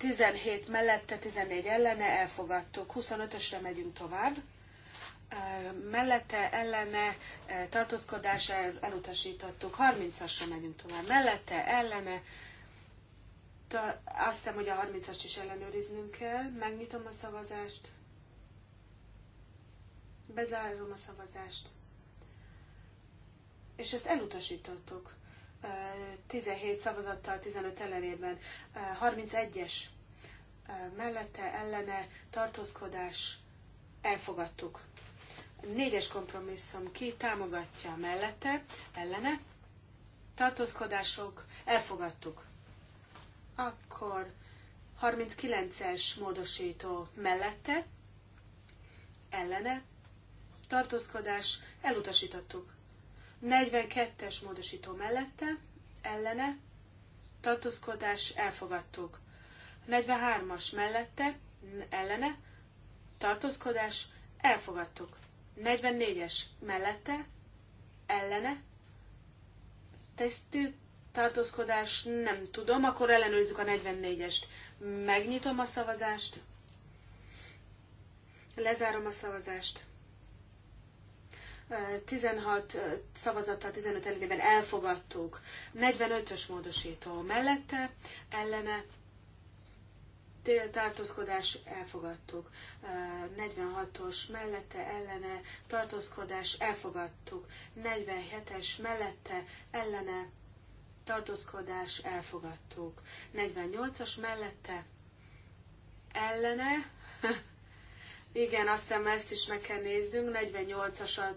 17 mellette, 14 ellene elfogadtuk. 25-ösre megyünk tovább. Mellette, ellene, tartózkodás elutasítottuk. 30-asra megyünk tovább. Mellette, ellene, azt hiszem, hogy a 30-ast is ellenőriznünk kell. Megnyitom a szavazást. Bezárom a szavazást. És ezt elutasítottuk. 17 szavazattal, 15 ellenében, 31-es mellette, ellene, tartózkodás, elfogadtuk. Négyes kompromisszum ki támogatja mellette, ellene, tartózkodások, elfogadtuk. Akkor 39-es módosító mellette, ellene, tartózkodás, elutasítottuk. 42-es módosító mellette, ellene, tartózkodás elfogadtuk. 43-as mellette, ellene, tartózkodás elfogadtuk. 44-es mellette, ellene, tesztilt tartózkodás, nem tudom, akkor ellenőrizzük a 44-est. Megnyitom a szavazást, lezárom a szavazást, 16 szavazattal 15 ellenében elfogadtuk. 45-ös módosító mellette, ellene tartózkodás elfogadtuk. 46-os mellette ellene tartózkodás elfogadtuk. 47-es mellette ellene tartózkodás elfogadtuk. 48-as mellette ellene igen, azt hiszem ezt is meg kell néznünk. 48-asat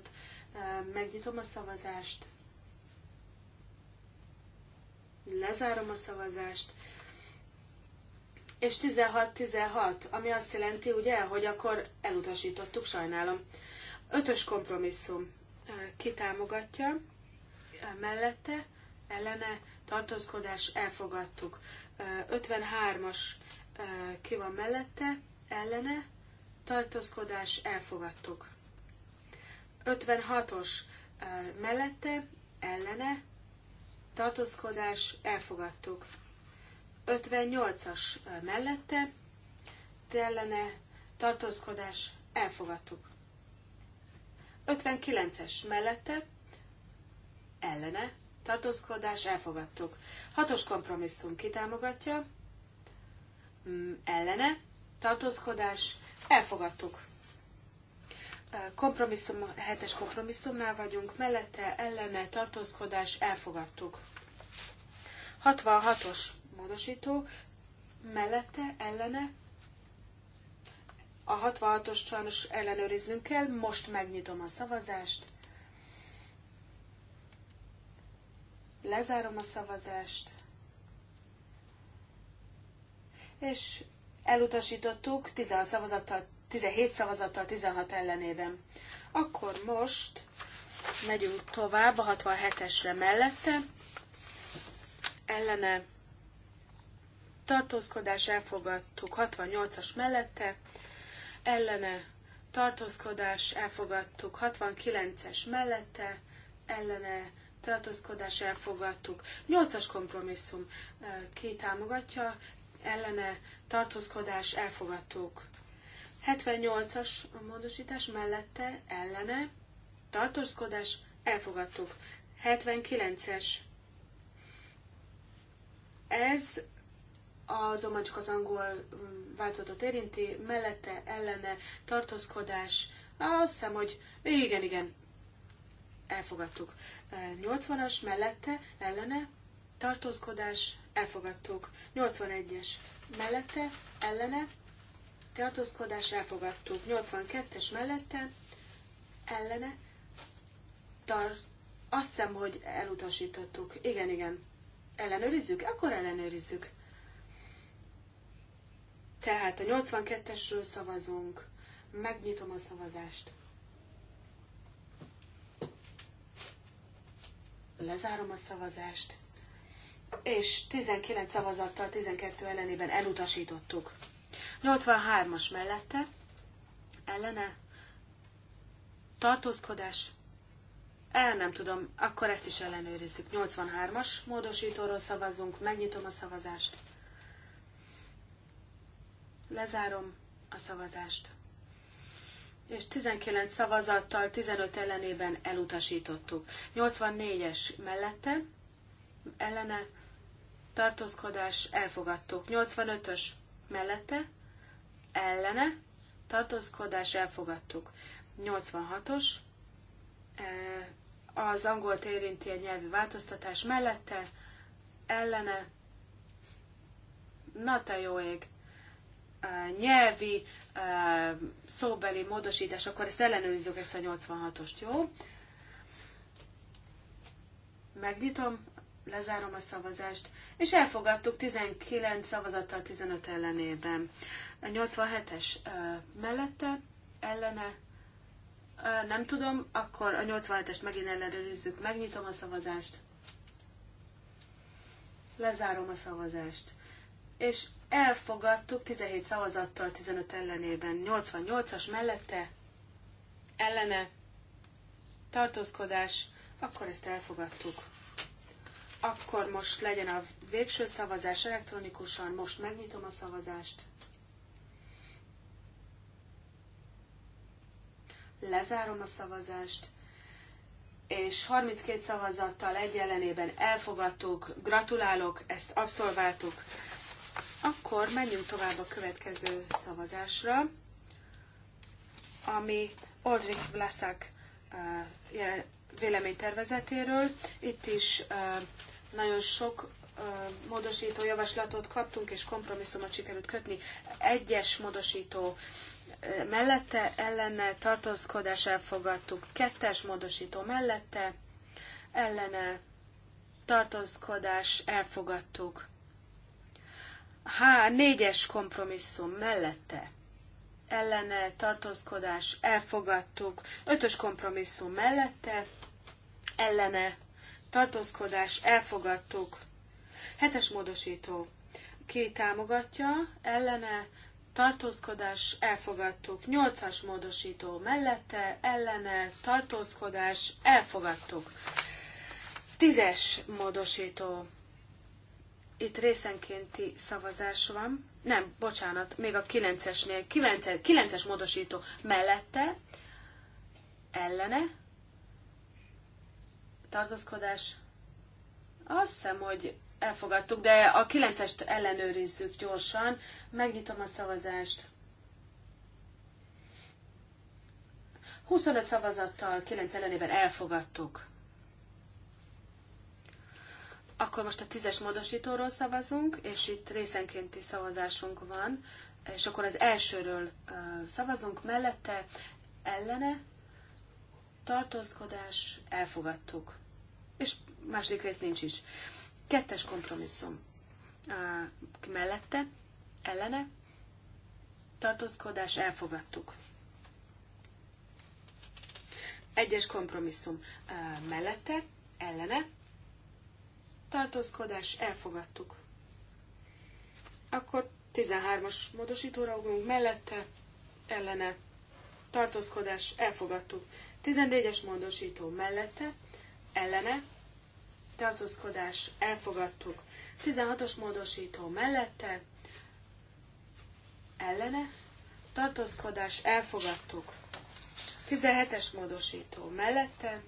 megnyitom a szavazást. Lezárom a szavazást. És 16-16, ami azt jelenti, ugye, hogy akkor elutasítottuk, sajnálom. Ötös kompromisszum. Ki támogatja? Mellette? Ellene? Tartózkodás? Elfogadtuk. 53-as ki van mellette? Ellene? tartózkodás, elfogadtuk. 56-os mellette, ellene, tartózkodás, elfogadtuk. 58-as mellette, ellene, tartózkodás, elfogadtuk. 59-es mellette, mm, ellene, tartózkodás, elfogadtuk. 6-os kompromisszum kitámogatja, ellene, tartózkodás, Elfogadtuk. Kompromisszum, hetes kompromisszumnál vagyunk, mellette ellene tartózkodás, elfogadtuk. 66-os módosító, mellette ellene a 66-os sajnos ellenőriznünk kell, most megnyitom a szavazást. Lezárom a szavazást. És elutasítottuk 16 szavazattal, 17 szavazattal, 16 ellenében. Akkor most megyünk tovább a 67-esre mellette. Ellene tartózkodás elfogadtuk 68-as mellette. Ellene tartózkodás elfogadtuk 69-es mellette. Ellene tartózkodás elfogadtuk. 8-as kompromisszum eh, ki támogatja, ellene tartózkodás elfogadtuk. 78-as a módosítás mellette ellene tartózkodás elfogadtuk. 79-es. Ez azonban csak az angol mm, változatot érinti, mellette ellene tartózkodás. Azt hiszem, hogy igen, igen, elfogadtuk. 80-as mellette ellene tartózkodás, elfogadtuk. 81-es mellette, ellene, tartózkodás, elfogadtuk. 82-es mellette, ellene, tar azt hiszem, hogy elutasítottuk. Igen, igen. Ellenőrizzük? Akkor ellenőrizzük. Tehát a 82-esről szavazunk. Megnyitom a szavazást. Lezárom a szavazást és 19 szavazattal 12 ellenében elutasítottuk. 83-as mellette ellene tartózkodás, el nem tudom, akkor ezt is ellenőrizzük. 83-as módosítóról szavazunk, megnyitom a szavazást. Lezárom a szavazást. És 19 szavazattal, 15 ellenében elutasítottuk. 84-es mellette, ellene tartózkodás, elfogadtuk. 85-ös mellette, ellene, tartózkodás, elfogadtuk. 86-os, e, az angolt érinti egy nyelvi változtatás mellette, ellene, na te jó ég, e, nyelvi, e, szóbeli módosítás, akkor ezt ellenőrizzük, ezt a 86-ost, jó? Megnyitom, lezárom a szavazást, és elfogadtuk 19 szavazattal 15 ellenében. A 87-es mellette, ellene, nem tudom, akkor a 87-est megint ellenőrizzük, megnyitom a szavazást, lezárom a szavazást, és elfogadtuk 17 szavazattal 15 ellenében, 88-as mellette, ellene, tartózkodás, akkor ezt elfogadtuk. Akkor most legyen a végső szavazás elektronikusan, most megnyitom a szavazást. Lezárom a szavazást és 32 szavazattal egy ellenében elfogadtuk, gratulálok, ezt abszolváltuk. Akkor menjünk tovább a következő szavazásra, ami Oldrich Vlaszák eh, véleménytervezetéről. Itt is eh, nagyon sok módosító javaslatot kaptunk, és kompromisszumot sikerült kötni. Egyes módosító mellette ellene tartózkodás elfogadtuk, kettes módosító mellette ellene tartózkodás elfogadtuk. Há, Négyes kompromisszum mellette ellene tartózkodás elfogadtuk, ötös kompromisszum mellette ellene tartózkodás, elfogadtuk. Hetes módosító. Ki támogatja, ellene, tartózkodás, elfogadtuk. Nyolcas módosító mellette, ellene, tartózkodás, elfogadtuk. Tízes módosító. Itt részenkénti szavazás van. Nem, bocsánat, még a kilencesnél. Kilences, kilences módosító mellette, ellene, tartózkodás. Azt hiszem, hogy elfogadtuk, de a 9-est ellenőrizzük gyorsan. Megnyitom a szavazást. 25 szavazattal, 9 ellenében elfogadtuk. Akkor most a tízes módosítóról szavazunk, és itt részenkénti szavazásunk van, és akkor az elsőről szavazunk, mellette ellene tartózkodás, elfogadtuk és másik rész nincs is. Kettes kompromisszum. Mellette, ellene, tartózkodás, elfogadtuk. Egyes kompromisszum mellette, ellene, tartózkodás, elfogadtuk. Akkor 13-as módosítóra ugrunk mellette, ellene, tartózkodás, elfogadtuk. 14-es módosító mellette, ellene, tartózkodás elfogadtuk. 16-os módosító mellette, ellene, tartózkodás elfogadtuk. 17-es módosító mellette,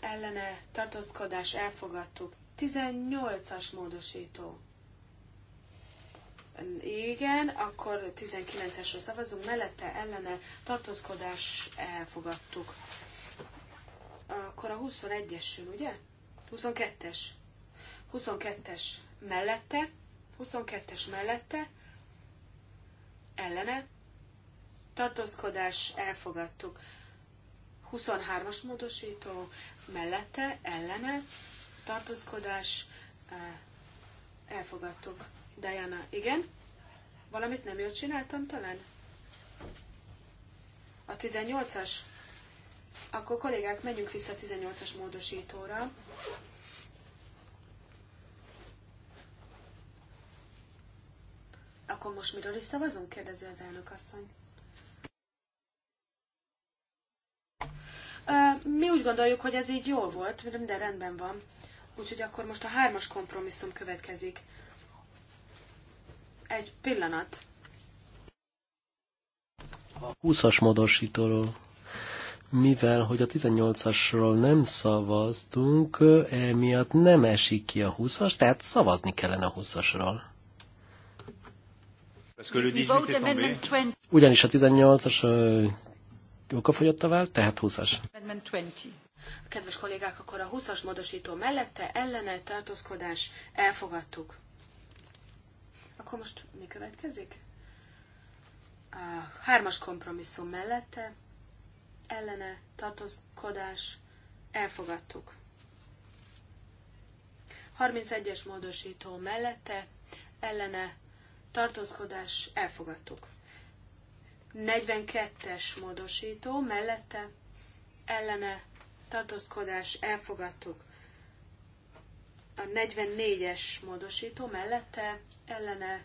ellene, tartózkodás elfogadtuk. 18-as módosító. Igen, akkor 19-esről szavazunk, mellette, ellene, tartózkodás elfogadtuk akkor a 21-esül, ugye? 22-es. 22-es mellette, 22-es mellette, ellene, tartózkodás, elfogadtuk. 23-as módosító, mellette, ellene, tartózkodás, e, elfogadtuk. Diana, igen? Valamit nem jól csináltam talán? A 18-as akkor kollégák, menjünk vissza a 18-as módosítóra. Akkor most miről is szavazunk? kérdezi az elnök asszony. Mi úgy gondoljuk, hogy ez így jó volt, minden rendben van. Úgyhogy akkor most a hármas kompromisszum következik. Egy pillanat. A 20-as módosítóról mivel hogy a 18-asról nem szavaztunk, emiatt nem esik ki a 20-as, tehát szavazni kellene a 20-asról. Ugyanis a 18-as okafogyottá vált, tehát 20-as. A kedves kollégák, akkor a 20-as módosító mellette ellene tartózkodás elfogadtuk. Akkor most mi következik? A hármas kompromisszum mellette ellene tartózkodás elfogadtuk. 31-es módosító mellette ellene tartózkodás elfogadtuk. 42-es módosító mellette ellene tartózkodás elfogadtuk. A 44-es módosító mellette ellene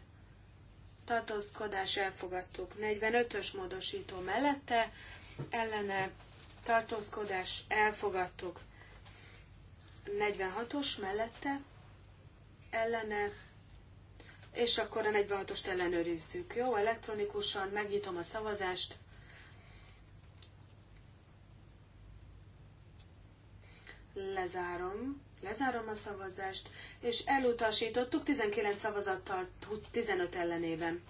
tartózkodás elfogadtuk. 45-ös módosító mellette ellene tartózkodás elfogadtuk. 46-os mellette ellene, és akkor a 46-ost ellenőrizzük. Jó, elektronikusan megnyitom a szavazást. Lezárom, lezárom a szavazást, és elutasítottuk 19 szavazattal 15 ellenében.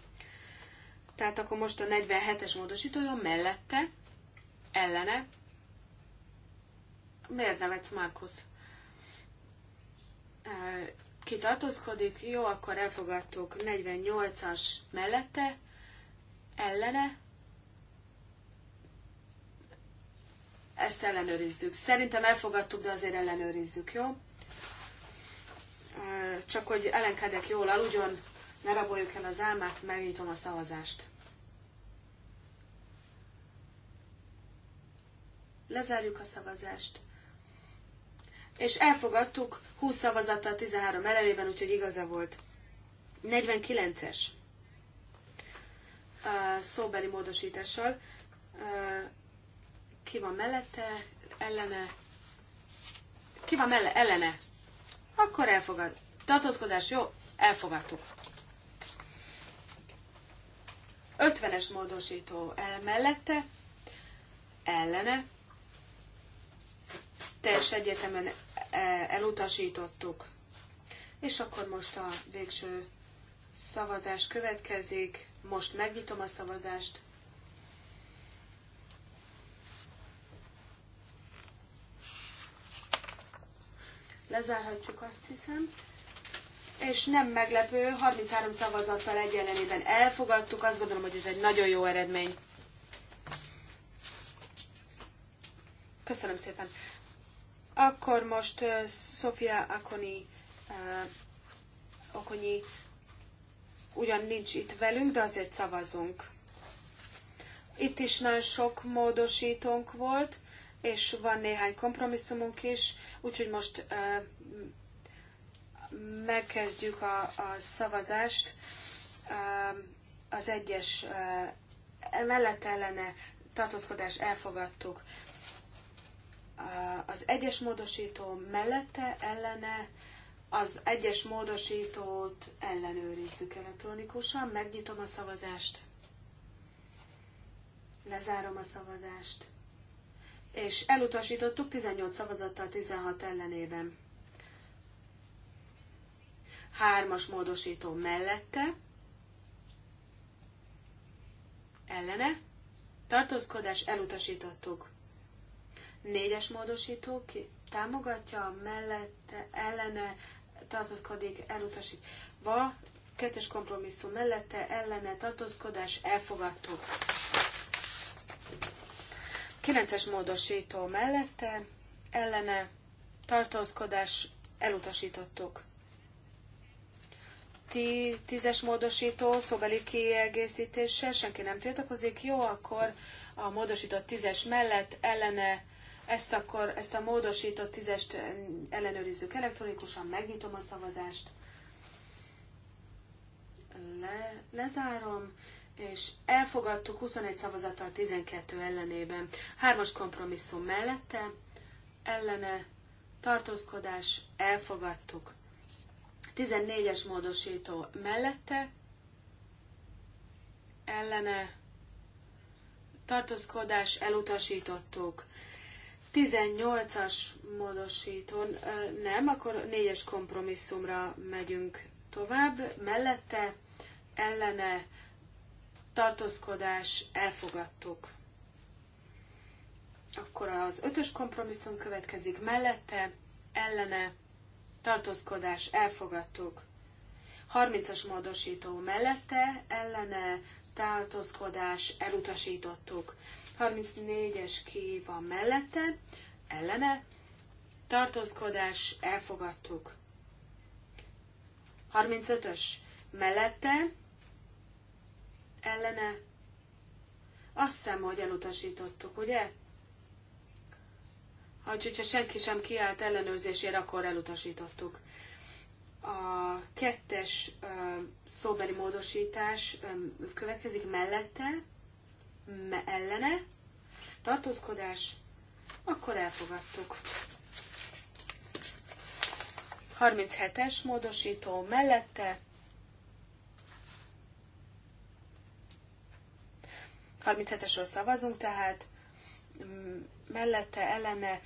Tehát akkor most a 47-es módosítója mellette, ellene. Miért nevetsz, Márkusz? Kitartózkodik, jó, akkor elfogadtuk 48-as mellette, ellene. Ezt ellenőrizzük. Szerintem elfogadtuk, de azért ellenőrizzük, jó? Csak hogy ellenkedek jól aludjon, ne raboljuk el az álmát, megnyitom a szavazást. Lezárjuk a szavazást. És elfogadtuk 20 szavazattal 13 ellenében, úgyhogy igaza volt. 49-es szóbeli módosítással. Ki van mellette? Ellene? Ki van melle? Ellene? Akkor elfogad. Tartózkodás, jó? Elfogadtuk. 50-es módosító el mellette, ellene, teljes egyetemen e, elutasítottuk. És akkor most a végső szavazás következik. Most megnyitom a szavazást. Lezárhatjuk azt hiszem. És nem meglepő, 33 szavazattal egy ellenében elfogadtuk. Azt gondolom, hogy ez egy nagyon jó eredmény. Köszönöm szépen. Akkor most uh, Sofia Akoni, uh, Okonyi ugyan nincs itt velünk, de azért szavazunk. Itt is nagyon sok módosítónk volt, és van néhány kompromisszumunk is, úgyhogy most uh, megkezdjük a, a szavazást. Uh, az egyes uh, mellett ellene tartózkodás elfogadtuk az egyes módosító mellette ellene, az egyes módosítót ellenőrizzük elektronikusan, megnyitom a szavazást, lezárom a szavazást, és elutasítottuk 18 szavazattal 16 ellenében. Hármas módosító mellette, ellene, tartózkodás elutasítottuk. Négyes módosító ki támogatja, mellette, ellene tartózkodik, elutasít. Va, kettes kompromisszum mellette, ellene tartózkodás, elfogadtuk. Kilences módosító mellette, ellene tartózkodás, elutasítottuk. Ti, tízes módosító, szóbeli kiegészítéssel, senki nem tiltakozik, jó, akkor a módosított tízes mellett ellene ezt akkor, ezt a módosított tízest ellenőrizzük elektronikusan, megnyitom a szavazást, le, lezárom, és elfogadtuk 21 szavazattal 12 ellenében. Hármas kompromisszum mellette, ellene, tartózkodás, elfogadtuk. 14-es módosító mellette, ellene, tartózkodás, elutasítottuk. 18-as módosítón nem, akkor 4-es kompromisszumra megyünk tovább. Mellette ellene tartózkodás elfogadtuk. Akkor az ötös kompromisszum következik mellette, ellene tartózkodás elfogadtuk. 30-as módosító mellette, ellene tartózkodás elutasítottuk. 34-es ki van mellette, ellene, tartózkodás, elfogadtuk. 35-ös mellette, ellene, azt hiszem, hogy elutasítottuk, ugye? Hogy, hogyha senki sem kiállt ellenőrzésére, akkor elutasítottuk. A kettes szóbeli módosítás következik mellette, ellene, tartózkodás, akkor elfogadtuk. 37-es módosító mellette, 37-esről szavazunk, tehát mm, mellette, ellene,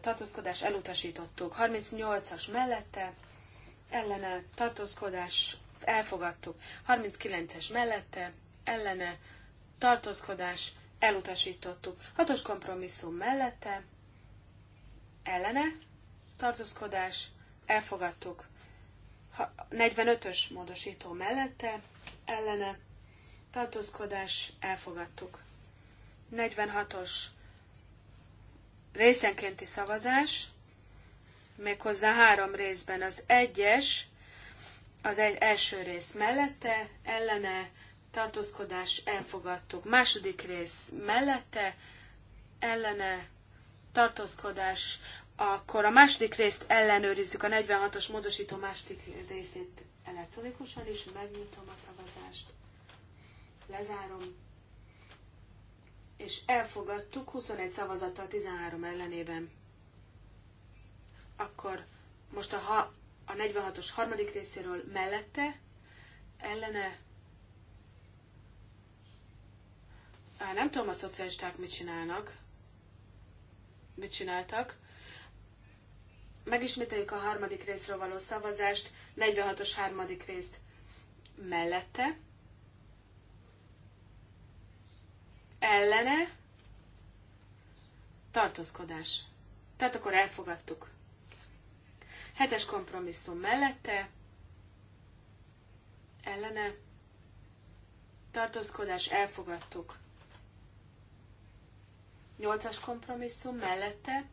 tartózkodás elutasítottuk. 38-as mellette, ellene, tartózkodás elfogadtuk. 39-es mellette, ellene, tartózkodás, elutasítottuk. Hatos kompromisszum mellette, ellene, tartózkodás, elfogadtuk. 45-ös módosító mellette, ellene, tartózkodás, elfogadtuk. 46-os részenkénti szavazás, méghozzá három részben az egyes, az egy első rész mellette, ellene, tartózkodás elfogadtuk. Második rész mellette, ellene, tartózkodás, akkor a második részt ellenőrizzük, a 46-os módosító második részét elektronikusan is, megnyitom a szavazást, lezárom, és elfogadtuk 21 szavazattal 13 ellenében. Akkor most a, ha, a 46-os harmadik részéről mellette, ellene, nem tudom, a szocialisták mit csinálnak, mit csináltak. Megismételjük a harmadik részről való szavazást, 46-os harmadik részt mellette, ellene, tartózkodás. Tehát akkor elfogadtuk. Hetes kompromisszum mellette, ellene, tartózkodás, elfogadtuk. Nyolcas kompromisszum mellette.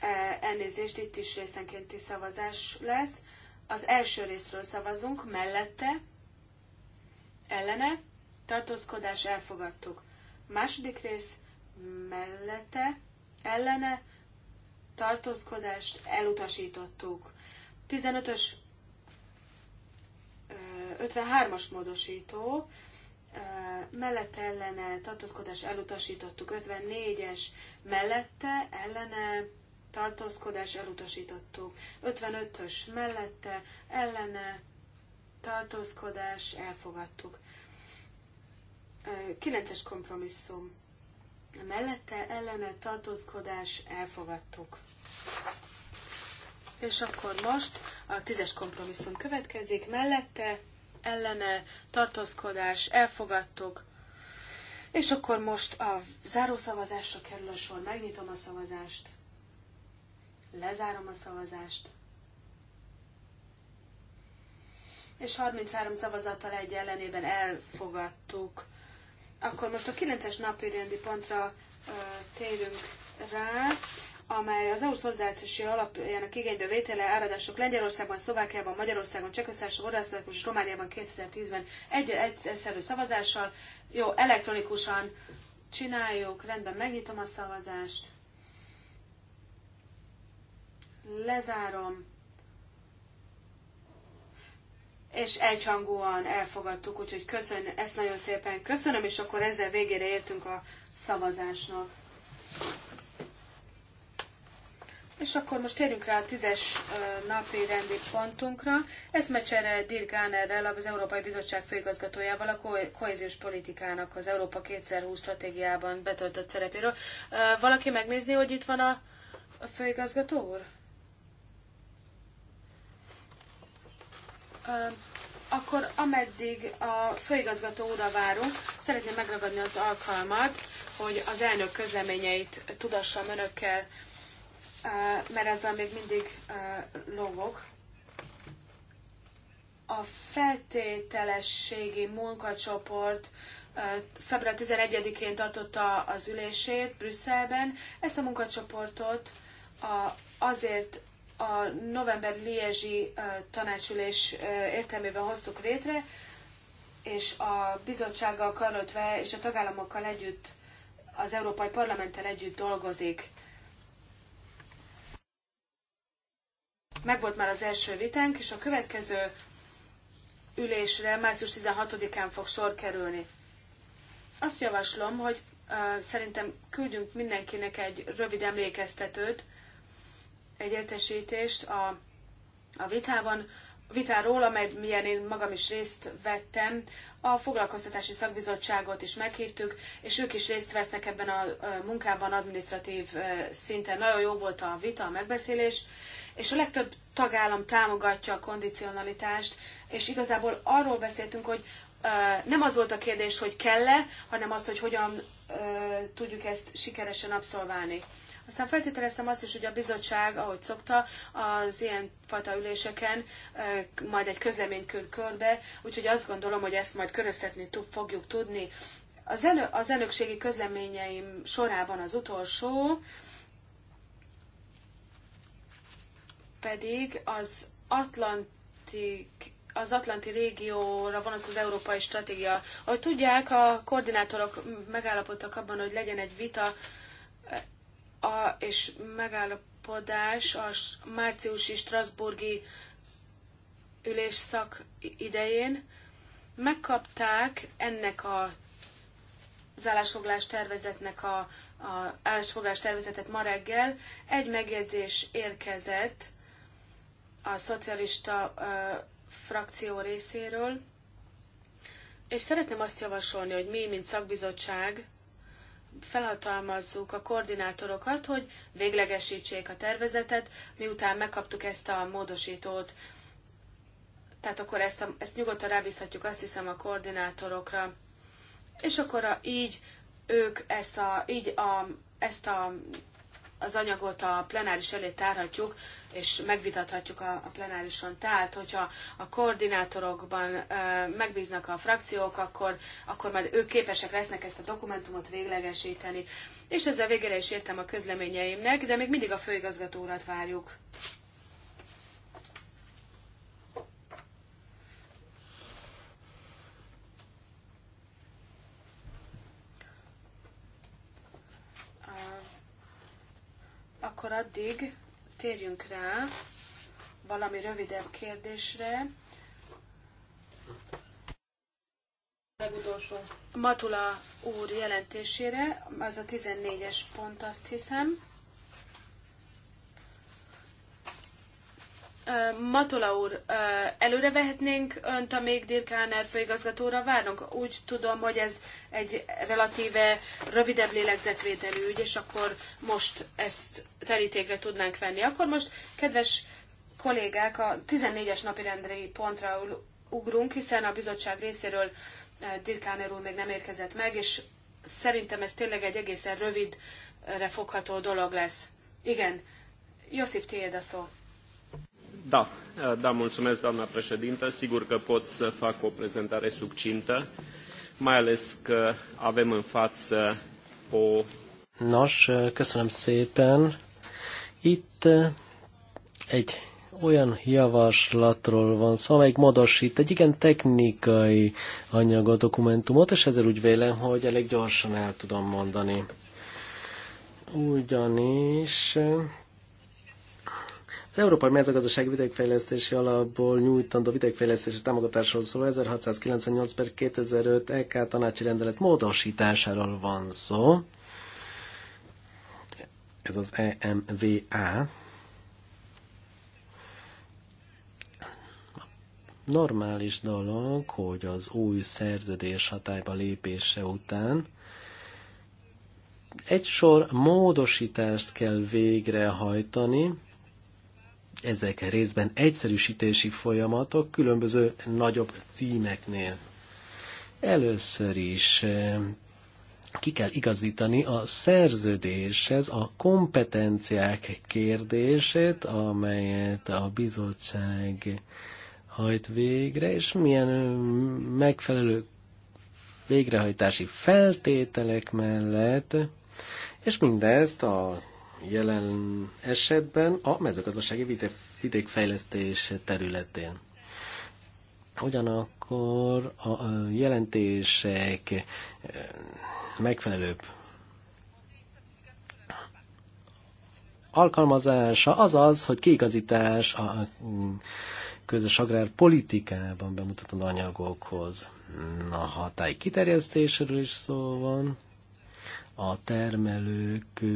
E, elnézést, itt is részenkénti szavazás lesz. Az első részről szavazunk, mellette, ellene, tartózkodás, elfogadtuk. Második rész, mellette, ellene, tartózkodást elutasítottuk. 15-ös 53-as módosító mellette ellene tartózkodás elutasítottuk, 54-es mellette ellene tartózkodás elutasítottuk, 55-ös mellette ellene tartózkodás elfogadtuk. 9-es kompromisszum mellette ellene tartózkodás elfogadtuk. És akkor most a 10-es kompromisszum következik, mellette ellene tartózkodás elfogadtuk. És akkor most a zárószavazásra kerül a sor. Megnyitom a szavazást. Lezárom a szavazást. És 33 szavazattal egy ellenében elfogadtuk. Akkor most a 9-es napi rendi pontra ö, térünk rá amely az EU szolidaritási alapjának igénybe vétele áradások Lengyelországban, Szlovákiában, Magyarországon, Csehországban, Olaszországban és Romániában 2010-ben egy egyszerű szavazással. Jó, elektronikusan csináljuk, rendben, megnyitom a szavazást. Lezárom. És egyhangúan elfogadtuk, úgyhogy köszön, ezt nagyon szépen köszönöm, és akkor ezzel végére értünk a szavazásnak. És akkor most térjünk rá a tízes napi rendi pontunkra. Eszmecsere Dirk Gánerrel, az Európai Bizottság főigazgatójával a kohéziós politikának az Európa 2020 stratégiában betöltött szerepéről. Valaki megnézni, hogy itt van a főigazgató úr? Akkor ameddig a főigazgató úra várunk, szeretném megragadni az alkalmat, hogy az elnök közleményeit tudassam önökkel mert ezzel még mindig lovog. A feltételességi munkacsoport február 11-én tartotta az ülését Brüsszelben. Ezt a munkacsoportot a azért a november uh, tanácsülés értelmében hoztuk létre, és a bizottsággal karöltve és a tagállamokkal együtt, az Európai Parlamenttel együtt dolgozik megvolt már az első vitánk, és a következő ülésre március 16-án fog sor kerülni. Azt javaslom, hogy uh, szerintem küldjünk mindenkinek egy rövid emlékeztetőt, egy értesítést a, a vitában, vitáról, amely milyen én magam is részt vettem, a foglalkoztatási szakbizottságot is meghívtuk, és ők is részt vesznek ebben a munkában administratív szinten. Nagyon jó volt a vita, a megbeszélés, és a legtöbb tagállam támogatja a kondicionalitást, és igazából arról beszéltünk, hogy nem az volt a kérdés, hogy kell-e, hanem az, hogy hogyan tudjuk ezt sikeresen abszolválni. Aztán feltételeztem azt is, hogy a bizottság, ahogy szokta, az ilyen fajta üléseken majd egy közlemény kül körbe, úgyhogy azt gondolom, hogy ezt majd köröztetni fogjuk tudni. Az, elnökségi közleményeim sorában az utolsó, pedig az Atlantik az Atlanti régióra vonatkozó európai stratégia. Ahogy tudják, a koordinátorok megállapodtak abban, hogy legyen egy vita a, és megállapodás a márciusi Strasburgi ülésszak idején. Megkapták ennek a az állásfoglás tervezetnek a, a állásfoglás tervezetet ma reggel. Egy megjegyzés érkezett a szocialista ö, frakció részéről, és szeretném azt javasolni, hogy mi, mint szakbizottság, felhatalmazzuk a koordinátorokat, hogy véglegesítsék a tervezetet, miután megkaptuk ezt a módosítót. Tehát akkor ezt, a, ezt nyugodtan rábízhatjuk, azt hiszem, a koordinátorokra. És akkor a, így ők ezt a, így a, ezt a az anyagot a plenáris elé tárhatjuk, és megvitathatjuk a, a plenárison. Tehát, hogyha a koordinátorokban ö, megbíznak a frakciók, akkor, akkor majd ők képesek lesznek ezt a dokumentumot véglegesíteni. És ezzel végére is értem a közleményeimnek, de még mindig a főigazgató urat várjuk. Akkor addig térjünk rá valami rövidebb kérdésre. Legutolsó. Matula úr jelentésére, az a 14-es pont, azt hiszem. Matola úr, előre vehetnénk önt, amíg Dirkáner főigazgatóra várunk? Úgy tudom, hogy ez egy relatíve rövidebb lélegzetvételű ügy, és akkor most ezt terítékre tudnánk venni. Akkor most, kedves kollégák, a 14-es napirendi pontra ugrunk, hiszen a bizottság részéről Dirkáner úr még nem érkezett meg, és szerintem ez tényleg egy egészen rövidre fogható dolog lesz. Igen, Josip, tiéd a szó. Da, eh, da, mulțumesc, doamna președintă. Sigur că pot să fac o prezentare succintă, mai ales că avem în față o... Nos, eh, köszönöm szépen. Itt eh, egy olyan javaslatról van szó, amelyik modosít egy igen technikai anyagot, dokumentumot, és ezzel úgy vélem, hogy elég gyorsan el tudom mondani. Ugyanis az Európai Mezőgazdaság Vidékfejlesztési Alapból nyújtandó vidékfejlesztési támogatásról szóló 1698 per 2005 EK tanácsi rendelet módosításáról van szó. Ez az EMVA. Normális dolog, hogy az új szerződés hatályba lépése után egy sor módosítást kell végrehajtani, ezek részben egyszerűsítési folyamatok különböző nagyobb címeknél. Először is eh, ki kell igazítani a szerződéshez a kompetenciák kérdését, amelyet a bizottság hajt végre, és milyen eh, megfelelő végrehajtási feltételek mellett, és mindezt a jelen esetben a mezőgazdasági vidékfejlesztés területén. Ugyanakkor a jelentések eh, megfelelőbb alkalmazása az az, hogy kiigazítás a közös agrárpolitikában bemutatott anyagokhoz. A hatály kiterjesztésről is szó van, a termelők eh,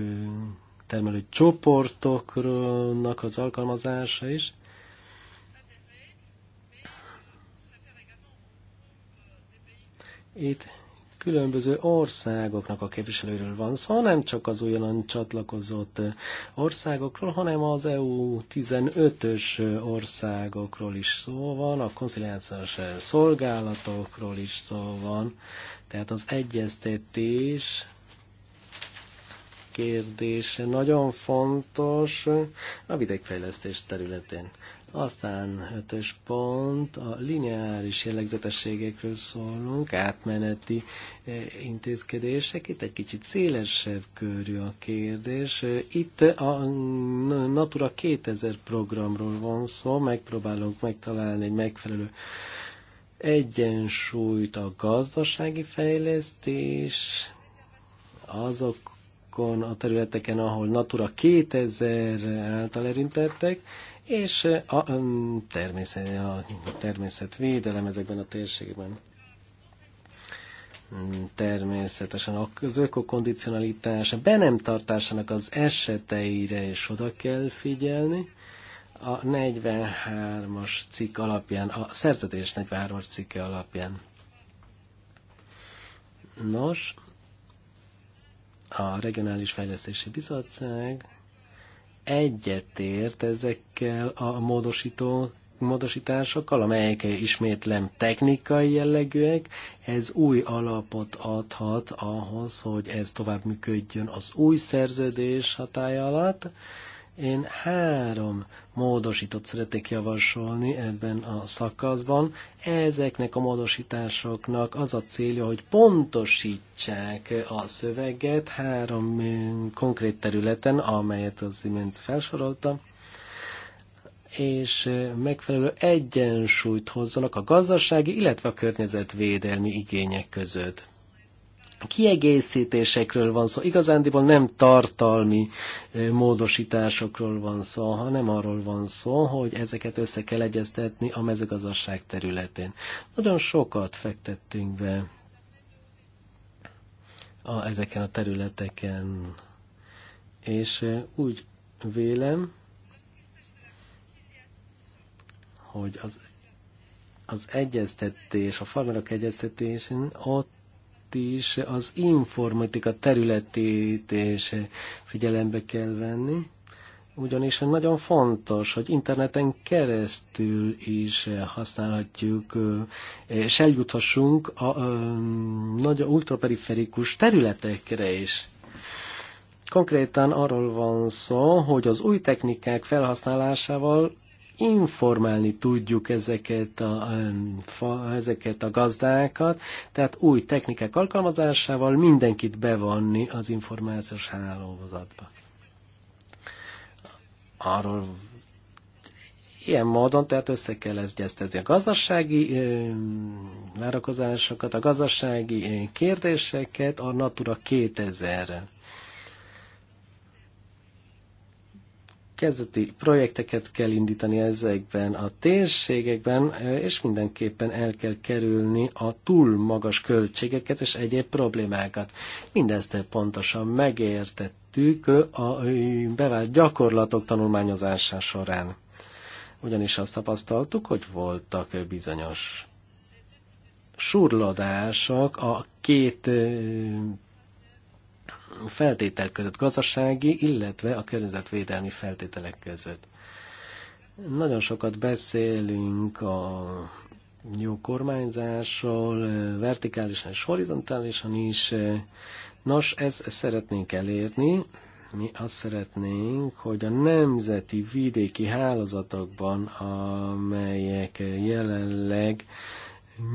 termelő csoportoknak az alkalmazása is. Itt különböző országoknak a képviselőről van szó, szóval nem csak az olyan csatlakozott országokról, hanem az EU 15-ös országokról is szó van, a konciliációs szolgálatokról is szó van, tehát az egyeztetés kérdése nagyon fontos a vidékfejlesztés területén. Aztán ötös pont, a lineáris jellegzetességekről szólunk, átmeneti eh, intézkedések. Itt egy kicsit szélesebb körű a kérdés. Itt a Natura 2000 programról van szó, megpróbálunk megtalálni egy megfelelő egyensúlyt a gazdasági fejlesztés, azok azokon a területeken, ahol Natura 2000 által erintettek, és eh, a, természet, a természetvédelem ezekben a térségben. Természetesen az ökokondicionalitás, a be nem tartásának az eseteire is oda kell figyelni. A 43-as cikk alapján, a szerződés 43-as cikke alapján. Nos, a Regionális Fejlesztési Bizottság egyetért ezekkel a módosító módosításokkal, amelyek ismétlem technikai jellegűek, ez új alapot adhat ahhoz, hogy ez tovább működjön az új szerződés hatája alatt, én három módosítót szeretnék javasolni ebben a szakaszban. Ezeknek a módosításoknak az a célja, hogy pontosítsák a szöveget három mm, konkrét területen, amelyet az imént felsoroltam és megfelelő egyensúlyt hozzanak a gazdasági, illetve a környezetvédelmi igények között kiegészítésekről van szó. Igazándiból nem tartalmi módosításokról van szó, hanem arról van szó, hogy ezeket össze kell egyeztetni a mezőgazdaság területén. Nagyon sokat fektettünk be a, ezeken a területeken, és úgy vélem, hogy az, az egyeztetés, a farmerok egyeztetésén ott is az informatika területét és figyelembe kell venni, ugyanis nagyon fontos, hogy interneten keresztül is használhatjuk, és eljuthassunk a, a, a nagy ultraperiferikus területekre is. Konkrétan arról van szó, hogy az új technikák felhasználásával informálni tudjuk ezeket a, ezeket a gazdákat, tehát új technikák alkalmazásával mindenkit bevonni az információs hálózatba. Arról ilyen módon, tehát össze kell egyeztetni a gazdasági ö, várakozásokat, a gazdasági kérdéseket a Natura 2000-re. kezdeti projekteket kell indítani ezekben a térségekben, és mindenképpen el kell kerülni a túl magas költségeket és egyéb problémákat. Mindezt pontosan megértettük a bevált gyakorlatok tanulmányozásán során. Ugyanis azt tapasztaltuk, hogy voltak bizonyos surlodások a két feltétel között, gazdasági, illetve a környezetvédelmi feltételek között. Nagyon sokat beszélünk a jó kormányzásról, vertikálisan és horizontálisan is. Nos, ezt szeretnénk elérni. Mi azt szeretnénk, hogy a nemzeti vidéki hálózatokban, amelyek jelenleg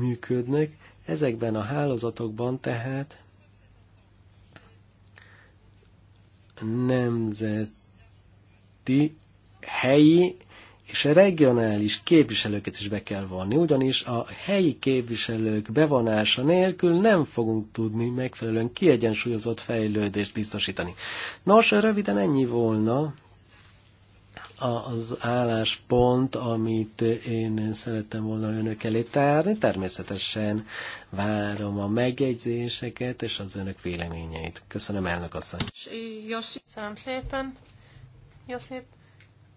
működnek, ezekben a hálózatokban tehát nemzeti, helyi és regionális képviselőket is be kell vonni, ugyanis a helyi képviselők bevonása nélkül nem fogunk tudni megfelelően kiegyensúlyozott fejlődést biztosítani. Nos, röviden ennyi volna az álláspont, amit én szerettem volna önök elé tárni. Természetesen várom a megjegyzéseket és az önök véleményeit. Köszönöm, elnök asszony. Köszönöm szépen. Josip,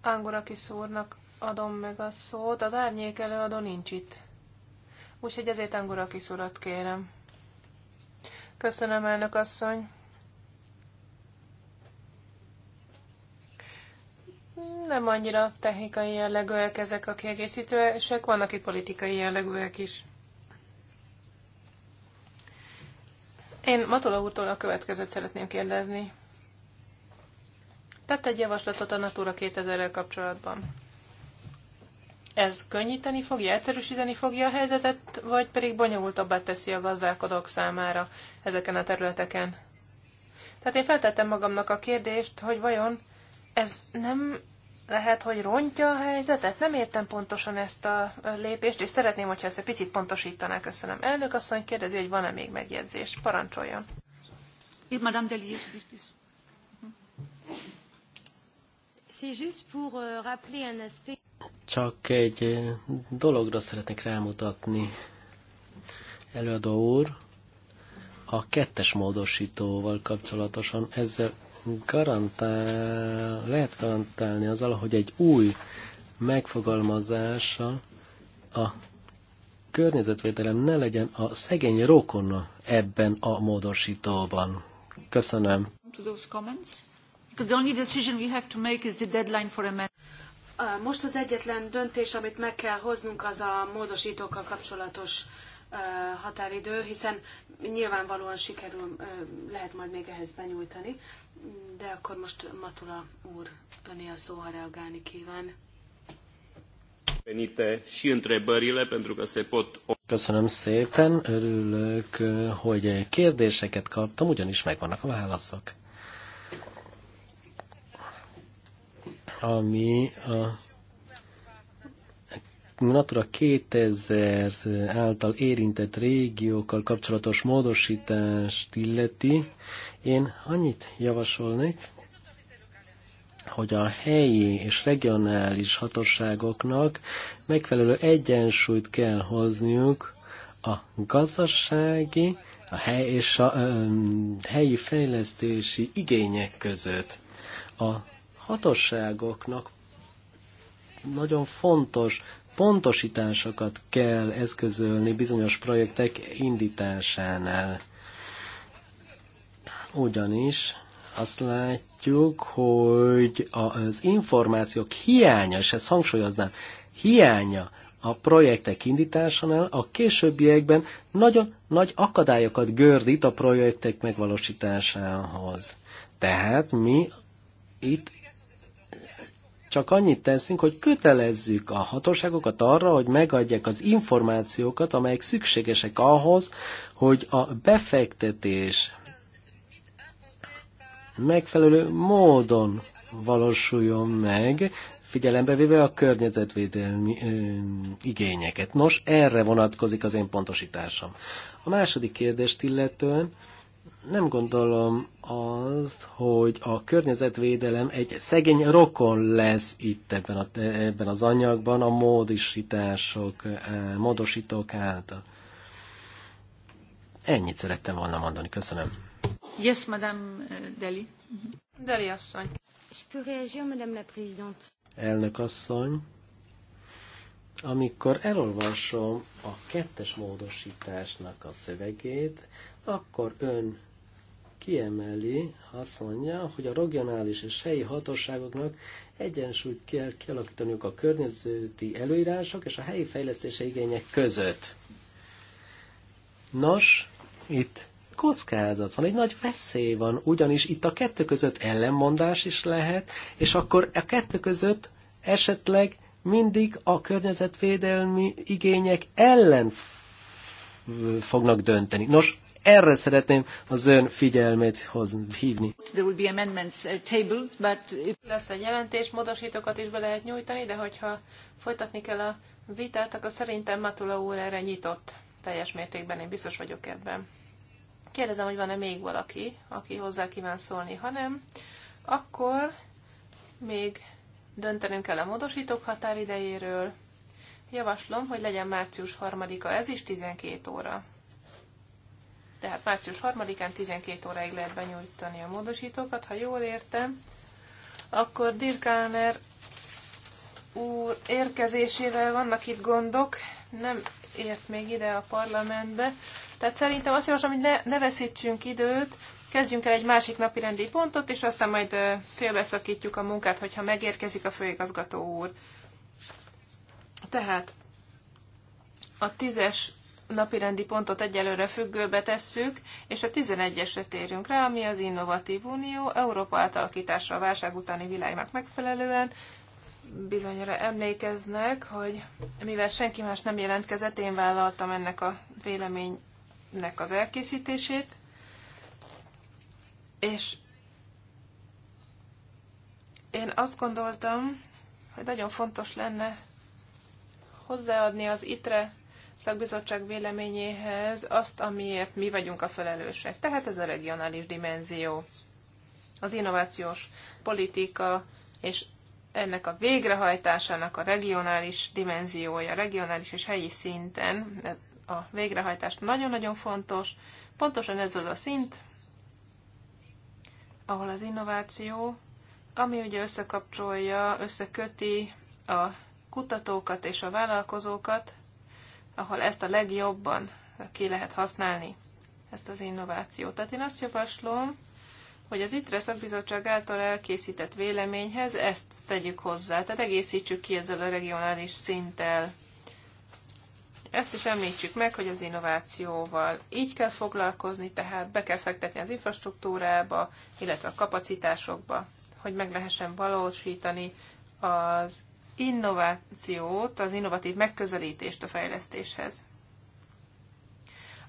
Angorakis kiszúrnak adom meg a szót. Az árnyék előadó nincs itt. Úgyhogy ezért Angorakis kiszúrat kérem. Köszönöm, elnök asszony. Nem annyira technikai jellegűek ezek a kiegészítőek, vannak itt politikai jellegűek is. Én Matola úrtól a következőt szeretném kérdezni. Tett egy javaslatot a Natura 2000-rel kapcsolatban. Ez könnyíteni fogja, egyszerűsíteni fogja a helyzetet, vagy pedig bonyolultabbá teszi a gazdálkodók számára ezeken a területeken? Tehát én feltettem magamnak a kérdést, hogy vajon ez nem lehet, hogy rontja a helyzetet? Nem értem pontosan ezt a lépést, és szeretném, hogyha ezt egy picit pontosítaná. Köszönöm. Elnök asszony kérdezi, hogy van-e még megjegyzés. Parancsoljon. Madame Delier, euh, Csak egy dologra szeretnék rámutatni, előadó úr, a kettes módosítóval kapcsolatosan ezzel garantál, lehet garantálni azzal, hogy egy új megfogalmazása a környezetvédelem ne legyen a szegény rokona ebben a módosítóban. Köszönöm. Most az egyetlen döntés, amit meg kell hoznunk, az a módosítókkal kapcsolatos határidő, hiszen nyilvánvalóan sikerül, lehet majd még ehhez benyújtani, de akkor most Matula úr öné a szó, ha reagálni kíván. Köszönöm szépen, örülök, hogy kérdéseket kaptam, ugyanis megvannak a válaszok. Ami a Natura 2000 által érintett régiókkal kapcsolatos módosítást illeti, én annyit javasolnék, hogy a helyi és regionális hatóságoknak megfelelő egyensúlyt kell hozniuk a gazdasági a hely és a ö, helyi fejlesztési igények között. A hatóságoknak nagyon fontos pontosításokat kell eszközölni bizonyos projektek indításánál. Ugyanis azt látjuk, hogy az információk hiánya, és ezt hangsúlyoznám, hiánya a projektek indításánál a későbbiekben nagyon nagy akadályokat gördít a projektek megvalósításához. Tehát mi itt csak annyit teszünk, hogy kötelezzük a hatóságokat arra, hogy megadják az információkat, amelyek szükségesek ahhoz, hogy a befektetés megfelelő módon valósuljon meg, figyelembe véve a környezetvédelmi ö, igényeket. Nos, erre vonatkozik az én pontosításom. A második kérdést illetően nem gondolom azt, hogy a környezetvédelem egy szegény rokon lesz itt ebben, a, ebben az anyagban a módosítások, eh, módosítók által. Ennyit szerettem volna mondani. Köszönöm. Yes, Madame eh, Deli. Deli asszony. Je peux réagir, Madame la Présidente. Elnök asszony amikor elolvasom a kettes módosításnak a szövegét, akkor ön kiemeli, azt mondja, hogy a regionális és helyi hatóságoknak egyensúlyt kell kialakítaniuk a környezeti előírások és a helyi fejlesztési igények között. Nos, itt kockázat van, egy nagy veszély van, ugyanis itt a kettő között ellenmondás is lehet, és akkor a kettő között esetleg mindig a környezetvédelmi igények ellen fognak dönteni. Nos, erre szeretném az ön figyelmét hozni, hívni. Uh, tables, it... Lesz egy jelentés, módosítókat is be lehet nyújtani, de hogyha folytatni kell a vitát, akkor szerintem Matula úr erre nyitott teljes mértékben, én biztos vagyok ebben. Kérdezem, hogy van-e még valaki, aki hozzá kíván szólni, ha nem, akkor még döntenünk kell a módosítók határidejéről. Javaslom, hogy legyen március 3-a, ez is 12 óra. Tehát március 3-án 12 óráig lehet benyújtani a módosítókat, ha jól értem. Akkor Dirkáner úr érkezésével vannak itt gondok, nem ért még ide a parlamentbe. Tehát szerintem azt javaslom, hogy ne, ne veszítsünk időt, kezdjünk el egy másik napi rendi pontot, és aztán majd félbeszakítjuk a munkát, hogyha megérkezik a főigazgató úr. Tehát a tízes napirendi pontot egyelőre függőbe tesszük, és a 11-esre térjünk rá, ami az Innovatív Unió Európa átalakítása a válság utáni világnak megfelelően. Bizonyára emlékeznek, hogy mivel senki más nem jelentkezett, én vállaltam ennek a véleménynek az elkészítését, és én azt gondoltam, hogy nagyon fontos lenne hozzáadni az ITRE szakbizottság véleményéhez azt, amiért mi vagyunk a felelősek. Tehát ez a regionális dimenzió, az innovációs politika és ennek a végrehajtásának a regionális dimenziója, regionális és helyi szinten, a végrehajtás nagyon-nagyon fontos. Pontosan ez az a szint, ahol az innováció, ami ugye összekapcsolja, összeköti a kutatókat és a vállalkozókat, ahol ezt a legjobban ki lehet használni, ezt az innovációt. Tehát én azt javaslom, hogy az ITRE szakbizottság által elkészített véleményhez ezt tegyük hozzá, tehát egészítsük ki ezzel a regionális szinttel. Ezt is említsük meg, hogy az innovációval így kell foglalkozni, tehát be kell fektetni az infrastruktúrába, illetve a kapacitásokba, hogy meg lehessen valósítani az innovációt, az innovatív megközelítést a fejlesztéshez.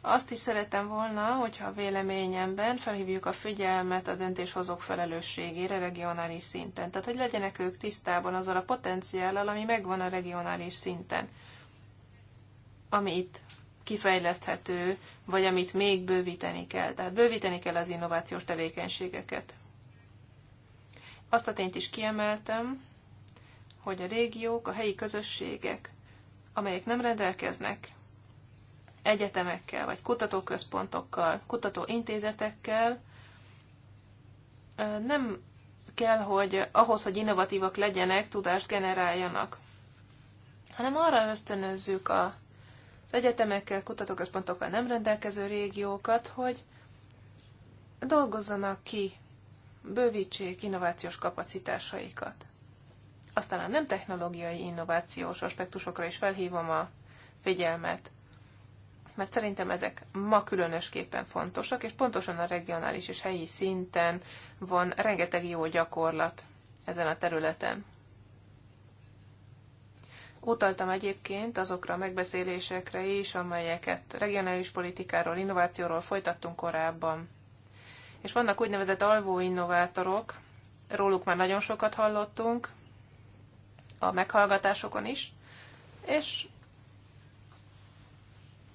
Azt is szeretem volna, hogyha a véleményemben felhívjuk a figyelmet a döntéshozók felelősségére regionális szinten. Tehát, hogy legyenek ők tisztában azzal a potenciállal, ami megvan a regionális szinten, ami itt kifejleszthető, vagy amit még bővíteni kell. Tehát bővíteni kell az innovációs tevékenységeket. Azt a tényt is kiemeltem, hogy a régiók, a helyi közösségek, amelyek nem rendelkeznek egyetemekkel, vagy kutatóközpontokkal, kutatóintézetekkel, nem kell, hogy ahhoz, hogy innovatívak legyenek, tudást generáljanak, hanem arra ösztönözzük a, az egyetemekkel, kutatóközpontokkal nem rendelkező régiókat, hogy dolgozzanak ki, bővítsék innovációs kapacitásaikat. Aztán a nem technológiai innovációs aspektusokra is felhívom a figyelmet, mert szerintem ezek ma különösképpen fontosak, és pontosan a regionális és helyi szinten van rengeteg jó gyakorlat ezen a területen. Utaltam egyébként azokra a megbeszélésekre is, amelyeket regionális politikáról, innovációról folytattunk korábban. És vannak úgynevezett alvó innovátorok, róluk már nagyon sokat hallottunk, a meghallgatásokon is, és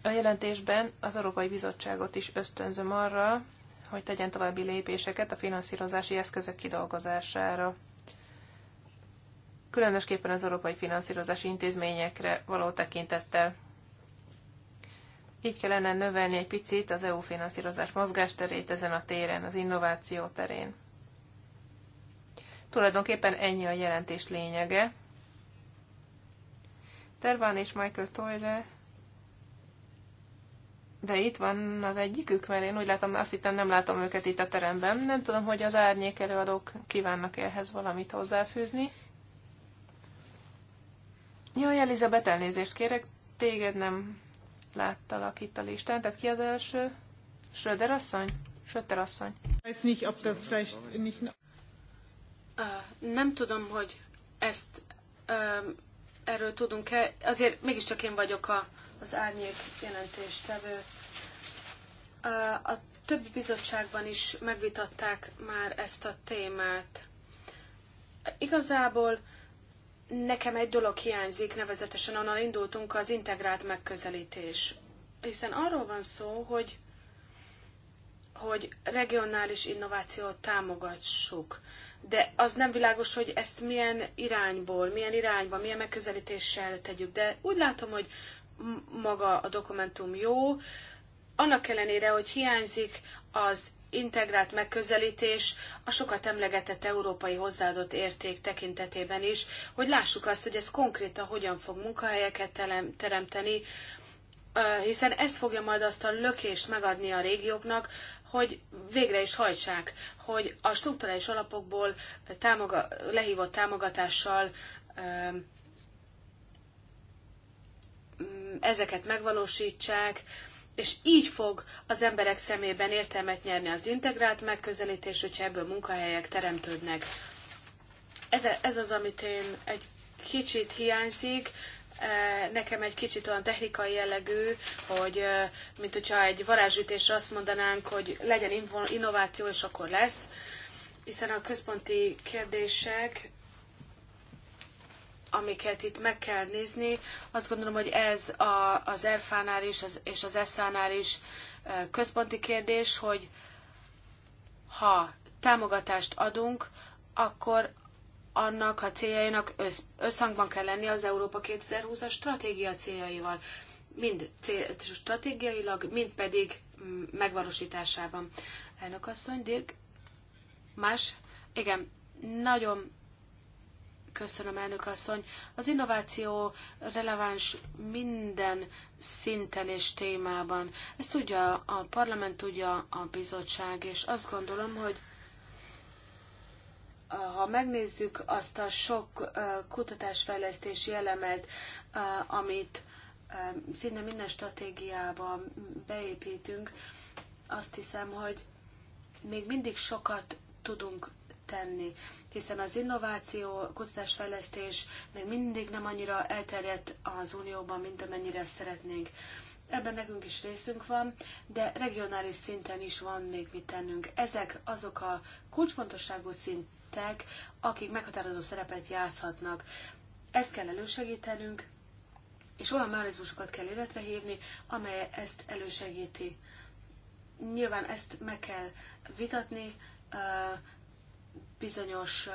a jelentésben az Európai Bizottságot is ösztönzöm arra, hogy tegyen további lépéseket a finanszírozási eszközök kidolgozására. Különösképpen az európai finanszírozási intézményekre való tekintettel. Így kellene növelni egy picit az EU finanszírozás mozgásterét ezen a téren, az innováció terén. Tulajdonképpen ennyi a jelentés lényege. Terván és Michael Toyle, de itt van az egyikük, mert én úgy látom, azt hittem nem látom őket itt a teremben. Nem tudom, hogy az árnyék előadók kívánnak ehhez valamit hozzáfűzni. Jaj, Elizabeth, elnézést kérek, téged nem láttalak itt a listán. Tehát ki az első? Schröder asszony? Schröder asszony. Nem tudom, hogy ezt erről tudunk-e? Azért mégiscsak én vagyok a, az árnyék jelentéstevő. A többi bizottságban is megvitatták már ezt a témát. Igazából nekem egy dolog hiányzik, nevezetesen onnan indultunk az integrált megközelítés. Hiszen arról van szó, hogy hogy regionális innovációt támogassuk de az nem világos, hogy ezt milyen irányból, milyen irányba, milyen megközelítéssel tegyük. De úgy látom, hogy maga a dokumentum jó, annak ellenére, hogy hiányzik az integrált megközelítés a sokat emlegetett európai hozzáadott érték tekintetében is, hogy lássuk azt, hogy ez konkrétan hogyan fog munkahelyeket teremteni, hiszen ez fogja majd azt a lökést megadni a régióknak, hogy végre is hajtsák, hogy a struktúrális alapokból támoga, lehívott támogatással ezeket megvalósítsák, és így fog az emberek szemében értelmet nyerni az integrált megközelítés, hogyha ebből munkahelyek teremtődnek. Ez, ez az, amit én egy kicsit hiányzik, nekem egy kicsit olyan technikai jellegű, hogy mint hogyha egy varázsütésre azt mondanánk, hogy legyen innováció, és akkor lesz, hiszen a központi kérdések amiket itt meg kell nézni, azt gondolom, hogy ez a, az ERFA-nál is az, és az ESZA-nál is központi kérdés, hogy ha támogatást adunk, akkor annak a céljainak össz, összhangban kell lenni az Európa 2020-as stratégia céljaival, mind cél, stratégiailag, mind pedig mm, megvalósításában. Elnök asszony, Dirk, más? Igen, nagyon köszönöm, elnök asszony. Az innováció releváns minden szinten és témában. Ezt tudja a parlament, tudja a bizottság, és azt gondolom, hogy ha megnézzük azt a sok kutatásfejlesztési elemet, amit szinte minden stratégiában beépítünk, azt hiszem, hogy még mindig sokat tudunk tenni, hiszen az innováció, kutatásfejlesztés még mindig nem annyira elterjedt az Unióban, mint amennyire szeretnénk. Ebben nekünk is részünk van, de regionális szinten is van még mit tennünk. Ezek azok a kulcsfontosságú szint, felnőttek, akik meghatározó szerepet játszhatnak. Ezt kell elősegítenünk, és olyan mechanizmusokat kell életre hívni, amely ezt elősegíti. Nyilván ezt meg kell vitatni, bizonyos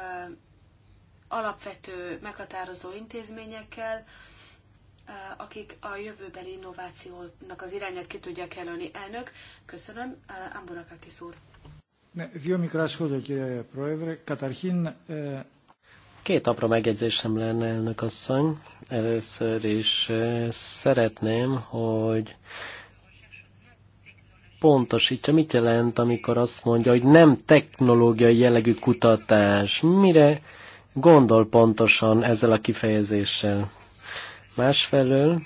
alapvető meghatározó intézményekkel, akik a jövőbeli innovációnak az irányát ki tudják jelölni. Elnök, köszönöm, Amburakakis úr. Δύο μικρά σχόλια, κύριε Πρόεδρε. Καταρχήν... Két apró megjegyzésem lenne, elnök asszony. Először is szeretném, hogy pontosítja, mit jelent, amikor azt mondja, hogy nem technológiai jellegű kutatás. Mire gondol pontosan ezzel a kifejezéssel? Másfelől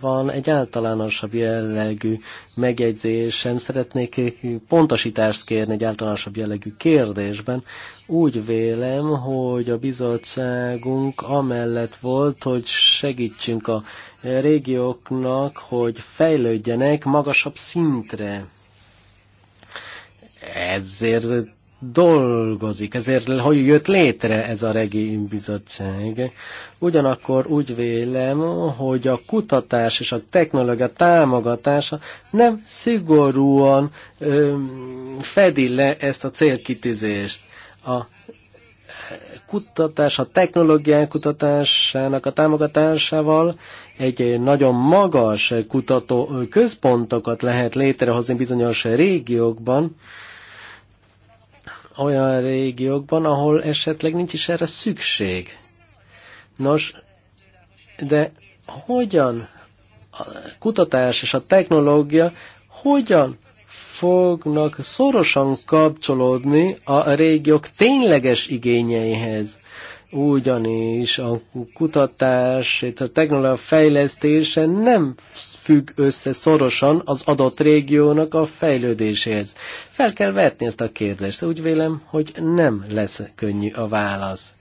van egy általánosabb jellegű megjegyzésem. Szeretnék pontosítást kérni egy általánosabb jellegű kérdésben. Úgy vélem, hogy a bizottságunk amellett volt, hogy segítsünk a régióknak, hogy fejlődjenek magasabb szintre. Ezért dolgozik, ezért hogy jött létre ez a regénybizottság. Ugyanakkor úgy vélem, hogy a kutatás és a technológia támogatása nem szigorúan ö, fedi le ezt a célkitűzést. A kutatás, a technológiák kutatásának a támogatásával egy nagyon magas kutató központokat lehet létrehozni bizonyos régiókban, olyan régiókban, ahol esetleg nincs is erre szükség. Nos, de hogyan a kutatás és a technológia hogyan fognak szorosan kapcsolódni a régiók tényleges igényeihez? ugyanis a kutatás és a technológia fejlesztése nem függ össze szorosan az adott régiónak a fejlődéséhez. Fel kell vetni ezt a kérdést, úgy vélem, hogy nem lesz könnyű a válasz.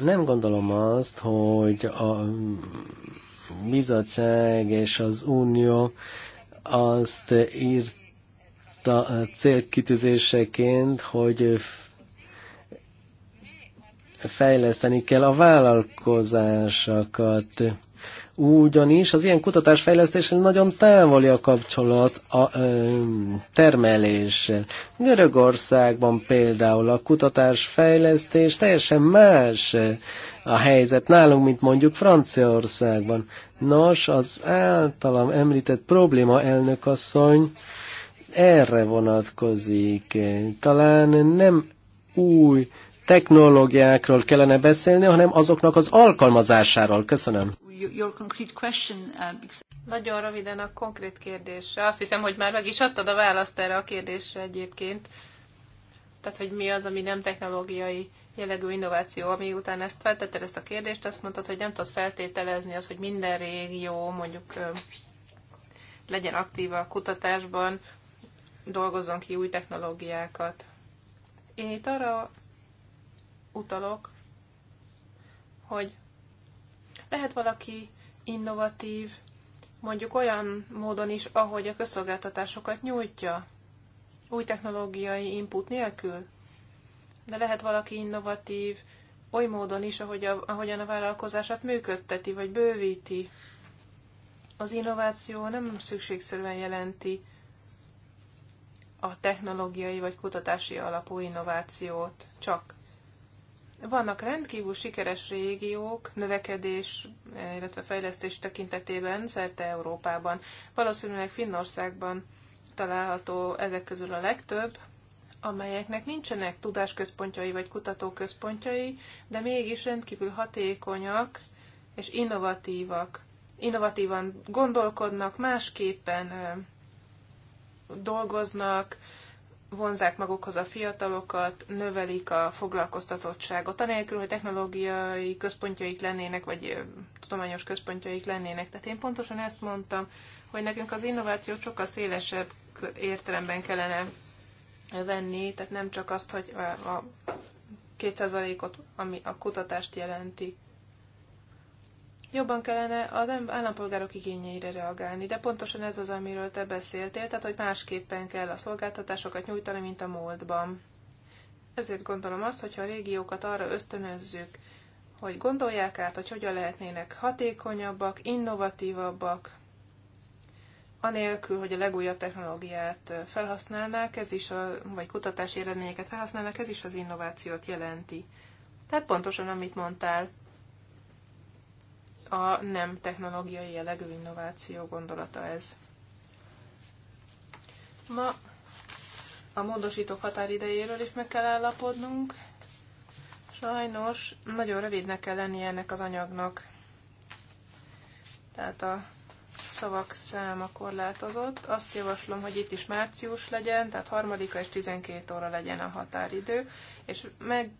Nem gondolom azt, hogy a bizottság és az unió azt írt a célkitűzéseként, hogy fejleszteni kell a vállalkozásokat. Ugyanis az ilyen kutatásfejlesztésen nagyon távoli a kapcsolat a ö, termeléssel. Görögországban például a kutatásfejlesztés teljesen más a helyzet nálunk, mint mondjuk Franciaországban. Nos, az általam említett probléma elnökasszony erre vonatkozik. Talán nem új technológiákról kellene beszélni, hanem azoknak az alkalmazásáról. Köszönöm. Your concrete question, uh, Nagyon röviden a konkrét kérdésre. Azt hiszem, hogy már meg is adtad a választ erre a kérdésre egyébként. Tehát, hogy mi az, ami nem technológiai jellegű innováció, ami után ezt feltetted ezt a kérdést, azt mondtad, hogy nem tudod feltételezni az, hogy minden régió mondjuk legyen aktív a kutatásban, dolgozzon ki új technológiákat. Én itt arra utalok, hogy lehet valaki innovatív, mondjuk olyan módon is, ahogy a közszolgáltatásokat nyújtja, új technológiai input nélkül, de lehet valaki innovatív, oly módon is, ahogy a, ahogyan a vállalkozását működteti, vagy bővíti. Az innováció nem szükségszerűen jelenti a technológiai vagy kutatási alapú innovációt, csak vannak rendkívül sikeres régiók növekedés, illetve fejlesztés tekintetében szerte Európában. Valószínűleg Finnországban található ezek közül a legtöbb, amelyeknek nincsenek tudásközpontjai vagy kutatóközpontjai, de mégis rendkívül hatékonyak és innovatívak. Innovatívan gondolkodnak, másképpen dolgoznak, vonzák magukhoz a fiatalokat, növelik a foglalkoztatottságot, anélkül, hogy technológiai központjaik lennének, vagy tudományos központjaik lennének. Tehát én pontosan ezt mondtam, hogy nekünk az innovációt sokkal szélesebb értelemben kellene venni, tehát nem csak azt, hogy a 2%-ot, ami a kutatást jelenti jobban kellene az állampolgárok igényeire reagálni, de pontosan ez az, amiről te beszéltél, tehát hogy másképpen kell a szolgáltatásokat nyújtani, mint a múltban. Ezért gondolom azt, hogyha a régiókat arra ösztönözzük, hogy gondolják át, hogy hogyan lehetnének hatékonyabbak, innovatívabbak, anélkül, hogy a legújabb technológiát felhasználnák, ez is a, vagy kutatási eredményeket felhasználnák, ez is az innovációt jelenti. Tehát pontosan, amit mondtál, a nem technológiai jellegű innováció gondolata ez. Ma a módosítók határidejéről is meg kell állapodnunk. Sajnos nagyon rövidnek kell lennie ennek az anyagnak. Tehát a szavak száma korlátozott. Azt javaslom, hogy itt is március legyen, tehát harmadika és 12 óra legyen a határidő, és meg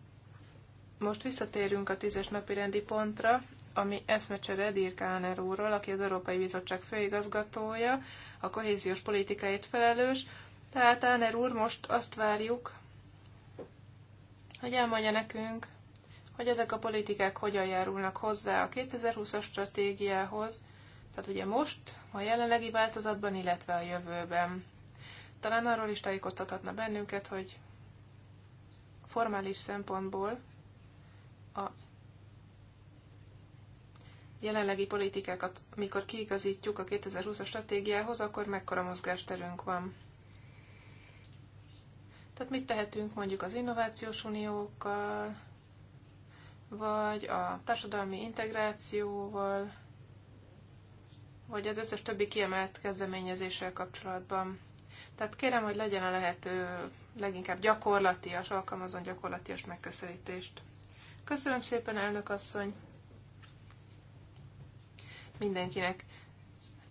most visszatérünk a tízes napi rendi pontra, ami eszmecsere Dirkáner úrral, aki az Európai Bizottság főigazgatója, a kohéziós politikáért felelős. Tehát Áner úr, most azt várjuk, hogy elmondja nekünk, hogy ezek a politikák hogyan járulnak hozzá a 2020-as stratégiához, tehát ugye most, a jelenlegi változatban, illetve a jövőben. Talán arról is tájékoztathatna bennünket, hogy formális szempontból a jelenlegi politikákat, mikor kiigazítjuk a 2020-as stratégiához, akkor mekkora mozgásterünk van. Tehát mit tehetünk mondjuk az innovációs uniókkal, vagy a társadalmi integrációval, vagy az összes többi kiemelt kezdeményezéssel kapcsolatban. Tehát kérem, hogy legyen a lehető leginkább gyakorlatias, alkalmazon gyakorlatias megközelítést. Köszönöm szépen, elnök asszony! Mindenkinek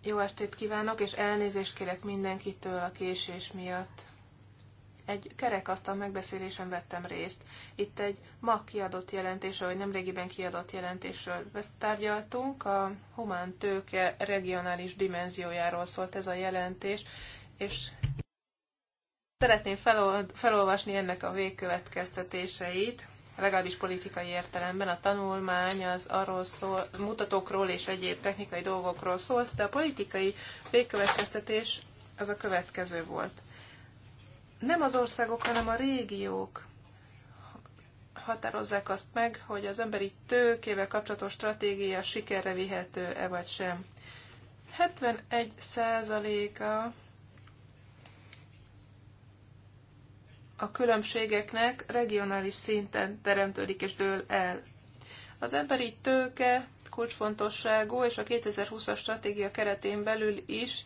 jó estét kívánok, és elnézést kérek mindenkitől a késés miatt. Egy kerekasztal megbeszélésen vettem részt. Itt egy ma kiadott jelentésről, vagy nemrégiben kiadott jelentésről tárgyaltunk. A humán tőke regionális dimenziójáról szólt ez a jelentés, és szeretném felolvasni ennek a végkövetkeztetéseit legalábbis politikai értelemben. A tanulmány az arról szól, mutatókról és egyéb technikai dolgokról szólt, de a politikai végkövetkeztetés az a következő volt. Nem az országok, hanem a régiók határozzák azt meg, hogy az emberi tőkével kapcsolatos stratégia sikerre vihető-e vagy sem. 71%-a a különbségeknek regionális szinten teremtődik és dől el. Az emberi tőke kulcsfontosságú, és a 2020-as stratégia keretén belül is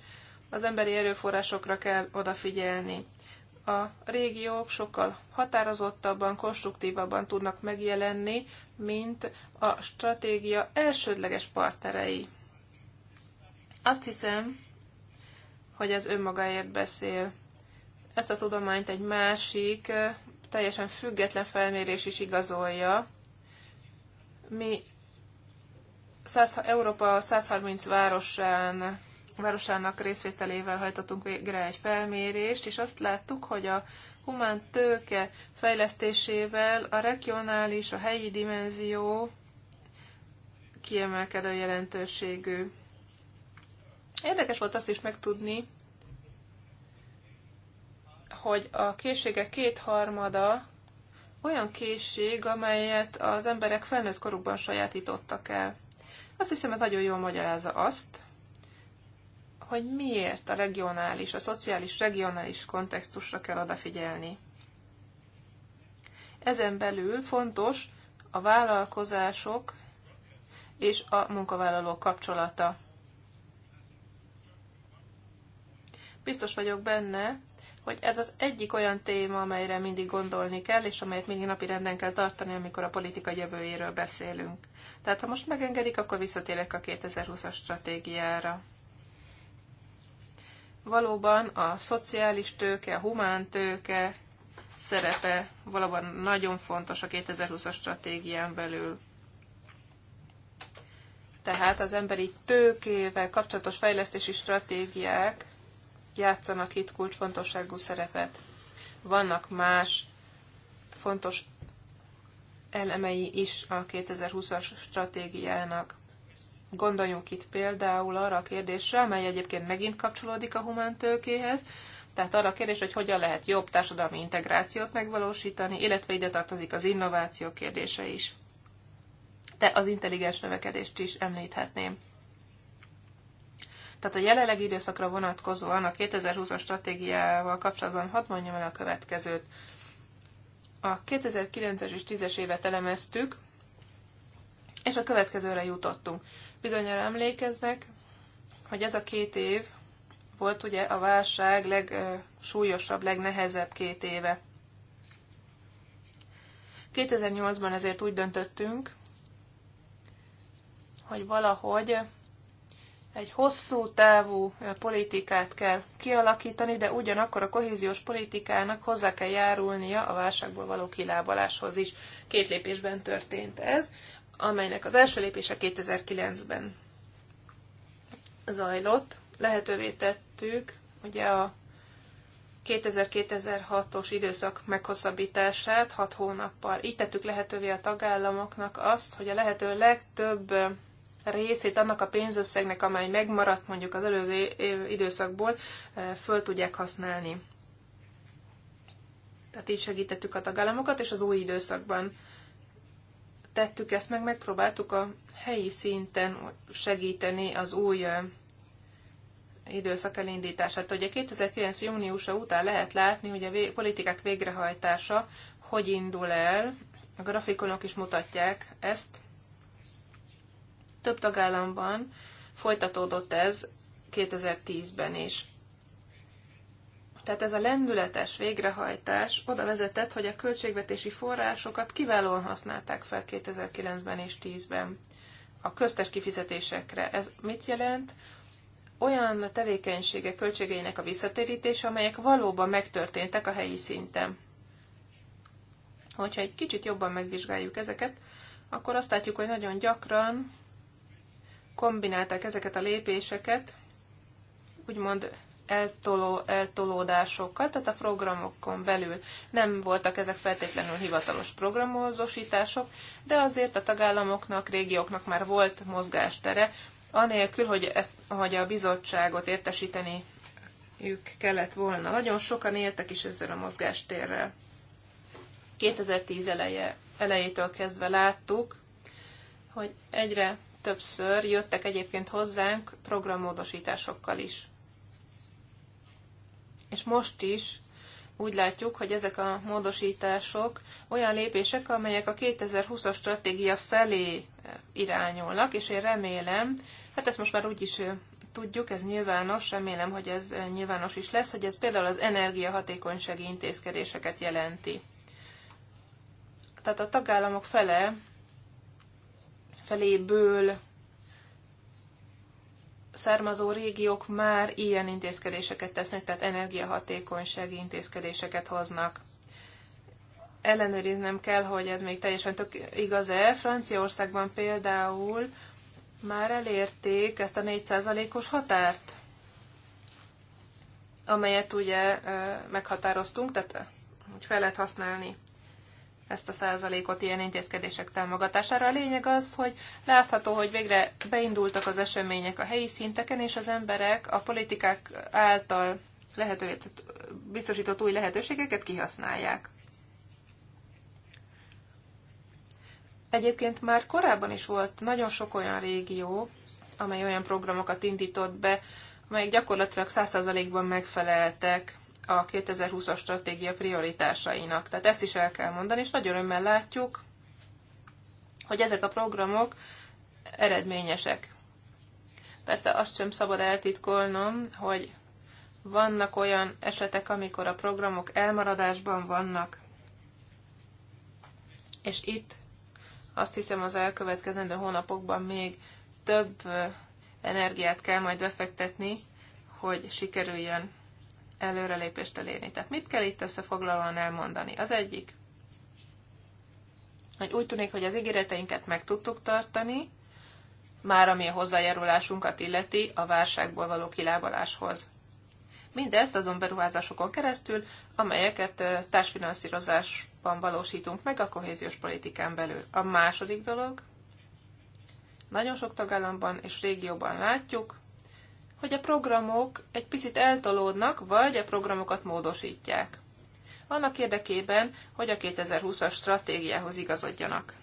az emberi erőforrásokra kell odafigyelni. A régiók sokkal határozottabban, konstruktívabban tudnak megjelenni, mint a stratégia elsődleges partnerei. Azt hiszem, hogy ez önmagáért beszél. Ezt a tudományt egy másik, teljesen független felmérés is igazolja. Mi 100, Európa 130 városán, városának részvételével hajtottunk végre egy felmérést, és azt láttuk, hogy a humán tőke fejlesztésével a regionális, a helyi dimenzió kiemelkedő jelentőségű. Érdekes volt azt is megtudni, hogy a készségek kétharmada olyan készség, amelyet az emberek felnőtt korukban sajátítottak el. Azt hiszem, ez nagyon jól magyarázza azt, hogy miért a regionális, a szociális, regionális kontextusra kell odafigyelni. Ezen belül fontos a vállalkozások és a munkavállalók kapcsolata. Biztos vagyok benne, hogy ez az egyik olyan téma, amelyre mindig gondolni kell, és amelyet mindig napi renden kell tartani, amikor a politika jövőjéről beszélünk. Tehát ha most megengedik, akkor visszatérek a 2020-as stratégiára. Valóban a szociális tőke, a humán tőke szerepe valóban nagyon fontos a 2020-as stratégián belül. Tehát az emberi tőkével kapcsolatos fejlesztési stratégiák játszanak itt kulcsfontosságú szerepet. Vannak más fontos elemei is a 2020-as stratégiának. Gondoljunk itt például arra a kérdésre, amely egyébként megint kapcsolódik a humántőkéhez, tehát arra a kérdés, hogy hogyan lehet jobb társadalmi integrációt megvalósítani, illetve ide tartozik az innováció kérdése is. De az intelligens növekedést is említhetném. Tehát a jelenlegi időszakra vonatkozóan a 2020-as stratégiával kapcsolatban hadd mondjam el a következőt. A 2009-es és 10-es évet elemeztük, és a következőre jutottunk. Bizonyára emlékeznek, hogy ez a két év volt ugye a válság legsúlyosabb, legnehezebb két éve. 2008-ban ezért úgy döntöttünk, hogy valahogy egy hosszú távú politikát kell kialakítani, de ugyanakkor a kohéziós politikának hozzá kell járulnia a válságból való kilábaláshoz is. Két lépésben történt ez, amelynek az első lépése 2009-ben zajlott. Lehetővé tettük ugye a 2000-2006-os időszak meghosszabbítását 6 hónappal. Így tettük lehetővé a tagállamoknak azt, hogy a lehető legtöbb részét annak a pénzösszegnek, amely megmaradt mondjuk az előző időszakból, föl tudják használni. Tehát így segítettük a tagállamokat, és az új időszakban tettük ezt meg, megpróbáltuk a helyi szinten segíteni az új időszak elindítását. Ugye 2009. júniusa után lehet látni, hogy a politikák végrehajtása hogy indul el, a grafikonok is mutatják ezt, több tagállamban folytatódott ez 2010-ben is. Tehát ez a lendületes végrehajtás oda vezetett, hogy a költségvetési forrásokat kiválóan használták fel 2009-ben és 2010-ben. A köztes kifizetésekre ez mit jelent? Olyan tevékenysége költségeinek a visszatérítése, amelyek valóban megtörténtek a helyi szinten. Hogyha egy kicsit jobban megvizsgáljuk ezeket, akkor azt látjuk, hogy nagyon gyakran kombinálták ezeket a lépéseket, úgymond eltoló, eltolódásokat, tehát a programokon belül nem voltak ezek feltétlenül hivatalos programozósítások, de azért a tagállamoknak, régióknak már volt mozgástere, anélkül, hogy, ezt, hogy a bizottságot értesíteni ők kellett volna. Nagyon sokan éltek is ezzel a mozgástérrel. 2010 eleje, elejétől kezdve láttuk, hogy egyre többször jöttek egyébként hozzánk programmódosításokkal is. És most is úgy látjuk, hogy ezek a módosítások olyan lépések, amelyek a 2020-as stratégia felé eh, irányulnak, és én remélem, hát ezt most már úgy is eh, tudjuk, ez nyilvános, remélem, hogy ez eh, nyilvános is lesz, hogy ez például az energiahatékonysági intézkedéseket jelenti. Tehát a tagállamok fele feléből származó régiók már ilyen intézkedéseket tesznek, tehát energiahatékonysági intézkedéseket hoznak. Ellenőriznem kell, hogy ez még teljesen tök igaz-e. Franciaországban például már elérték ezt a 4%-os határt, amelyet ugye meghatároztunk, tehát úgy fel lehet használni ezt a százalékot ilyen intézkedések támogatására. A lényeg az, hogy látható, hogy végre beindultak az események a helyi szinteken, és az emberek a politikák által lehetővé, biztosított új lehetőségeket kihasználják. Egyébként már korábban is volt nagyon sok olyan régió, amely olyan programokat indított be, amelyek gyakorlatilag 100%-ban megfeleltek a 2020-as stratégia prioritásainak. Tehát ezt is el kell mondani, és nagy örömmel látjuk, hogy ezek a programok eredményesek. Persze azt sem szabad eltitkolnom, hogy vannak olyan esetek, amikor a programok elmaradásban vannak. És itt azt hiszem az elkövetkezendő hónapokban még több energiát kell majd befektetni, hogy sikerüljön előrelépést elérni. Tehát mit kell itt összefoglalóan elmondani? Az egyik, hogy úgy tűnik, hogy az ígéreteinket meg tudtuk tartani, már ami a hozzájárulásunkat illeti a válságból való kilábaláshoz. Mindezt azon beruházásokon keresztül, amelyeket társfinanszírozásban valósítunk meg a kohéziós politikán belül. A második dolog, nagyon sok tagállamban és régióban látjuk, hogy a programok egy picit eltolódnak, vagy a programokat módosítják. Annak érdekében, hogy a 2020-as stratégiához igazodjanak.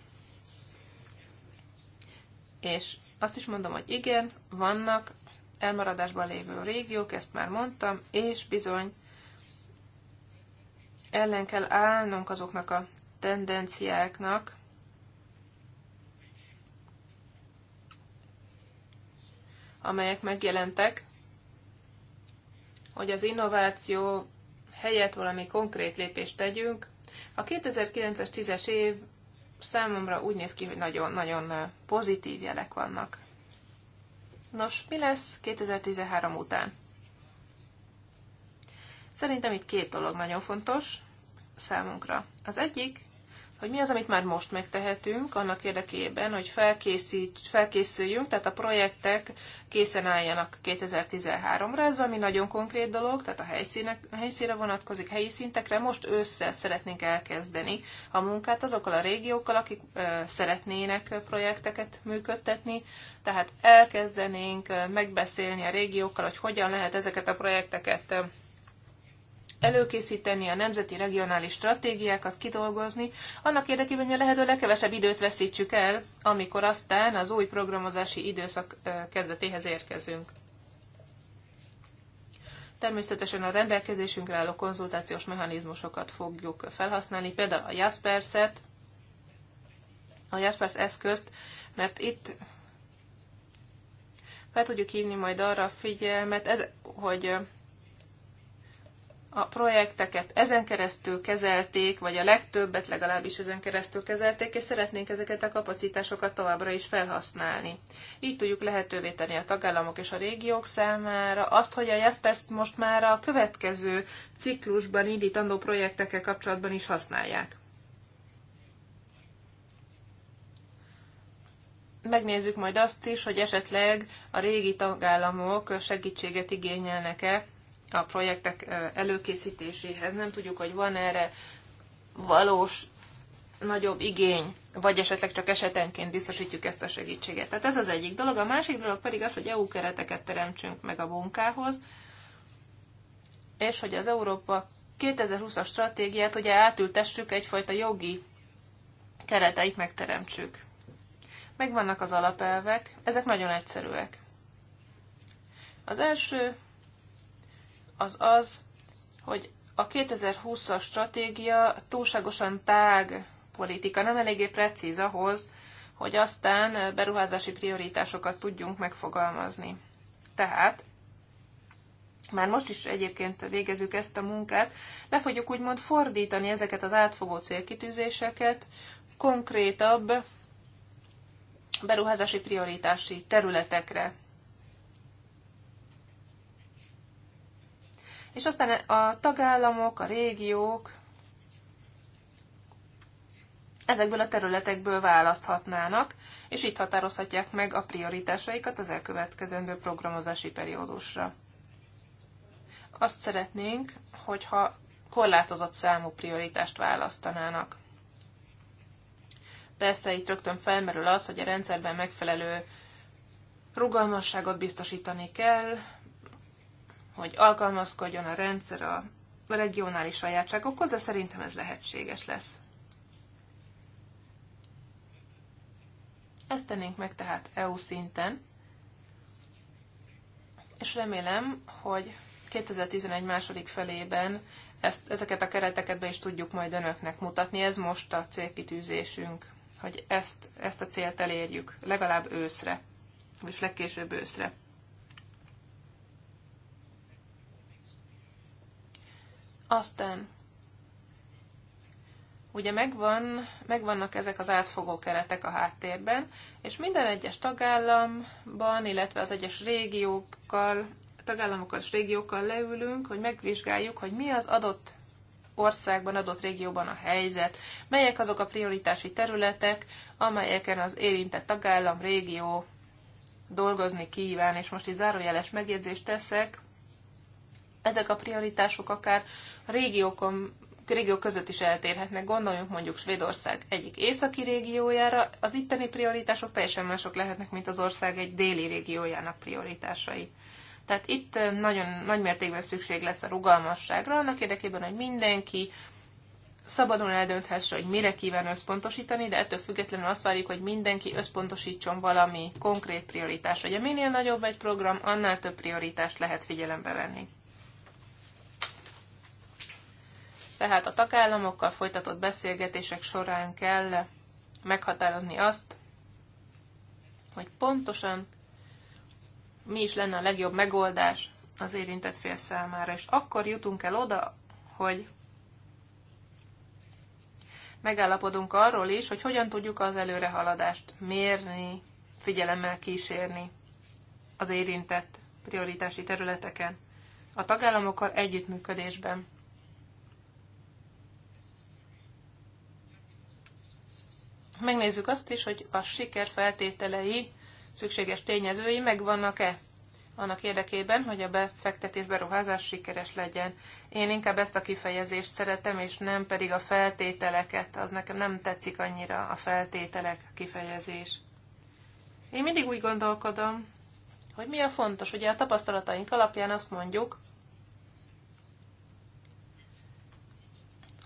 És azt is mondom, hogy igen, vannak elmaradásban lévő régiók, ezt már mondtam, és bizony ellen kell állnunk azoknak a tendenciáknak, amelyek megjelentek, hogy az innováció helyett valami konkrét lépést tegyünk. A 2009-es 10-es év számomra úgy néz ki, hogy nagyon-nagyon pozitív jelek vannak. Nos, mi lesz 2013 után? Szerintem itt két dolog nagyon fontos számunkra. Az egyik hogy mi az, amit már most megtehetünk annak érdekében, hogy felkészüljünk, tehát a projektek készen álljanak 2013-ra. Ez valami nagyon konkrét dolog, tehát a, helyszínek, a helyszínre vonatkozik, helyi szintekre. Most össze szeretnénk elkezdeni a munkát azokkal a régiókkal, akik ö, szeretnének projekteket működtetni, tehát elkezdenénk megbeszélni a régiókkal, hogy hogyan lehet ezeket a projekteket előkészíteni a nemzeti regionális stratégiákat, kidolgozni, annak érdekében, hogy a lehető legkevesebb időt veszítsük el, amikor aztán az új programozási időszak kezdetéhez érkezünk. Természetesen a rendelkezésünkre álló konzultációs mechanizmusokat fogjuk felhasználni, például a Jaspers-et, a Jaspers eszközt, mert itt fel tudjuk hívni majd arra a figyelmet, ez, hogy a projekteket ezen keresztül kezelték, vagy a legtöbbet legalábbis ezen keresztül kezelték, és szeretnénk ezeket a kapacitásokat továbbra is felhasználni. Így tudjuk lehetővé tenni a tagállamok és a régiók számára azt, hogy a jaspers most már a következő ciklusban indítandó projektekkel kapcsolatban is használják. Megnézzük majd azt is, hogy esetleg a régi tagállamok segítséget igényelnek-e a projektek előkészítéséhez. Nem tudjuk, hogy van erre valós nagyobb igény, vagy esetleg csak esetenként biztosítjuk ezt a segítséget. Tehát ez az egyik dolog. A másik dolog pedig az, hogy EU kereteket teremtsünk meg a munkához, és hogy az Európa 2020-as stratégiát ugye átültessük, egyfajta jogi kereteit megteremtsük. Megvannak az alapelvek, ezek nagyon egyszerűek. Az első az az, hogy a 2020-as stratégia túlságosan tág politika, nem eléggé precíz ahhoz, hogy aztán beruházási prioritásokat tudjunk megfogalmazni. Tehát, már most is egyébként végezzük ezt a munkát, le fogjuk úgymond fordítani ezeket az átfogó célkitűzéseket konkrétabb beruházási prioritási területekre. és aztán a tagállamok, a régiók ezekből a területekből választhatnának, és itt határozhatják meg a prioritásaikat az elkövetkezendő programozási periódusra. Azt szeretnénk, hogyha korlátozott számú prioritást választanának. Persze itt rögtön felmerül az, hogy a rendszerben megfelelő rugalmasságot biztosítani kell, hogy alkalmazkodjon a rendszer a regionális sajátságokhoz, de szerintem ez lehetséges lesz. Ezt tennénk meg tehát EU szinten, és remélem, hogy 2011 második felében ezt, ezeket a kereteket be is tudjuk majd önöknek mutatni. Ez most a célkitűzésünk, hogy ezt, ezt a célt elérjük, legalább őszre, vagy legkésőbb őszre. Aztán ugye megvan, megvannak ezek az átfogó keretek a háttérben, és minden egyes tagállamban, illetve az egyes régiókkal, tagállamokkal és régiókkal leülünk, hogy megvizsgáljuk, hogy mi az adott országban, adott régióban a helyzet, melyek azok a prioritási területek, amelyeken az érintett tagállam, régió dolgozni kíván, és most itt zárójeles megjegyzést teszek, ezek a prioritások akár régiókon, régiók között is eltérhetnek. Gondoljunk mondjuk Svédország egyik északi régiójára, az itteni prioritások teljesen mások lehetnek, mint az ország egy déli régiójának prioritásai. Tehát itt eh, nagyon nagy mértékben szükség lesz a rugalmasságra, annak érdekében, hogy mindenki szabadon eldönthesse, hogy mire kíván összpontosítani, de ettől függetlenül azt várjuk, hogy mindenki összpontosítson valami konkrét prioritás. Ugye minél nagyobb egy program, annál több prioritást lehet figyelembe venni. Tehát a tagállamokkal folytatott beszélgetések során kell meghatározni azt, hogy pontosan mi is lenne a legjobb megoldás az érintett fél számára. És akkor jutunk el oda, hogy megállapodunk arról is, hogy hogyan tudjuk az előrehaladást mérni, figyelemmel kísérni az érintett prioritási területeken, a tagállamokkal együttműködésben. megnézzük azt is, hogy a siker feltételei, szükséges tényezői megvannak-e annak érdekében, hogy a befektetés beruházás sikeres legyen. Én inkább ezt a kifejezést szeretem, és nem pedig a feltételeket, az nekem nem tetszik annyira a feltételek kifejezés. Én mindig úgy gondolkodom, hogy mi a fontos. Ugye a tapasztalataink alapján azt mondjuk,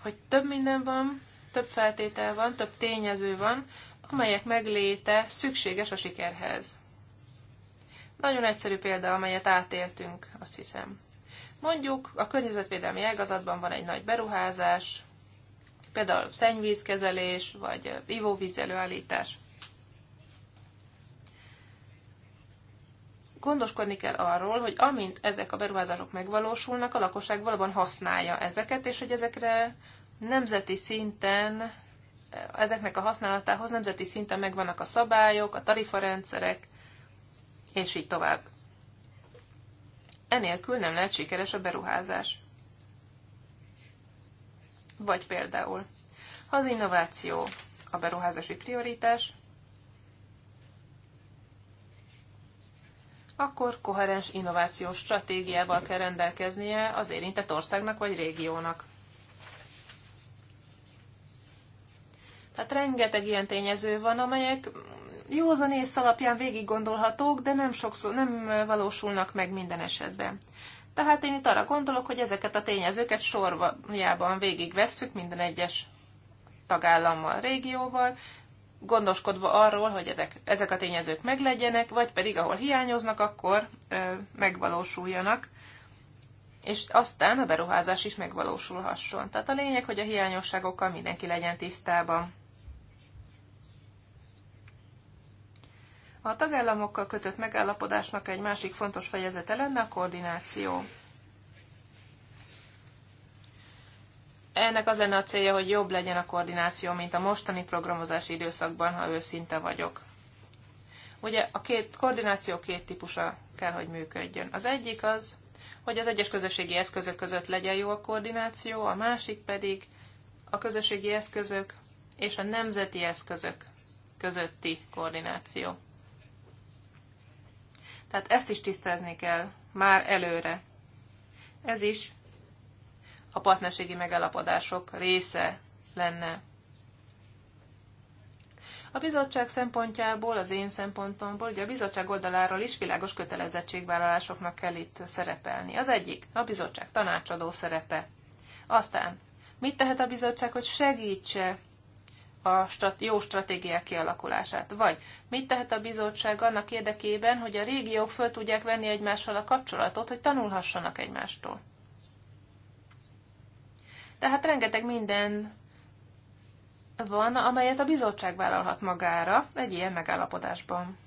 hogy több minden van, több feltétel van, több tényező van, amelyek megléte szükséges a sikerhez. Nagyon egyszerű példa, amelyet átéltünk, azt hiszem. Mondjuk a környezetvédelmi ágazatban van egy nagy beruházás, például szennyvízkezelés, vagy ivóvíz előállítás. Gondoskodni kell arról, hogy amint ezek a beruházások megvalósulnak, a lakosság valóban használja ezeket, és hogy ezekre nemzeti szinten ezeknek a használatához nemzeti szinten megvannak a szabályok, a tarifarendszerek, és így tovább. Enélkül nem lehet sikeres a beruházás. Vagy például, ha az innováció a beruházási prioritás, akkor koherens innovációs stratégiával kell rendelkeznie az érintett országnak vagy régiónak. Tehát rengeteg ilyen tényező van, amelyek józan ész alapján végig gondolhatók, de nem, sokszor, nem valósulnak meg minden esetben. Tehát én itt arra gondolok, hogy ezeket a tényezőket sorjában végigvesszük minden egyes tagállammal, régióval, gondoskodva arról, hogy ezek, ezek a tényezők meglegyenek, vagy pedig ahol hiányoznak, akkor ö, megvalósuljanak, és aztán a beruházás is megvalósulhasson. Tehát a lényeg, hogy a hiányosságokkal mindenki legyen tisztában. A tagállamokkal kötött megállapodásnak egy másik fontos fejezete lenne a koordináció. Ennek az lenne a célja, hogy jobb legyen a koordináció, mint a mostani programozási időszakban, ha őszinte vagyok. Ugye a két koordináció két típusa kell, hogy működjön. Az egyik az, hogy az egyes közösségi eszközök között legyen jó a koordináció, a másik pedig a közösségi eszközök és a nemzeti eszközök közötti koordináció. Tehát ezt is tisztázni kell már előre. Ez is a partnerségi megállapodások része lenne. A bizottság szempontjából, az én szempontomból, ugye a bizottság oldaláról is világos kötelezettségvállalásoknak kell itt szerepelni. Az egyik, a bizottság tanácsadó szerepe. Aztán, mit tehet a bizottság, hogy segítse a strat- jó stratégiák kialakulását? Vagy mit tehet a bizottság annak érdekében, hogy a régiók föl tudják venni egymással a kapcsolatot, hogy tanulhassanak egymástól? Tehát rengeteg minden van, amelyet a bizottság vállalhat magára egy ilyen megállapodásban.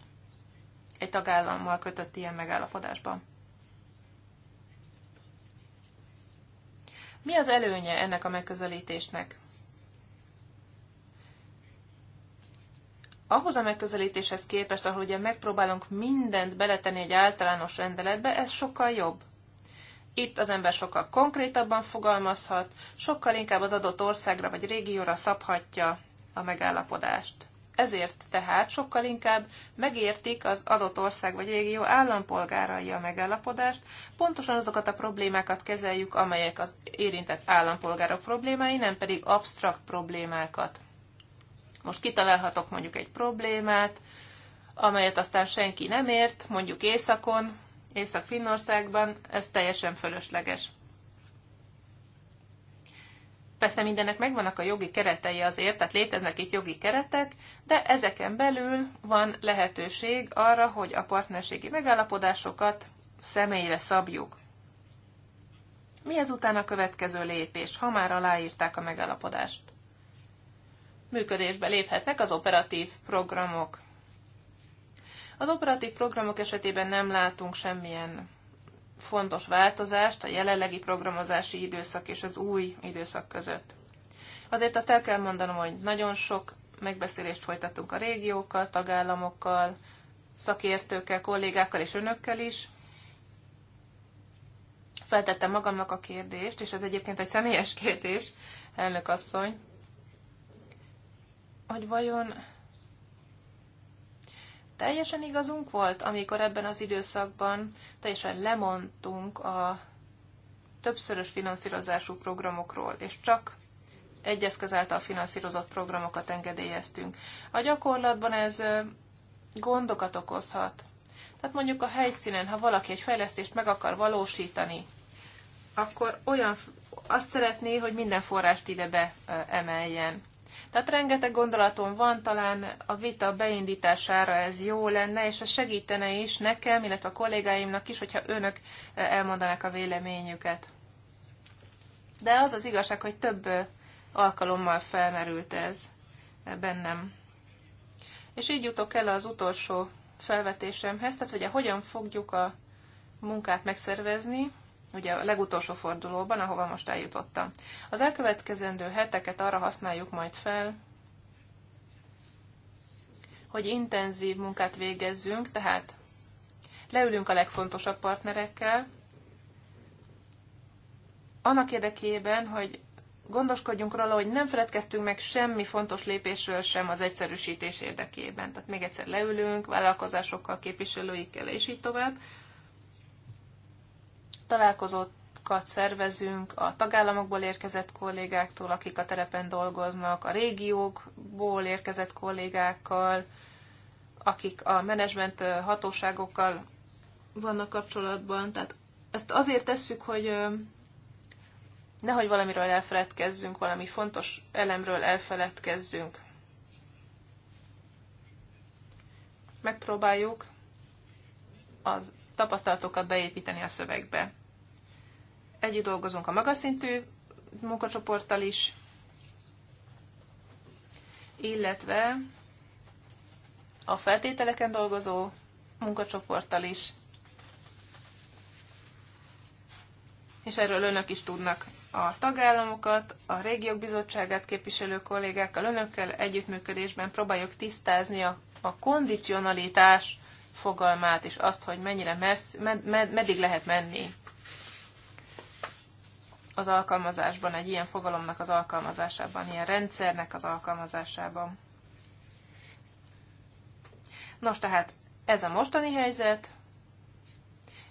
Egy tagállammal kötött ilyen megállapodásban. Mi az előnye ennek a megközelítésnek? ahhoz a megközelítéshez képest, ahol ugye megpróbálunk mindent beletenni egy általános rendeletbe, ez sokkal jobb. Itt az ember sokkal konkrétabban fogalmazhat, sokkal inkább az adott országra vagy régióra szabhatja a megállapodást. Ezért tehát sokkal inkább megértik az adott ország vagy régió állampolgárai a megállapodást, pontosan azokat a problémákat kezeljük, amelyek az érintett állampolgárok problémái, nem pedig absztrakt problémákat. Most kitalálhatok mondjuk egy problémát, amelyet aztán senki nem ért, mondjuk Északon, Észak-Finnországban, ez teljesen fölösleges. Persze mindennek megvannak a jogi keretei azért, tehát léteznek itt jogi keretek, de ezeken belül van lehetőség arra, hogy a partnerségi megállapodásokat személyre szabjuk. Mi ezután a következő lépés, ha már aláírták a megállapodást? működésbe léphetnek az operatív programok. Az operatív programok esetében nem látunk semmilyen fontos változást a jelenlegi programozási időszak és az új időszak között. Azért azt el kell mondanom, hogy nagyon sok megbeszélést folytattunk a régiókkal, tagállamokkal, szakértőkkel, kollégákkal és önökkel is. Feltettem magamnak a kérdést, és ez egyébként egy személyes kérdés, elnök asszony, hogy vajon teljesen igazunk volt, amikor ebben az időszakban teljesen lemondtunk a többszörös finanszírozású programokról, és csak egy eszköz által finanszírozott programokat engedélyeztünk. A gyakorlatban ez gondokat okozhat. Tehát mondjuk a helyszínen, ha valaki egy fejlesztést meg akar valósítani, akkor olyan, azt szeretné, hogy minden forrást ide be emeljen. Tehát rengeteg gondolatom van, talán a vita beindítására ez jó lenne, és ez segítene is nekem, illetve a kollégáimnak is, hogyha önök eh, elmondanák a véleményüket. De az az igazság, hogy több eh, alkalommal felmerült ez eh, bennem. És így jutok el az utolsó felvetésemhez, tehát hogy hogyan fogjuk a munkát megszervezni, ugye a legutolsó fordulóban, ahova most eljutottam. Az elkövetkezendő heteket arra használjuk majd fel, hogy intenzív munkát végezzünk, tehát leülünk a legfontosabb partnerekkel, annak érdekében, hogy gondoskodjunk róla, hogy nem feledkeztünk meg semmi fontos lépésről sem az egyszerűsítés érdekében. Tehát még egyszer leülünk, vállalkozásokkal, képviselőikkel, és így tovább, találkozókat szervezünk a tagállamokból érkezett kollégáktól, akik a terepen dolgoznak, a régiókból érkezett kollégákkal, akik a menedzsment hatóságokkal vannak kapcsolatban. Tehát ezt azért tesszük, hogy nehogy valamiről elfeledkezzünk, valami fontos elemről elfeledkezzünk. Megpróbáljuk az tapasztalatokat beépíteni a szövegbe. Együtt dolgozunk a magas szintű munkacsoporttal is, illetve a feltételeken dolgozó munkacsoporttal is, és erről önök is tudnak a tagállamokat, a régiók bizottságát képviselő kollégákkal, önökkel együttműködésben próbáljuk tisztázni a, a kondicionalitás fogalmát, és azt, hogy mennyire messz, med, med, meddig lehet menni az alkalmazásban, egy ilyen fogalomnak az alkalmazásában, ilyen rendszernek az alkalmazásában. Nos, tehát ez a mostani helyzet.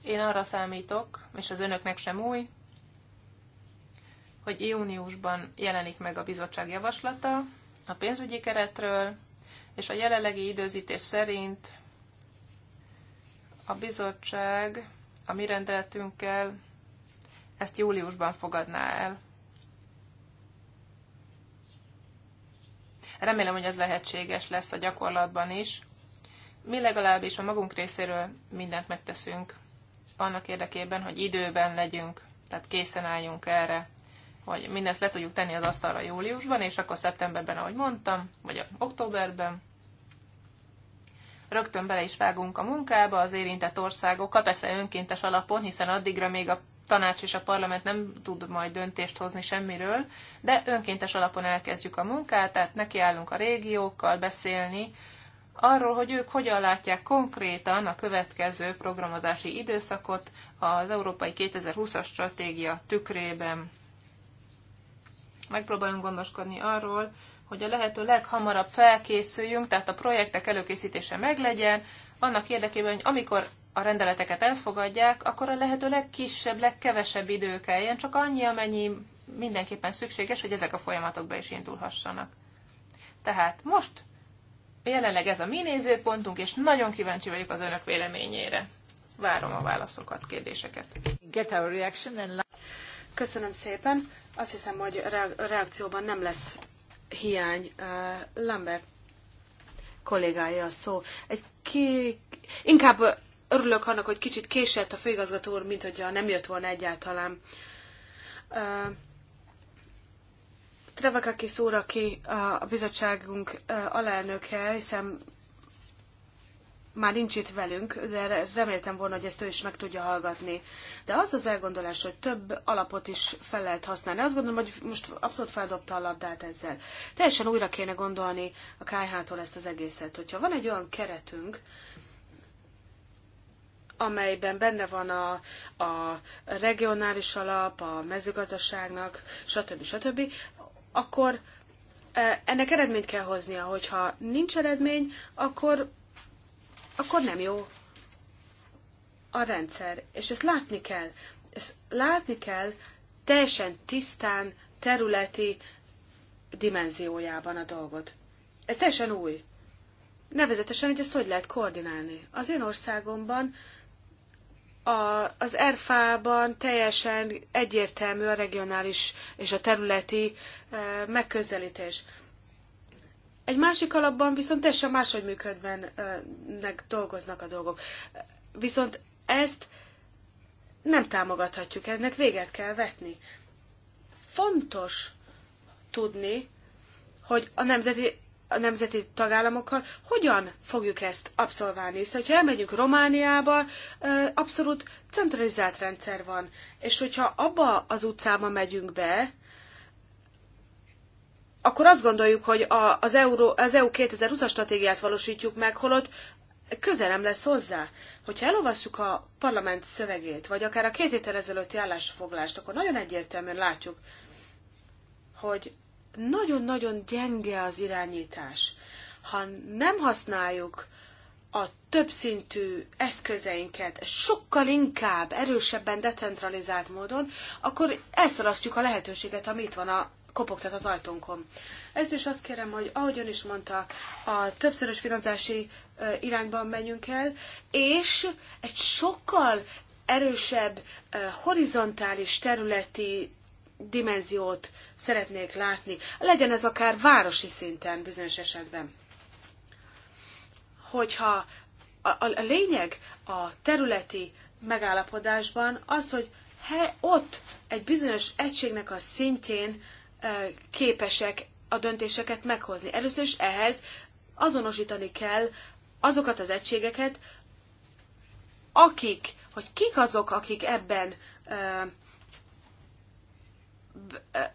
Én arra számítok, és az önöknek sem új, hogy júniusban jelenik meg a bizottság javaslata a pénzügyi keretről, és a jelenlegi időzítés szerint a bizottság a mi rendeletünkkel ezt júliusban fogadná el. Remélem, hogy ez lehetséges lesz a gyakorlatban is. Mi legalábbis a magunk részéről mindent megteszünk annak érdekében, hogy időben legyünk, tehát készen álljunk erre, hogy mindezt le tudjuk tenni az asztalra júliusban, és akkor szeptemberben, ahogy mondtam, vagy októberben, rögtön bele is vágunk a munkába az érintett országokkal, persze önkéntes alapon, hiszen addigra még a tanács és a parlament nem tud majd döntést hozni semmiről, de önkéntes alapon elkezdjük a munkát, tehát nekiállunk a régiókkal beszélni, arról, hogy ők hogyan látják konkrétan a következő programozási időszakot az Európai 2020-as stratégia tükrében. Megpróbálunk gondoskodni arról, hogy a lehető leghamarabb felkészüljünk, tehát a projektek előkészítése meglegyen, annak érdekében, hogy amikor a rendeleteket elfogadják, akkor a lehető legkisebb, legkevesebb idő kelljen, csak annyi, amennyi mindenképpen szükséges, hogy ezek a folyamatok be is indulhassanak. Tehát most jelenleg ez a mi nézőpontunk, és nagyon kíváncsi vagyok az önök véleményére. Várom a válaszokat, kérdéseket. Get our reaction and... Köszönöm szépen. Azt hiszem, hogy a reakcióban nem lesz hiány. Uh, Lambert kollégája a szó. Egy ki... Inkább örülök annak, hogy kicsit késett a főigazgató úr, mint hogyha nem jött volna egyáltalán. Uh, Trevakakis úr, aki a bizottságunk uh, alelnöke, hiszen már nincs itt velünk, de reméltem volna, hogy ezt ő is meg tudja hallgatni. De az az elgondolás, hogy több alapot is fel lehet használni. Azt gondolom, hogy most abszolút feldobta a labdát ezzel. Teljesen újra kéne gondolni a KH-tól ezt az egészet. Hogyha van egy olyan keretünk, amelyben benne van a, a regionális alap, a mezőgazdaságnak, stb. stb., akkor e, ennek eredményt kell hoznia, hogyha nincs eredmény, akkor akkor nem jó a rendszer. És ezt látni kell. Ezt látni kell teljesen tisztán, területi dimenziójában a dolgot. Ez teljesen új. Nevezetesen, hogy ezt hogy lehet koordinálni. Az én országomban a, az ERFA-ban teljesen egyértelmű a regionális és a területi e, megközelítés. Egy másik alapban viszont teljesen máshogy működnek dolgoznak a dolgok. Viszont ezt nem támogathatjuk, ennek véget kell vetni. Fontos tudni, hogy a nemzeti a nemzeti tagállamokkal, hogyan fogjuk ezt abszolválni. Hiszen, hogyha elmegyünk Romániába, abszolút centralizált rendszer van. És hogyha abba az utcába megyünk be, akkor azt gondoljuk, hogy a, az, Euró, az EU 2020-as stratégiát valósítjuk meg, holott közelem lesz hozzá. Hogyha elolvassuk a parlament szövegét, vagy akár a két héttel ezelőtti állásfoglást, akkor nagyon egyértelműen látjuk, hogy nagyon-nagyon gyenge az irányítás. Ha nem használjuk a többszintű eszközeinket sokkal inkább, erősebben decentralizált módon, akkor elszalasztjuk a lehetőséget, ami itt van a kopogtat az ajtónkon. Ezt is azt kérem, hogy ahogy ön is mondta, a többszörös finanzási irányban menjünk el, és egy sokkal erősebb, horizontális területi dimenziót szeretnék látni. Legyen ez akár városi szinten bizonyos esetben. Hogyha a, a, a lényeg a területi megállapodásban az, hogy he, ott egy bizonyos egységnek a szintjén képesek a döntéseket meghozni. Először is ehhez azonosítani kell azokat az egységeket, akik, hogy kik azok, akik ebben,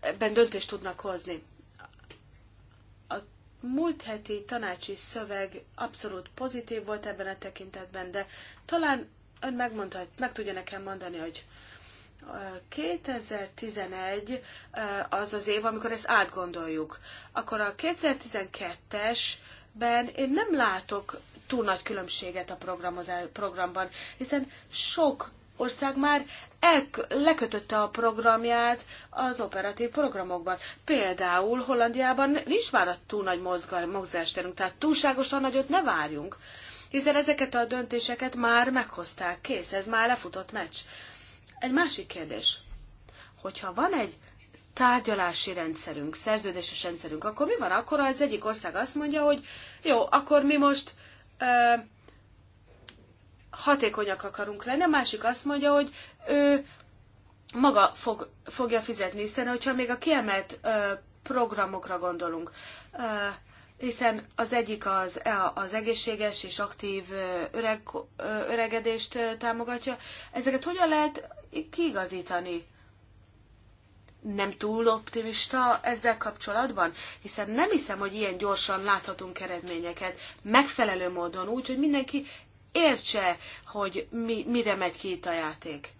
ebben döntést tudnak hozni. A múlt heti tanácsi szöveg abszolút pozitív volt ebben a tekintetben, de talán ön megmondhat, meg tudja nekem mondani, hogy 2011 eh, az az év, amikor ezt átgondoljuk. Akkor a 2012-esben én nem látok túl nagy különbséget a programban, hiszen sok ország már el, lekötötte a programját az operatív programokban. Például Hollandiában nincs már a túl nagy mozgásterünk, tehát túlságosan nagyot ne várjunk, hiszen ezeket a döntéseket már meghozták, kész, ez már lefutott meccs. Egy másik kérdés. Hogyha van egy tárgyalási rendszerünk, szerződéses rendszerünk, akkor mi van akkor, ha az egyik ország azt mondja, hogy jó, akkor mi most ö, hatékonyak akarunk lenni, a másik azt mondja, hogy ő maga fog, fogja fizetni, hiszen hogyha még a kiemelt ö, programokra gondolunk, ö, hiszen az egyik az, e az egészséges és aktív öreg, öregedést támogatja. Ezeket hogyan lehet kiigazítani. Nem túl optimista ezzel kapcsolatban? Hiszen nem hiszem, hogy ilyen gyorsan láthatunk eredményeket, megfelelő módon, úgy, hogy mindenki értse, hogy mi, mire megy ki itt a játék.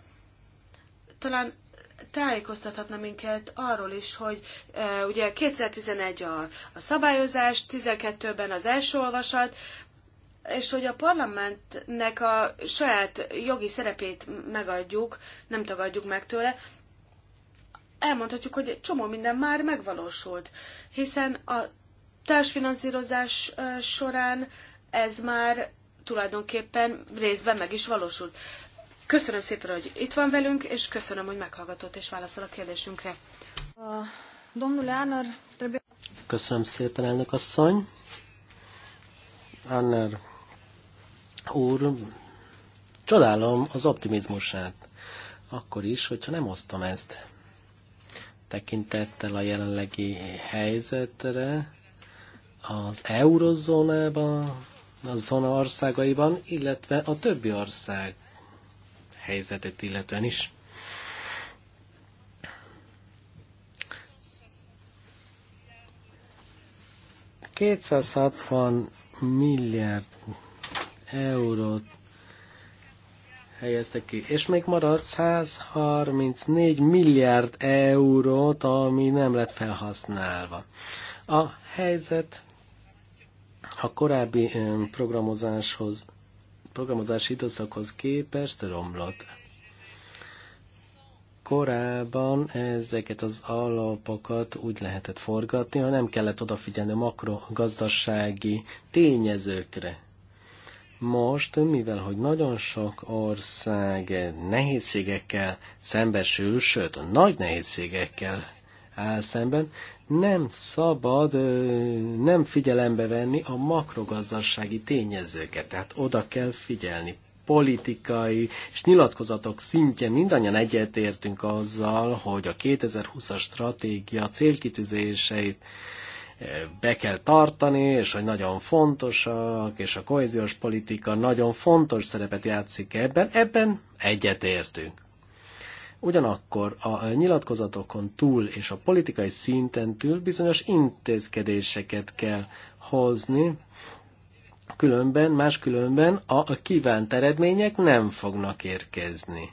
Talán tájékoztathatna minket arról is, hogy e, ugye 2011 a, a szabályozás, 12-ben az első olvasat, és hogy a parlamentnek a saját jogi szerepét megadjuk, nem tagadjuk meg tőle, elmondhatjuk, hogy egy csomó minden már megvalósult, hiszen a társfinanszírozás során ez már tulajdonképpen részben meg is valósult. Köszönöm szépen, hogy itt van velünk, és köszönöm, hogy meghallgatott és válaszol a kérdésünkre. Köszönöm szépen, elnök asszony. Anner úr, csodálom az optimizmusát. Akkor is, hogyha nem osztom ezt tekintettel a jelenlegi helyzetre az eurozónában, a zona országaiban, illetve a többi ország helyzetet illetően is. Kétszázhatvan milliárd eurót helyeztek ki. És még maradt 134 milliárd eurót, ami nem lett felhasználva. A helyzet a korábbi programozáshoz, programozási időszakhoz képest romlott. Korábban ezeket az alapokat úgy lehetett forgatni, ha nem kellett odafigyelni a makrogazdasági tényezőkre most, mivel hogy nagyon sok ország nehézségekkel szembesül, sőt, nagy nehézségekkel áll szemben, nem szabad nem figyelembe venni a makrogazdasági tényezőket. Tehát oda kell figyelni politikai és nyilatkozatok szintjén mindannyian egyetértünk azzal, hogy a 2020-as stratégia célkitűzéseit be kell tartani, és hogy nagyon fontosak, és a kohéziós politika nagyon fontos szerepet játszik ebben, ebben egyetértünk. Ugyanakkor a nyilatkozatokon túl és a politikai szinten túl bizonyos intézkedéseket kell hozni, különben, máskülönben a kívánt eredmények nem fognak érkezni.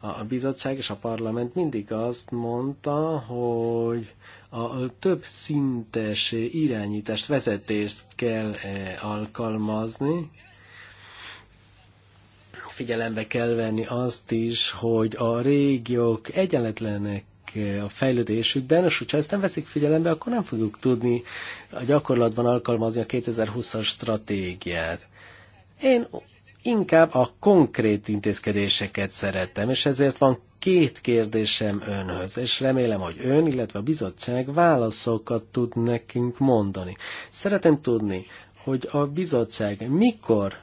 A bizottság és a parlament mindig azt mondta, hogy a több szintes irányítást, vezetést kell e, alkalmazni, figyelembe kell venni azt is, hogy a régiók egyenletlenek e, a fejlődésükben, és hogyha ezt nem veszik figyelembe, akkor nem fogjuk tudni a gyakorlatban alkalmazni a 2020-as stratégiát. Én inkább a konkrét intézkedéseket szeretem, és ezért van két kérdésem önhöz, és remélem, hogy ön, illetve a bizottság válaszokat tud nekünk mondani. Szeretem tudni, hogy a bizottság mikor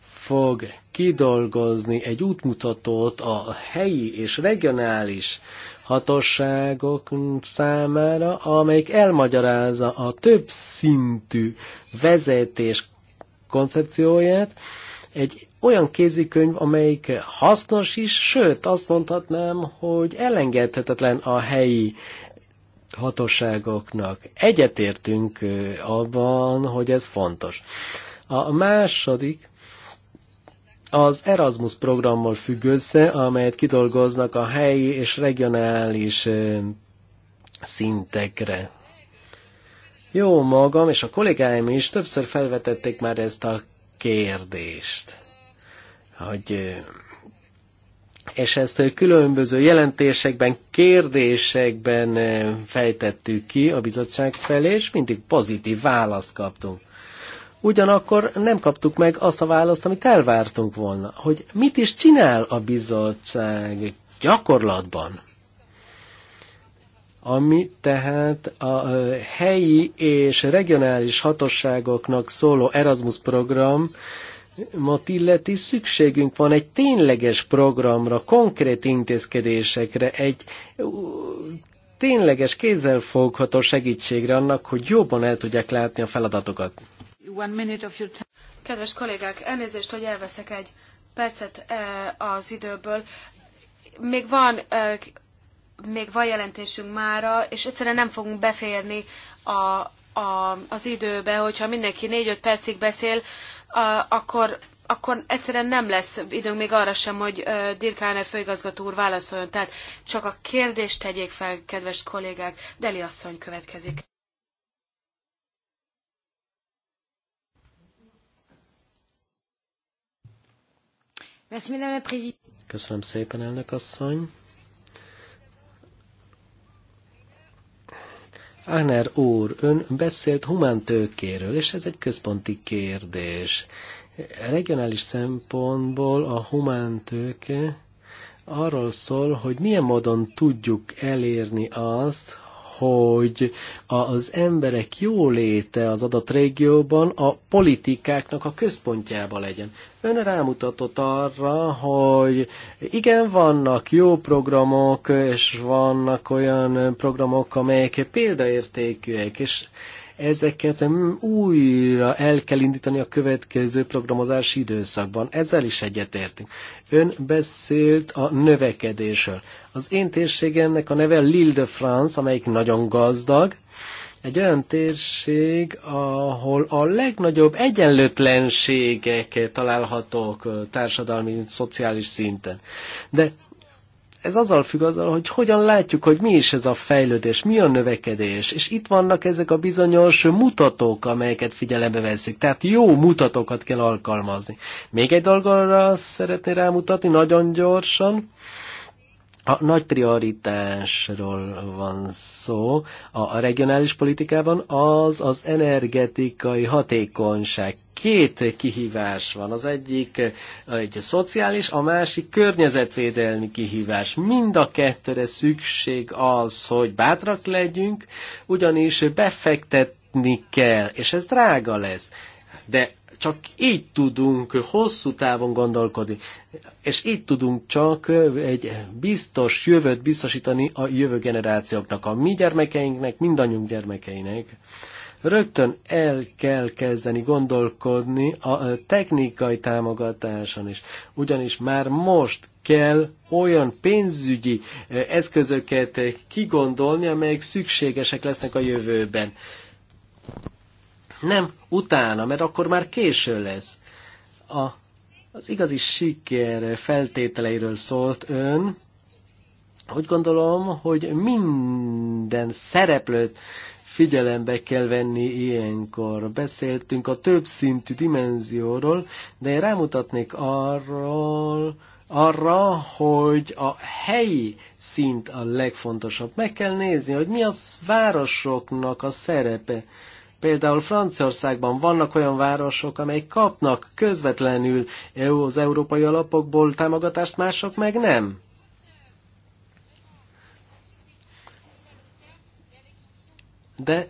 fog kidolgozni egy útmutatót a helyi és regionális hatóságok számára, amelyik elmagyarázza a több szintű vezetés koncepcióját egy olyan kézikönyv, amelyik hasznos is, sőt azt mondhatnám, hogy elengedhetetlen a helyi hatóságoknak. Egyetértünk abban, hogy ez fontos. A második az Erasmus programmal függ össze, amelyet kidolgoznak a helyi és regionális szintekre. Jó magam, és a kollégáim is többször felvetették már ezt a kérdést hogy és ezt különböző jelentésekben, kérdésekben fejtettük ki a bizottság felé, és mindig pozitív választ kaptunk. Ugyanakkor nem kaptuk meg azt a választ, amit elvártunk volna, hogy mit is csinál a bizottság gyakorlatban. Ami tehát a helyi és regionális hatosságoknak szóló Erasmus program programot illeti szükségünk van egy tényleges programra, konkrét intézkedésekre, egy tényleges kézzelfogható segítségre annak, hogy jobban el tudják látni a feladatokat. Kedves kollégák, elnézést, hogy elveszek egy percet e, az időből. Még van, e, még van jelentésünk mára, és egyszerűen nem fogunk beférni a, a, az időbe, hogyha mindenki 4-5 percig beszél, akkor, akkor egyszerűen nem lesz időnk még arra sem, hogy uh, Dirk főigazgató úr válaszoljon. Tehát csak a kérdést tegyék fel, kedves kollégák. Deli asszony következik. Köszönöm szépen, elnök asszony. Áner úr, ön beszélt humántőkéről, és ez egy központi kérdés. Regionális szempontból a humántőke arról szól, hogy milyen módon tudjuk elérni azt, hogy az emberek jóléte az adott régióban a politikáknak a központjába legyen. Ön rámutatott arra, hogy igen, vannak jó programok, és vannak olyan programok, amelyek példaértékűek, és ezeket újra el kell indítani a következő programozási időszakban. Ezzel is egyetértünk. Ön beszélt a növekedésről. Az én térségemnek a neve Lille de France, amelyik nagyon gazdag, egy olyan térség, ahol a legnagyobb egyenlőtlenségek találhatók társadalmi, szociális szinten. De ez azzal függ azzal, hogy hogyan látjuk, hogy mi is ez a fejlődés, mi a növekedés, és itt vannak ezek a bizonyos mutatók, amelyeket figyelembe veszük, tehát jó mutatókat kell alkalmazni. Még egy dolgorra szeretné rámutatni, nagyon gyorsan, a nagy prioritásról van szó a regionális politikában, az az energetikai hatékonyság. Két kihívás van, az egyik egy szociális, a másik környezetvédelmi kihívás. Mind a kettőre szükség az, hogy bátrak legyünk, ugyanis befektetni kell, és ez drága lesz. De csak így tudunk hosszú távon gondolkodni, és így tudunk csak egy biztos jövőt biztosítani a jövő generációknak, a mi gyermekeinknek, mindannyiunk gyermekeinek rögtön el kell kezdeni gondolkodni a technikai támogatáson is. Ugyanis már most kell olyan pénzügyi eszközöket kigondolni, amelyek szükségesek lesznek a jövőben. Nem utána, mert akkor már késő lesz. A, az igazi siker feltételeiről szólt ön. Úgy gondolom, hogy minden szereplőt figyelembe kell venni ilyenkor. Beszéltünk a többszintű dimenzióról, de én rámutatnék arról, arra, hogy a helyi szint a legfontosabb. Meg kell nézni, hogy mi az városoknak a szerepe. Például Franciaországban vannak olyan városok, amelyek kapnak közvetlenül az európai alapokból támogatást, mások meg nem. De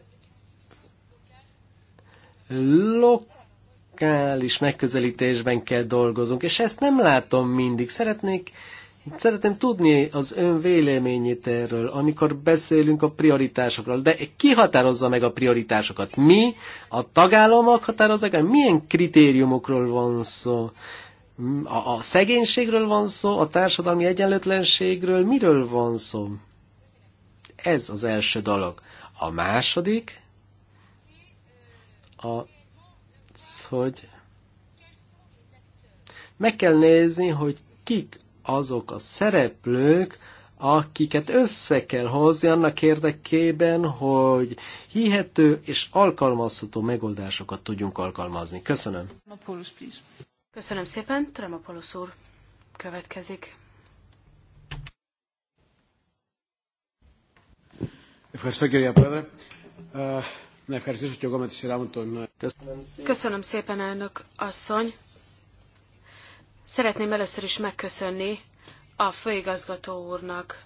lokális megközelítésben kell dolgozunk, és ezt nem látom mindig. Szeretnék Szeretném tudni az ön véleményét erről, amikor beszélünk a prioritásokról, de ki határozza meg a prioritásokat? Mi, a tagállamok határozzák, milyen kritériumokról van szó? A, a szegénységről van szó, a társadalmi egyenlőtlenségről, miről van szó? Ez az első dolog. A második, A hogy meg kell nézni, hogy kik azok a szereplők, akiket össze kell hozni annak érdekében, hogy hihető és alkalmazható megoldásokat tudjunk alkalmazni. Köszönöm. Köszönöm szépen. Tremopoulos úr következik. Köszönöm szépen, elnök asszony. Szeretném először is megköszönni a főigazgató úrnak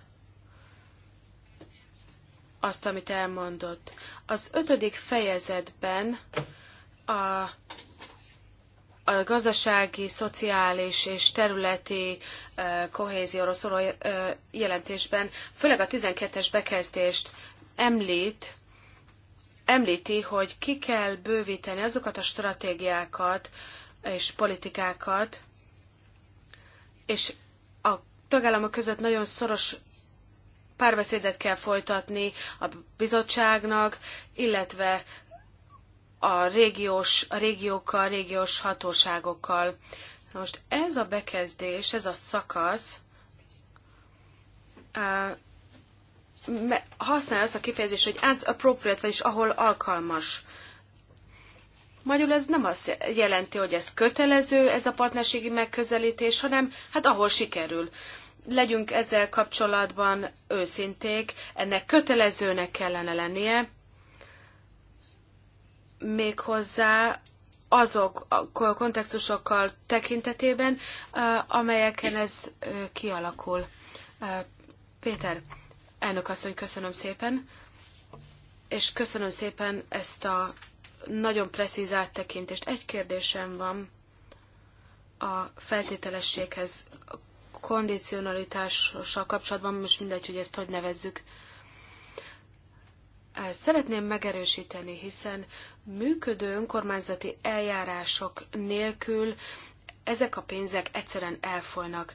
azt, amit elmondott. Az ötödik fejezetben a, a gazdasági, szociális és területi uh, kohézióról szóló jelentésben, főleg a 12-es bekezdést említ, említi, hogy ki kell bővíteni azokat a stratégiákat és politikákat, és a tagállamok között nagyon szoros párbeszédet kell folytatni a bizottságnak, illetve a, régiós, a régiókkal, a régiós hatóságokkal. Nos, most ez a bekezdés, ez a szakasz használja azt a kifejezést, hogy as appropriate, vagyis ahol alkalmas. Magyarul ez nem azt jelenti, hogy ez kötelező, ez a partnerségi megközelítés, hanem hát ahol sikerül. Legyünk ezzel kapcsolatban őszinték, ennek kötelezőnek kellene lennie, méghozzá azok a kontextusokkal tekintetében, amelyeken ez kialakul. Péter, elnök asszony, köszönöm szépen, és köszönöm szépen ezt a nagyon precíz áttekintést. Egy kérdésem van a feltételességhez, a kondicionalitással kapcsolatban, most mindegy, hogy ezt hogy nevezzük. Ezt szeretném megerősíteni, hiszen működő önkormányzati eljárások nélkül ezek a pénzek egyszerűen elfolynak.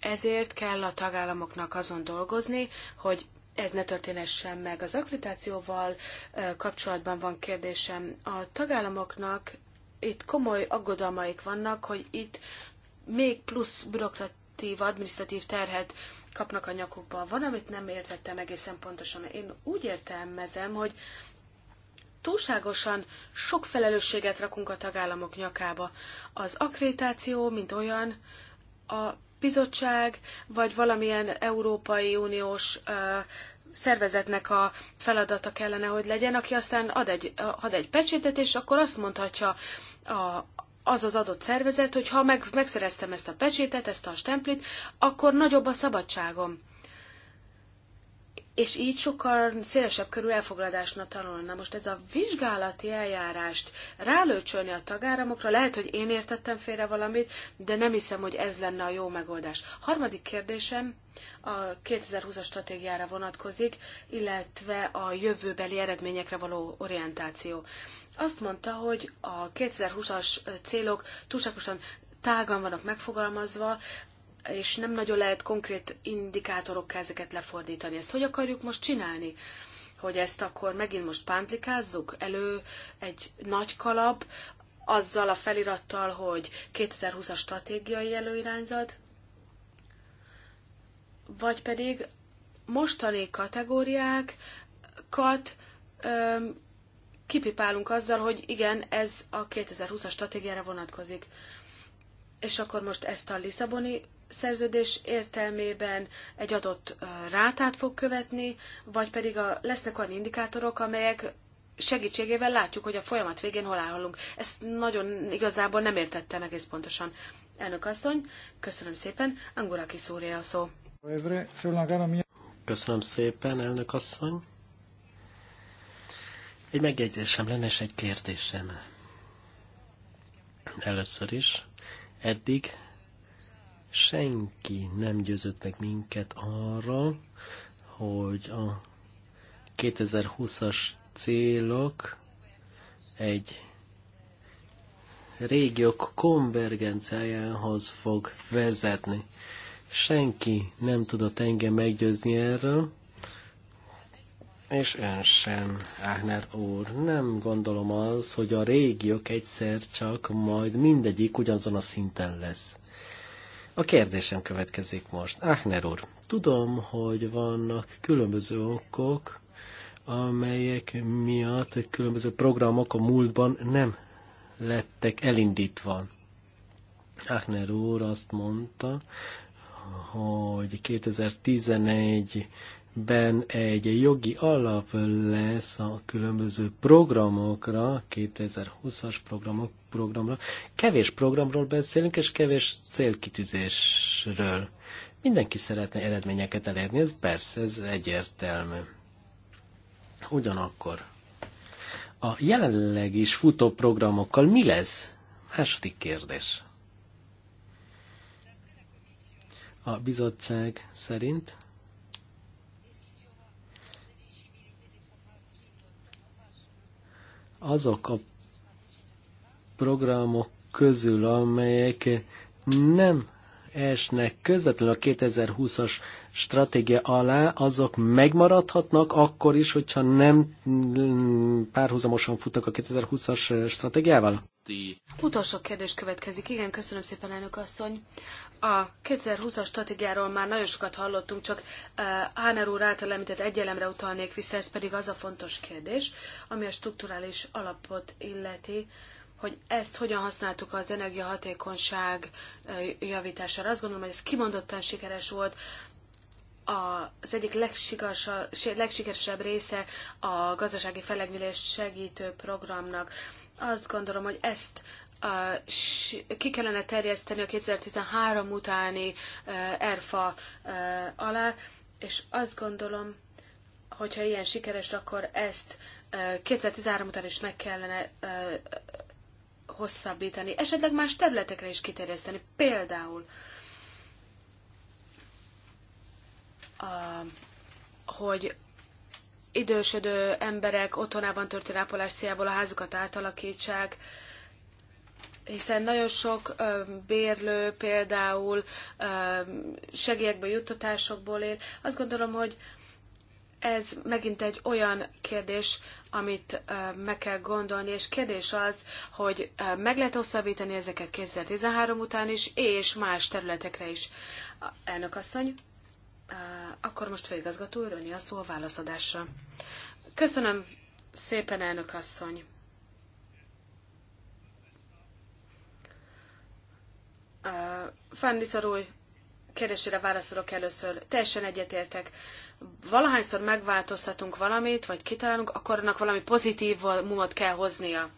Ezért kell a tagállamoknak azon dolgozni, hogy ez ne történessen meg. Az akkreditációval kapcsolatban van kérdésem. A tagállamoknak itt komoly aggodalmaik vannak, hogy itt még plusz bürokratív, administratív terhet kapnak a nyakukba. Van, amit nem értettem egészen pontosan. Én úgy értelmezem, hogy túlságosan sok felelősséget rakunk a tagállamok nyakába. Az akkreditáció, mint olyan, a bizottság, vagy valamilyen Európai Uniós szervezetnek a feladata kellene, hogy legyen, aki aztán ad egy, ad egy pecsétet, és akkor azt mondhatja a, az az adott szervezet, hogy ha meg, megszereztem ezt a pecsétet, ezt a stemplit, akkor nagyobb a szabadságom és így sokkal szélesebb körű elfogadásnak tanulna. Most ez a vizsgálati eljárást rálőcsölni a tagáramokra, lehet, hogy én értettem félre valamit, de nem hiszem, hogy ez lenne a jó megoldás. Harmadik kérdésem a 2020-as stratégiára vonatkozik, illetve a jövőbeli eredményekre való orientáció. Azt mondta, hogy a 2020-as célok túlságosan tágan vannak megfogalmazva, és nem nagyon lehet konkrét indikátorokkal ezeket lefordítani. Ezt hogy akarjuk most csinálni? Hogy ezt akkor megint most pántlikázzuk elő egy nagy kalap, azzal a felirattal, hogy 2020-as stratégiai előirányzat, vagy pedig mostani kategóriákat öm, kipipálunk azzal, hogy igen, ez a 2020-as stratégiára vonatkozik. És akkor most ezt a Lisszaboni szerződés értelmében egy adott rátát fog követni, vagy pedig a, lesznek olyan indikátorok, amelyek segítségével látjuk, hogy a folyamat végén hol állunk. Ezt nagyon igazából nem értettem egész pontosan. Elnök asszony, köszönöm szépen, Angura kiszúrja a szó. Köszönöm szépen, elnök asszony. Egy megjegyzésem lenne, és egy kérdésem. Először is, eddig senki nem győzött meg minket arra, hogy a 2020-as célok egy régiók konvergenciájához fog vezetni. Senki nem tudott engem meggyőzni erről, és ön sem, Ágner úr. Nem gondolom az, hogy a régiók egyszer csak majd mindegyik ugyanazon a szinten lesz. A kérdésem következik most. Áhner úr, tudom, hogy vannak különböző okok, amelyek miatt különböző programok a múltban nem lettek elindítva. Áhner úr azt mondta, hogy 2011 ben egy jogi alap lesz a különböző programokra, 2020-as programok, programra. Kevés programról beszélünk, és kevés célkitűzésről. Mindenki szeretne eredményeket elérni, ez persze, ez egyértelmű. Ugyanakkor a jelenleg is futó programokkal mi lesz? Második kérdés. A bizottság szerint azok a programok közül, amelyek nem esnek közvetlenül a 2020-as stratégia alá, azok megmaradhatnak akkor is, hogyha nem párhuzamosan futnak a 2020-as stratégiával? Utolsó kérdés következik. Igen, köszönöm szépen, elnök asszony. A 2020-as stratégiáról már nagyon sokat hallottunk, csak eh, Áner úr által említett egyelemre utalnék vissza, ez pedig az a fontos kérdés, ami a strukturális alapot illeti, hogy ezt hogyan használtuk az energiahatékonyság eh, javítására. Azt gondolom, hogy ez kimondottan sikeres volt. Az egyik legsikeresebb része a gazdasági felegnyilés segítő programnak. Azt gondolom, hogy ezt ki kellene terjeszteni a 2013 utáni ERFA alá, és azt gondolom, hogyha ilyen sikeres, akkor ezt 2013 után is meg kellene hosszabbítani, esetleg más területekre is kiterjeszteni. Például hogy idősödő emberek otthonában történő ápolás céljából a házukat átalakítsák, hiszen nagyon sok bérlő például segélyekből, juttatásokból él. Azt gondolom, hogy ez megint egy olyan kérdés, amit meg kell gondolni, és kérdés az, hogy meg lehet hosszabbítani ezeket 2013 után is, és más területekre is. Elnök asszony, akkor most főigazgató úr, a szó a válaszadásra. Köszönöm szépen, elnök asszony! Fandiszor új kérdésére válaszolok először. Teljesen egyetértek. Valahányszor megváltoztatunk valamit, vagy kitalálunk, akkor annak valami pozitív mumot kell hoznia.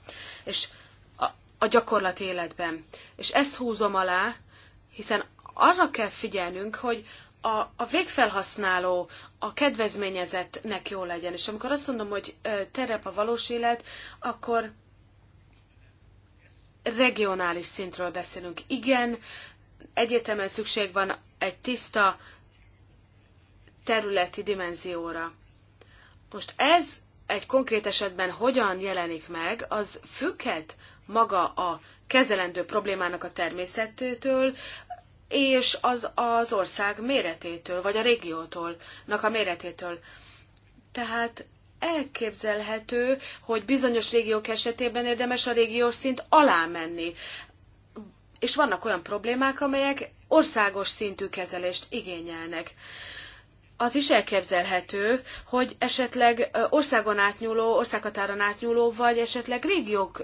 És a, a gyakorlati életben. És ezt húzom alá, hiszen arra kell figyelnünk, hogy a, a végfelhasználó, a kedvezményezetnek jó legyen. És amikor azt mondom, hogy terep a valós élet, akkor regionális szintről beszélünk. Igen, egyetemen szükség van egy tiszta területi dimenzióra. Most ez egy konkrét esetben hogyan jelenik meg, az függhet maga a kezelendő problémának a természetétől, és az az ország méretétől, vagy a régiótól, a méretétől. Tehát elképzelhető, hogy bizonyos régiók esetében érdemes a régiós szint alá menni. És vannak olyan problémák, amelyek országos szintű kezelést igényelnek. Az is elképzelhető, hogy esetleg országon átnyúló, országhatáron átnyúló, vagy esetleg régiók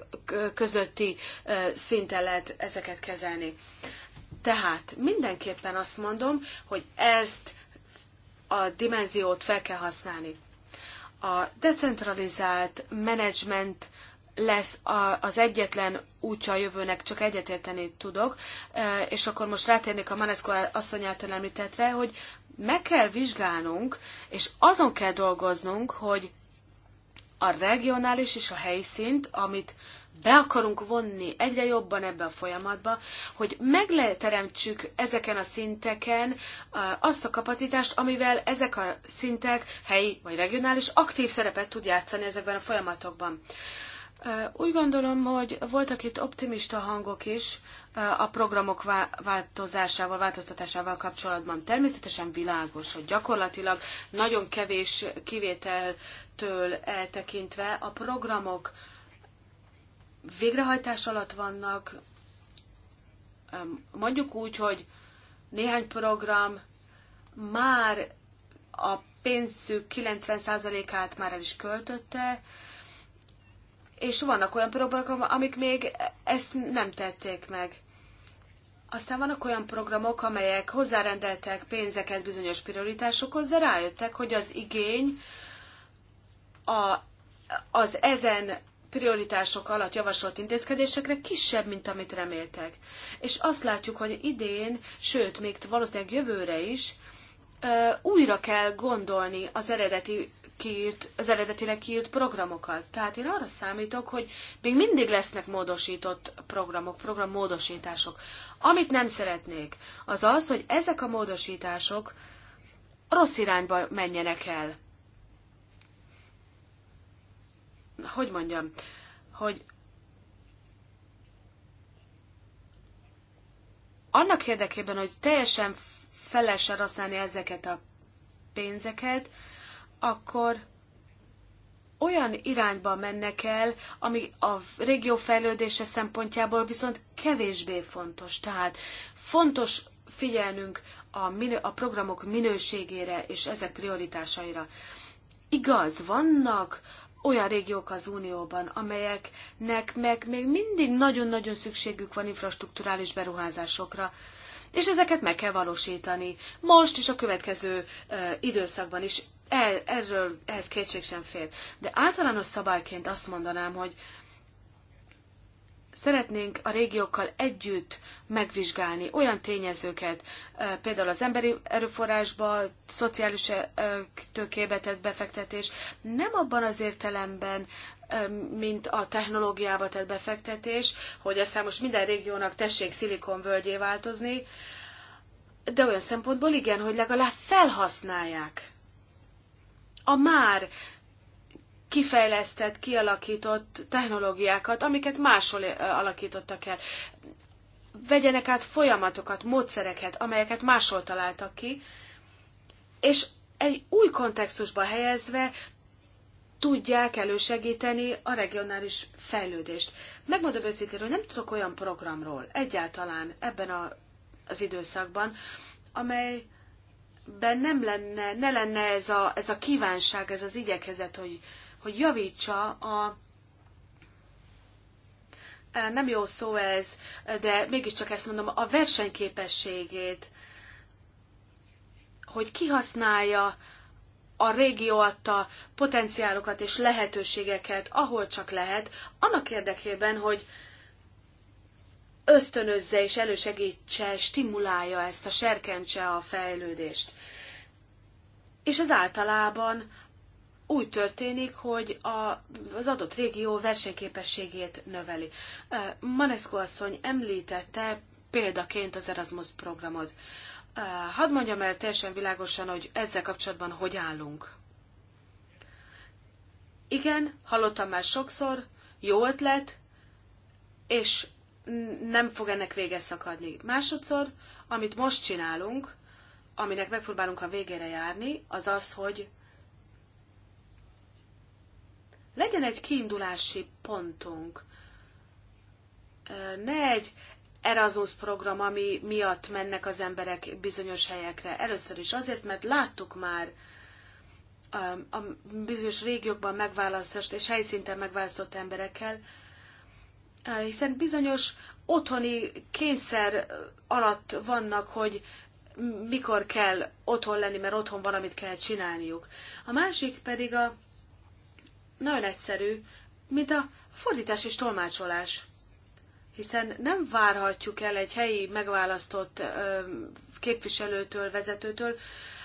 közötti szinten lehet ezeket kezelni. Tehát mindenképpen azt mondom, hogy ezt a dimenziót fel kell használni a decentralizált menedzsment lesz a, az egyetlen útja a jövőnek, csak egyetérteni tudok, e, és akkor most rátérnék a Manesco asszony által említettre, hogy meg kell vizsgálnunk, és azon kell dolgoznunk, hogy a regionális és a helyszínt, amit be akarunk vonni egyre jobban ebbe a folyamatba, hogy megteremtsük ezeken a szinteken azt a kapacitást, amivel ezek a szintek helyi vagy regionális aktív szerepet tud játszani ezekben a folyamatokban. Úgy gondolom, hogy voltak itt optimista hangok is a programok változásával, változtatásával kapcsolatban. Természetesen világos, hogy gyakorlatilag nagyon kevés től eltekintve a programok végrehajtás alatt vannak, mondjuk úgy, hogy néhány program már a pénzük 90%-át már el is költötte, és vannak olyan programok, amik még ezt nem tették meg. Aztán vannak olyan programok, amelyek hozzárendeltek pénzeket bizonyos prioritásokhoz, de rájöttek, hogy az igény a, az ezen prioritások alatt javasolt intézkedésekre kisebb, mint amit reméltek. És azt látjuk, hogy idén, sőt, még valószínűleg jövőre is újra kell gondolni az eredeti kiírt, az eredetileg kiírt programokat. Tehát én arra számítok, hogy még mindig lesznek módosított programok, programmódosítások. Amit nem szeretnék, az az, hogy ezek a módosítások rossz irányba menjenek el. hogy mondjam, hogy annak érdekében, hogy teljesen felesen használni ezeket a pénzeket, akkor olyan irányba mennek el, ami a régió fejlődése szempontjából viszont kevésbé fontos. Tehát fontos figyelnünk a, minő, a programok minőségére és ezek prioritásaira. Igaz, vannak olyan régiók az Unióban, amelyeknek meg még mindig nagyon-nagyon szükségük van infrastruktúrális beruházásokra, és ezeket meg kell valósítani. Most és a következő időszakban is. El, erről ehhez kétség sem fér. De általános szabályként azt mondanám, hogy Szeretnénk a régiókkal együtt megvizsgálni olyan tényezőket, például az emberi erőforrásba, szociális tőkébe tett befektetés, nem abban az értelemben, mint a technológiába tett befektetés, hogy aztán most minden régiónak tessék szilikonvölgyé változni, de olyan szempontból igen, hogy legalább felhasználják a már kifejlesztett, kialakított technológiákat, amiket máshol alakítottak el. Vegyenek át folyamatokat, módszereket, amelyeket máshol találtak ki, és egy új kontextusba helyezve tudják elősegíteni a regionális fejlődést. Megmondom őszintén, hogy nem tudok olyan programról egyáltalán ebben a, az időszakban, amely ben nem lenne, ne lenne ez a, ez a kívánság, ez az igyekezet, hogy hogy javítsa a e, nem jó szó ez, de mégiscsak ezt mondom, a versenyképességét, hogy kihasználja a régió adta potenciálokat és lehetőségeket, ahol csak lehet, annak érdekében, hogy ösztönözze és elősegítse, stimulálja ezt a serkentse a fejlődést. És ez általában úgy történik, hogy a, az adott régió versenyképességét növeli. Manesko asszony említette példaként az Erasmus programot. Hadd mondjam el teljesen világosan, hogy ezzel kapcsolatban hogy állunk. Igen, hallottam már sokszor, jó ötlet, és nem fog ennek vége szakadni. Másodszor, amit most csinálunk, aminek megpróbálunk a végére járni, az az, hogy legyen egy kiindulási pontunk. Ne egy Erasmus program, ami miatt mennek az emberek bizonyos helyekre. Először is azért, mert láttuk már a bizonyos régiókban megválasztott és helyszinten megválasztott emberekkel, hiszen bizonyos otthoni kényszer alatt vannak, hogy mikor kell otthon lenni, mert otthon valamit kell csinálniuk. A másik pedig a nagyon egyszerű, mint a fordítás és tolmácsolás. Hiszen nem várhatjuk el egy helyi megválasztott képviselőtől, vezetőtől,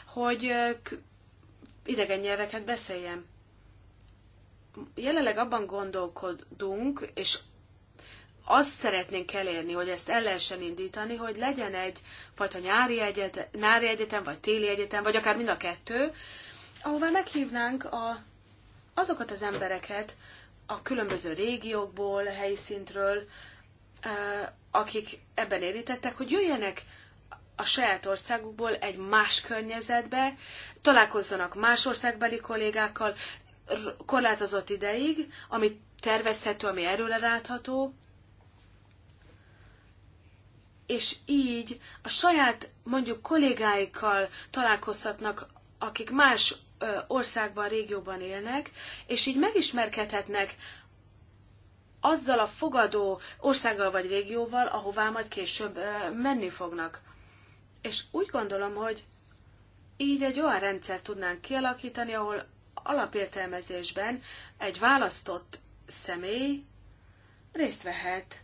hogy idegen nyelveket beszéljem. Jelenleg abban gondolkodunk, és azt szeretnénk elérni, hogy ezt el lehessen indítani, hogy legyen egy fajta nyári egyetem, nyári egyetem, vagy téli egyetem, vagy akár mind a kettő, ahová meghívnánk a azokat az embereket a különböző régiókból, helyszintről, akik ebben érintettek, hogy jöjjenek a saját országukból egy más környezetbe, találkozzanak más országbeli kollégákkal korlátozott ideig, ami tervezhető, ami erőre látható, és így a saját mondjuk kollégáikkal találkozhatnak, akik más országban, régióban élnek, és így megismerkedhetnek azzal a fogadó országgal vagy régióval, ahová majd később menni fognak. És úgy gondolom, hogy így egy olyan rendszer tudnánk kialakítani, ahol alapértelmezésben egy választott személy részt vehet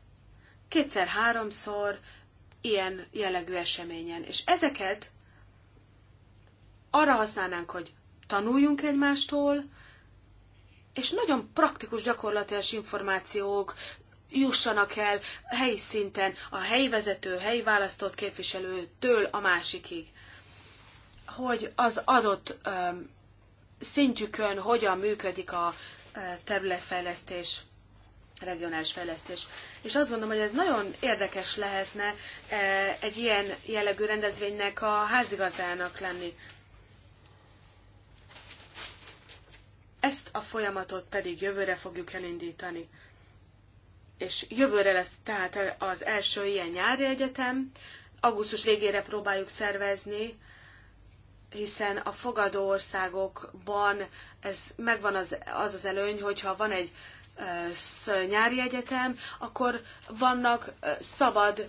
kétszer-háromszor ilyen jellegű eseményen. És ezeket arra használnánk, hogy tanuljunk egymástól, és nagyon praktikus gyakorlatilag információk jussanak el helyi szinten a helyi vezető, helyi választott képviselőtől a másikig. Hogy az adott szintjükön hogyan működik a uh, területfejlesztés, regionális fejlesztés. És azt gondolom, hogy ez nagyon érdekes lehetne egy ilyen jellegű rendezvénynek a házigazdának lenni. Ezt a folyamatot pedig jövőre fogjuk elindítani. És jövőre lesz tehát az első ilyen nyári egyetem, augusztus végére próbáljuk szervezni, hiszen a fogadó országokban ez megvan az az, az előny, hogyha van egy nyári egyetem, akkor vannak szabad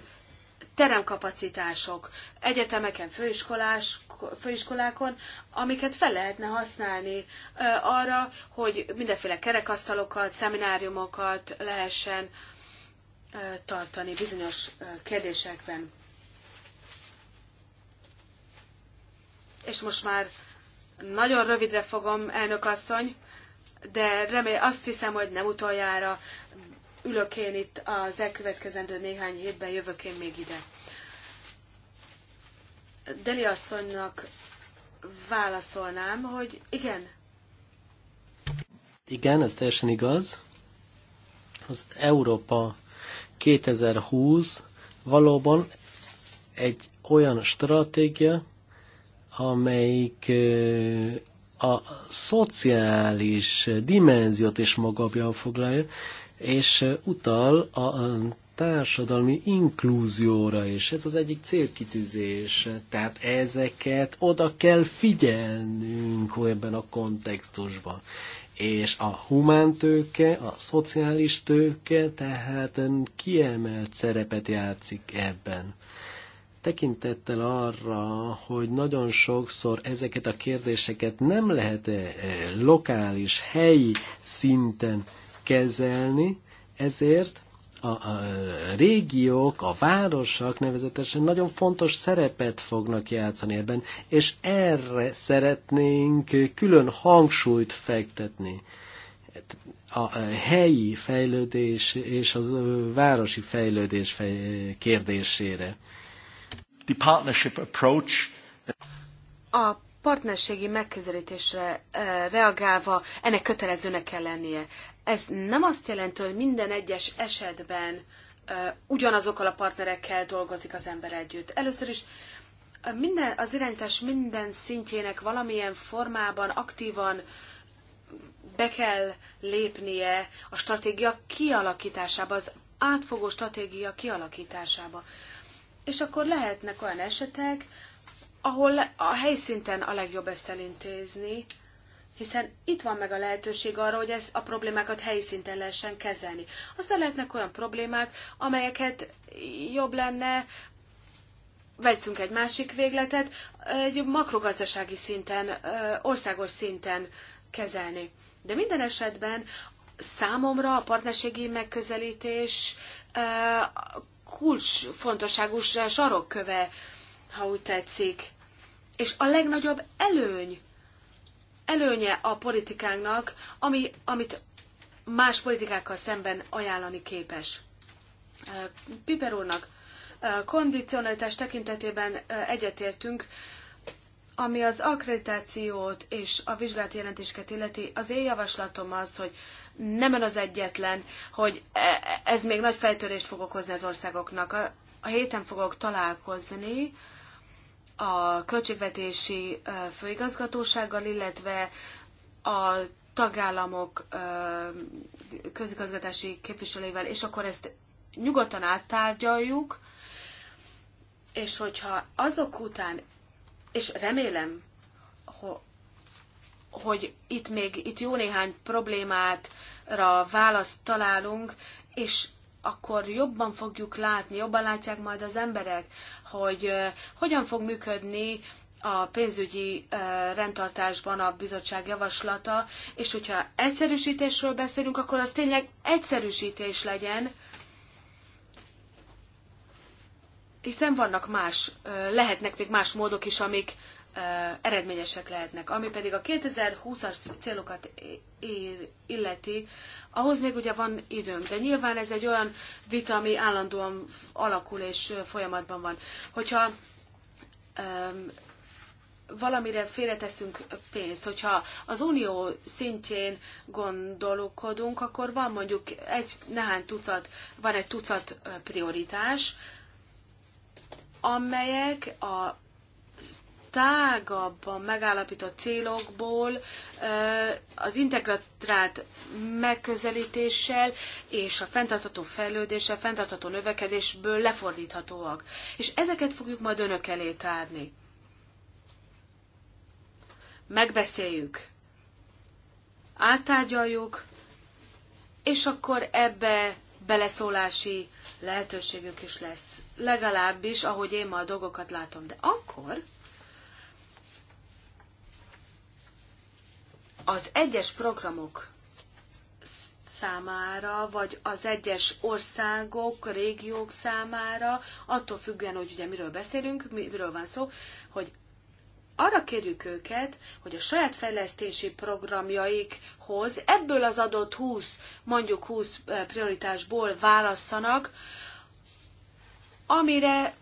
teremkapacitások. Egyetemeken főiskolás főiskolákon, amiket fel lehetne használni arra, hogy mindenféle kerekasztalokat, szemináriumokat lehessen tartani bizonyos kérdésekben. És most már nagyon rövidre fogom, elnök asszony, de remél, azt hiszem, hogy nem utoljára ülök én itt az elkövetkezendő néhány hétben, jövök én még ide. Deli asszonynak válaszolnám, hogy igen. Igen, ez teljesen igaz. Az Európa 2020 valóban egy olyan stratégia, amelyik a szociális dimenziót is magabban foglalja, és utal a társadalmi inklúzióra is. Ez az egyik célkitűzés. Tehát ezeket oda kell figyelnünk ebben a kontextusban. És a humántőke, a szociális tőke, tehát kiemelt szerepet játszik ebben tekintettel arra, hogy nagyon sokszor ezeket a kérdéseket nem lehet -e lokális, helyi szinten kezelni, ezért a, a régiók, a városok nevezetesen nagyon fontos szerepet fognak játszani ebben, és erre szeretnénk külön hangsúlyt fektetni. A helyi fejlődés és a városi fejlődés kérdésére. The partnership approach. A partnerségi megközelítésre reagálva ennek kötelezőnek kell lennie. Ez nem azt jelenti, hogy minden egyes esetben ugyanazokkal a partnerekkel dolgozik az ember együtt. Először is minden, az irányítás minden szintjének valamilyen formában aktívan be kell lépnie a stratégia kialakításába, az átfogó stratégia kialakításába. És akkor lehetnek olyan esetek, ahol a helyszínten a legjobb ezt elintézni, hiszen itt van meg a lehetőség arra, hogy ez a problémákat helyi szinten lehessen kezelni. Aztán lehetnek olyan problémák, amelyeket jobb lenne, vegyünk egy másik végletet, egy makrogazdasági szinten, országos szinten kezelni. De minden esetben számomra a partnerségi megközelítés kulcs fontosságú sarokköve, ha úgy tetszik. És a legnagyobb előny előnye a politikánknak, ami, amit más politikákkal szemben ajánlani képes. Piper úrnak, kondicionalitás tekintetében egyetértünk, ami az akkreditációt és a vizsgálati jelentéseket illeti, az én javaslatom az, hogy nem az egyetlen, hogy e, e, ez még nagy fejtörést fog okozni az országoknak. A héten fogok találkozni a költségvetési főigazgatósággal, illetve a tagállamok közigazgatási képviselőivel, és akkor ezt nyugodtan áttárgyaljuk, és hogyha azok után, és remélem, hogy itt még itt jó néhány problémátra választ találunk, és akkor jobban fogjuk látni, jobban látják majd az emberek, hogy hogyan fog működni a pénzügyi rendtartásban a bizottság javaslata, és hogyha egyszerűsítésről beszélünk, akkor az tényleg egyszerűsítés legyen, hiszen vannak más, lehetnek még más módok is, amik eredményesek lehetnek. Ami pedig a 2020-as célokat ér, illeti, ahhoz még ugye van időnk, de nyilván ez egy olyan vita, ami állandóan alakul és folyamatban van. Hogyha um, valamire félreteszünk pénzt, hogyha az unió szintjén gondolkodunk, akkor van mondjuk egy nehány tucat, van egy tucat prioritás, amelyek a tágabban megállapított célokból az integrált megközelítéssel és a fenntartható fejlődéssel, fenntartható növekedésből lefordíthatóak. És ezeket fogjuk majd önök elé tárni. Megbeszéljük, áttárgyaljuk, és akkor ebbe beleszólási lehetőségük is lesz. Legalábbis, ahogy én ma a dolgokat látom. De akkor az egyes programok számára, vagy az egyes országok, régiók számára, attól függően, hogy ugye miről beszélünk, miről van szó, hogy arra kérjük őket, hogy a saját fejlesztési programjaikhoz ebből az adott 20, mondjuk 20 eh, prioritásból válasszanak, amire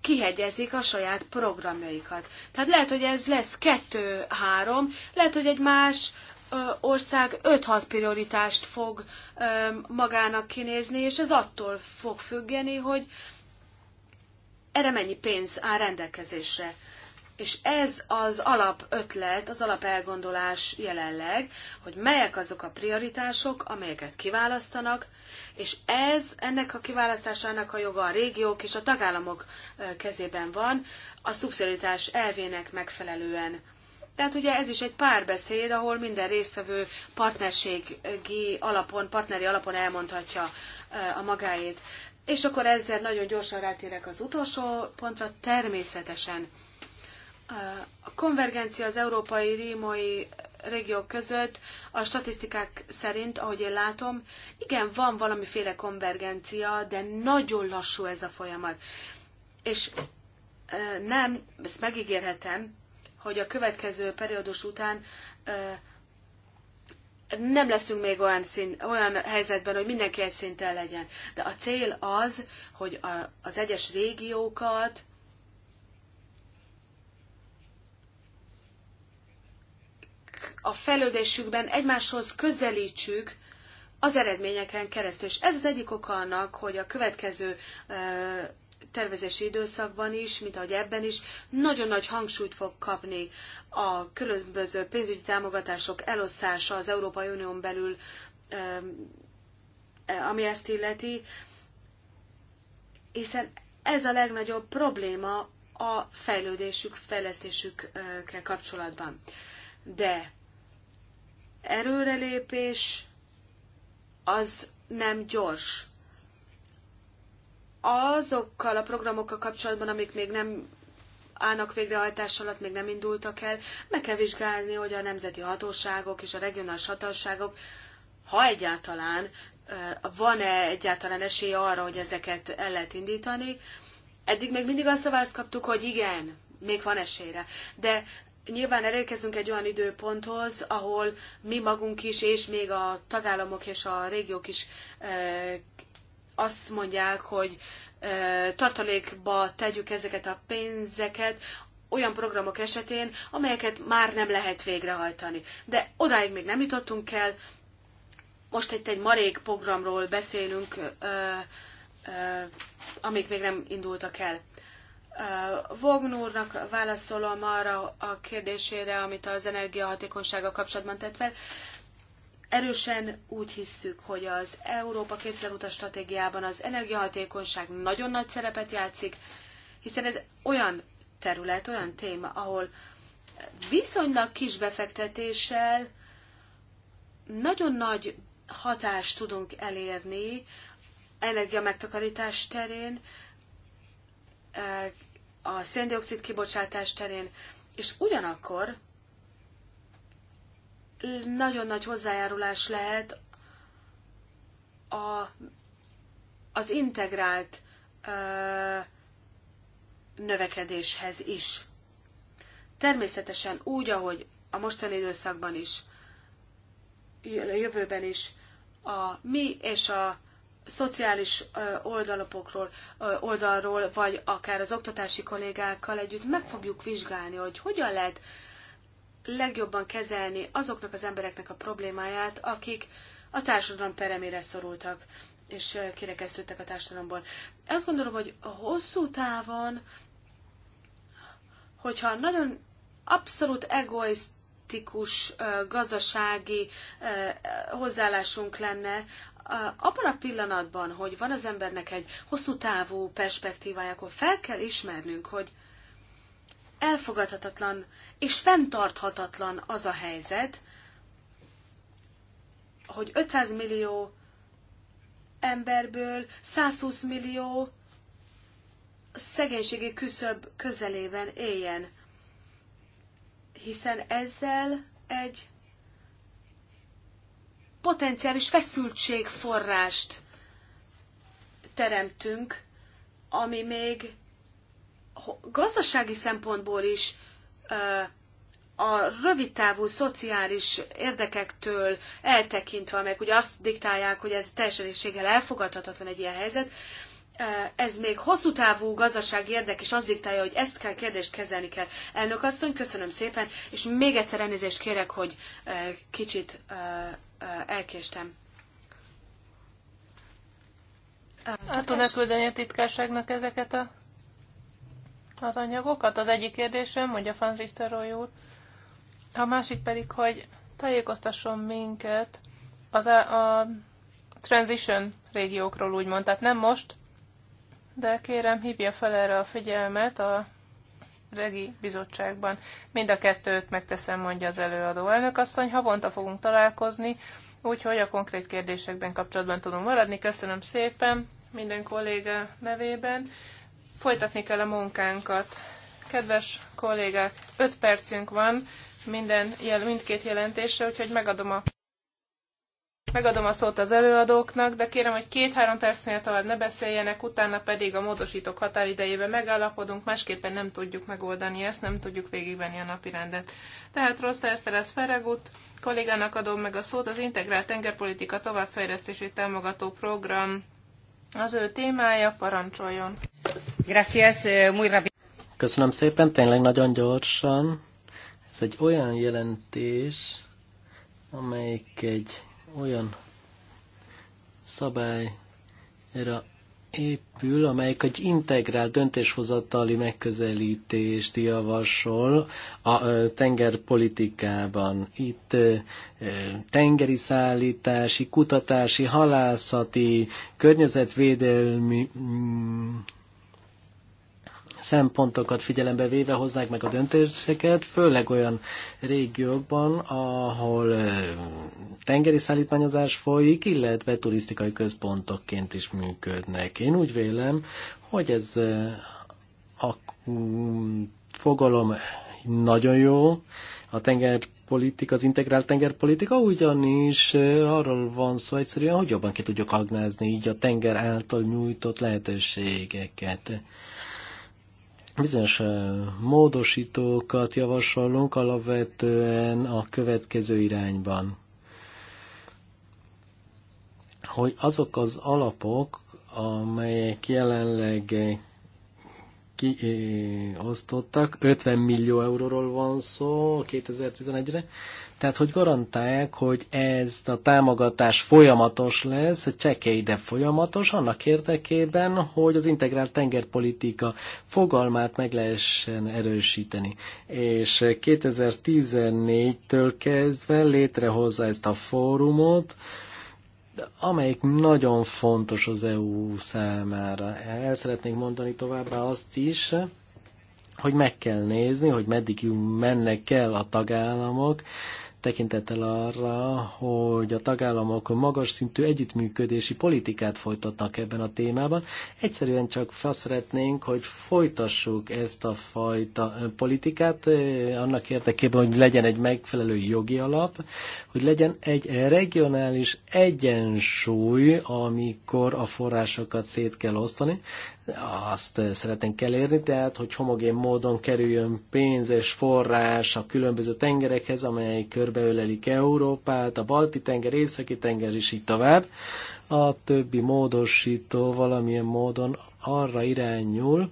kihegyezik a saját programjaikat. Tehát lehet, hogy ez lesz kettő-három, lehet, hogy egy más ország 5-6 prioritást fog magának kinézni, és ez attól fog függeni, hogy erre mennyi pénz áll rendelkezésre. És ez az alapötlet, az alapelgondolás jelenleg, hogy melyek azok a prioritások, amelyeket kiválasztanak, és ez, ennek a kiválasztásának a joga a régiók és a tagállamok kezében van, a szubszidiaritás elvének megfelelően. Tehát ugye ez is egy párbeszéd, ahol minden résztvevő partnerségi alapon, partneri alapon elmondhatja a magáét. És akkor ezzel nagyon gyorsan rátérek az utolsó pontra, természetesen a konvergencia az európai rímai régiók között a statisztikák szerint, ahogy én látom, igen, van valamiféle konvergencia, de nagyon lassú ez a folyamat. És nem, ezt megígérhetem, hogy a következő periódus után nem leszünk még olyan, szint, olyan helyzetben, hogy mindenki egy szinten legyen. De a cél az, hogy a, az egyes régiókat a fejlődésükben egymáshoz közelítsük az eredményeken keresztül. És ez az egyik oka annak, hogy a következő tervezési időszakban is, mint ahogy ebben is, nagyon nagy hangsúlyt fog kapni a különböző pénzügyi támogatások elosztása az Európai Unión belül, e, ami ezt illeti, hiszen ez a legnagyobb probléma a fejlődésük, fejlesztésükkel kapcsolatban de erőrelépés az nem gyors. Azokkal a programokkal kapcsolatban, amik még nem állnak végrehajtás alatt, még nem indultak el, meg kell vizsgálni, hogy a nemzeti hatóságok és a regionális hatóságok, ha egyáltalán, van-e egyáltalán esély arra, hogy ezeket el lehet indítani. Eddig még mindig azt a választ kaptuk, hogy igen, még van esélyre. De nyilván elérkezünk egy olyan időponthoz, ahol mi magunk is, és még a tagállamok és a régiók is azt mondják, hogy tartalékba tegyük ezeket a pénzeket olyan programok esetén, amelyeket már nem lehet végrehajtani. De odáig még nem jutottunk el. Most itt egy marék programról beszélünk, amik még nem indultak el. Vognúrnak válaszolom arra a kérdésére, amit az energiahatékonysággal kapcsolatban tett fel. Erősen úgy hisszük, hogy az Európa 2000 utas stratégiában az energiahatékonyság nagyon nagy szerepet játszik, hiszen ez olyan terület, olyan téma, ahol viszonylag kis befektetéssel nagyon nagy hatást tudunk elérni energia terén, a széndiokszid kibocsátás terén, és ugyanakkor nagyon nagy hozzájárulás lehet a, az integrált ö, növekedéshez is. Természetesen úgy, ahogy a mostani időszakban is, a jövőben is, a mi és a szociális oldalapokról, oldalról, vagy akár az oktatási kollégákkal együtt meg fogjuk vizsgálni, hogy hogyan lehet legjobban kezelni azoknak az embereknek a problémáját, akik a társadalom peremére szorultak, és kirekesztődtek a társadalomból. Azt gondolom, hogy a hosszú távon, hogyha nagyon abszolút egoiszt, gazdasági hozzáállásunk lenne abban a pillanatban, hogy van az embernek egy hosszú távú perspektívája, akkor fel kell ismernünk, hogy elfogadhatatlan és fenntarthatatlan az a helyzet, hogy 500 millió emberből 120 millió szegénységi küszöb közelében éljen. Hiszen ezzel egy potenciális feszültségforrást teremtünk, ami még gazdasági szempontból is a rövidtávú szociális érdekektől eltekintve, amelyek ugye azt diktálják, hogy ez teljesenséggel elfogadhatatlan egy ilyen helyzet, ez még hosszú távú gazdasági érdek, és az diktálja, hogy ezt kell kérdést kezelni kell. Elnök asszony, köszönöm szépen, és még egyszer elnézést kérek, hogy kicsit elkéstem. Hát tudnak küldeni a titkárságnak ezeket a, az anyagokat? Az egyik kérdésem, mondja Van Risztelrooy úr. A másik pedig, hogy tájékoztasson minket az a, a transition régiókról, úgymond. Tehát nem most, de kérem hívja fel erre a figyelmet a regi bizottságban. Mind a kettőt megteszem, mondja az előadó elnök asszony. Havonta fogunk találkozni, úgyhogy a konkrét kérdésekben kapcsolatban tudunk maradni. Köszönöm szépen minden kolléga nevében. Folytatni kell a munkánkat. Kedves kollégák, öt percünk van minden, mindkét jelentésre, úgyhogy megadom a Megadom a szót az előadóknak, de kérem, hogy két-három percnél tovább ne beszéljenek, utána pedig a módosítók határidejében megállapodunk, másképpen nem tudjuk megoldani ezt, nem tudjuk végigvenni a napi rendet. Tehát Rosta Eszteres Feregut kollégának adom meg a szót, az Integrált Tengerpolitika továbbfejlesztését támogató program az ő témája, parancsoljon. Gracias, eh, muy rápido. Köszönöm szépen, tényleg nagyon gyorsan. Ez egy olyan jelentés, amelyik egy olyan szabályra épül, amelyik egy integrált döntéshozatali megközelítést javasol a tengerpolitikában. Itt tengeri szállítási, kutatási, halászati, környezetvédelmi mm, szempontokat figyelembe véve hozzák meg a döntéseket, főleg olyan régiókban, ahol tengeri szállítmányozás folyik, illetve turisztikai központokként is működnek. Én úgy vélem, hogy ez a mm, fogalom nagyon jó, a tengerpolitika, az integrált tengerpolitika, ugyanis arról van szó egyszerűen, hogy jobban ki tudjuk agnázni így a tenger által nyújtott lehetőségeket bizonyos módosítókat javasolunk alapvetően a következő irányban. Hogy azok az alapok, amelyek jelenleg kiosztottak, 50 millió euróról van szó 2011-re, tehát, hogy garantálják, hogy ez a támogatás folyamatos lesz, csekély, de folyamatos, annak érdekében, hogy az integrált tengerpolitika fogalmát meg lehessen erősíteni. És 2014-től kezdve létrehozza ezt a fórumot, amelyik nagyon fontos az EU számára. El szeretnék mondani továbbá azt is, hogy meg kell nézni, hogy meddig mennek el a tagállamok, tekintettel arra, hogy a tagállamok magas szintű együttműködési politikát folytatnak ebben a témában. Egyszerűen csak fel szeretnénk, hogy folytassuk ezt a fajta politikát, annak érdekében, hogy legyen egy megfelelő jogi alap, hogy legyen egy regionális egyensúly, amikor a forrásokat szét kell osztani azt eh, szeretnénk elérni, tehát hogy homogén módon kerüljön pénz és forrás a különböző tengerekhez, amely körbeölelik Európát, a balti tenger, északi tenger és így tovább. A többi módosító valamilyen módon arra irányul,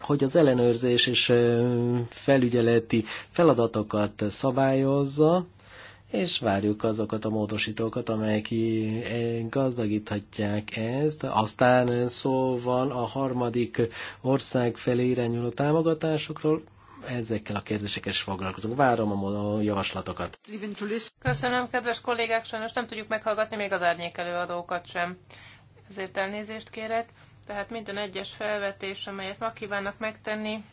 hogy az ellenőrzés és eh, felügyeleti feladatokat szabályozza, és várjuk azokat a módosítókat, amelyek e, gazdagíthatják ezt. Aztán szó van a harmadik ország felé irányuló támogatásokról, ezekkel a kérdésekkel is foglalkozunk. Várom a javaslatokat. Köszönöm, kedves kollégák, sajnos nem tudjuk meghallgatni még az árnyék előadókat sem. Ezért elnézést kérek. Tehát minden egyes felvetés, amelyet ma kívánnak megtenni,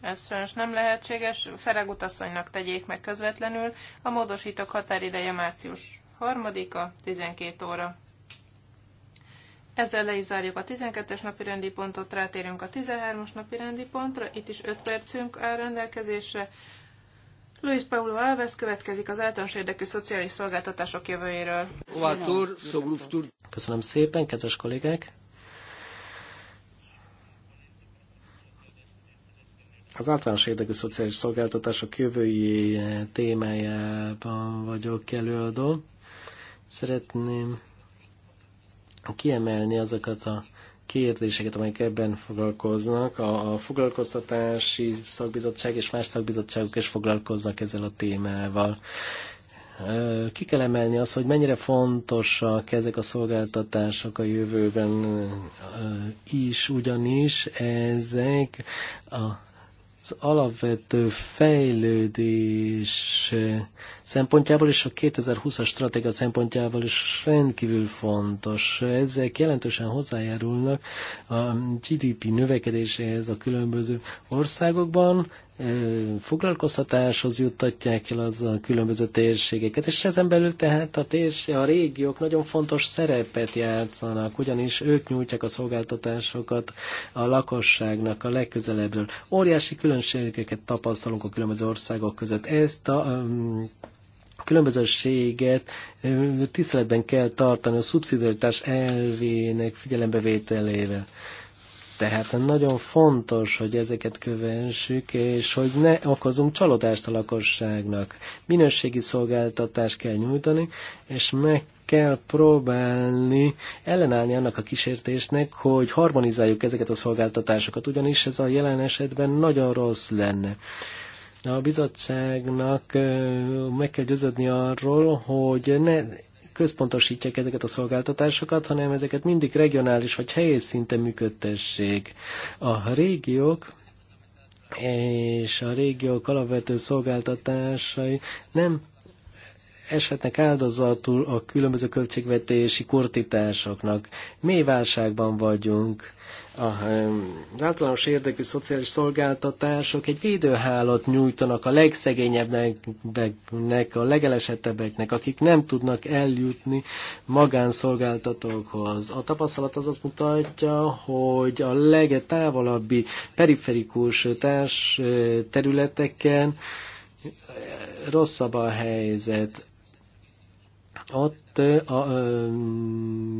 ez sajnos nem lehetséges, Feregut asszonynak tegyék meg közvetlenül. A módosítók határideje március 3-a, 12 óra. Ezzel le is zárjuk a 12-es napi rendi pontot, rátérünk a 13-as napi rendi pontra, itt is 5 percünk áll rendelkezésre. Luis Paulo Alves következik az általános érdekű szociális szolgáltatások jövőjéről. Köszönöm szépen, kedves kollégák! Az általános érdekű szociális szolgáltatások jövői témájában vagyok előadó. Szeretném kiemelni azokat a kérdéseket, amelyek ebben foglalkoznak. A, a foglalkoztatási szakbizottság és más szakbizottságok is foglalkoznak ezzel a témával. Ki kell emelni azt, hogy mennyire fontosak ezek a szolgáltatások a jövőben is, ugyanis ezek a alapvető fejlődés szempontjából és a 2020-as stratégia szempontjából is rendkívül fontos. Ezek jelentősen hozzájárulnak a GDP növekedéséhez a különböző országokban, foglalkoztatáshoz juttatják el az a különböző térségeket, és ezen belül tehát a, térség, a régiók nagyon fontos szerepet játszanak, ugyanis ők nyújtják a szolgáltatásokat a lakosságnak a legközelebbről. Óriási különbségeket tapasztalunk a különböző országok között. Ezt a um, különbözőséget tiszteletben kell tartani a szubszidiaritás elvének figyelembevételével. Tehát nagyon fontos, hogy ezeket kövessük, és hogy ne okozunk csalódást a lakosságnak. Minőségi szolgáltatást kell nyújtani, és meg kell próbálni ellenállni annak a kísértésnek, hogy harmonizáljuk ezeket a szolgáltatásokat, ugyanis ez a jelen esetben nagyon rossz lenne. A bizottságnak meg kell győződni arról, hogy ne központosítják ezeket a szolgáltatásokat, hanem ezeket mindig regionális vagy helyi szinten működtessék. A régiók és a régiók alapvető szolgáltatásai nem eshetnek áldozatul a különböző költségvetési kortításoknak. Mély válságban vagyunk. A általános érdekű szociális szolgáltatások egy védőhálót nyújtanak a legszegényebbeknek, a legelesettebbeknek, akik nem tudnak eljutni magánszolgáltatókhoz. A tapasztalat az azt mutatja, hogy a legtávolabbi periferikus társ eh, területeken rosszabb a helyzet ott a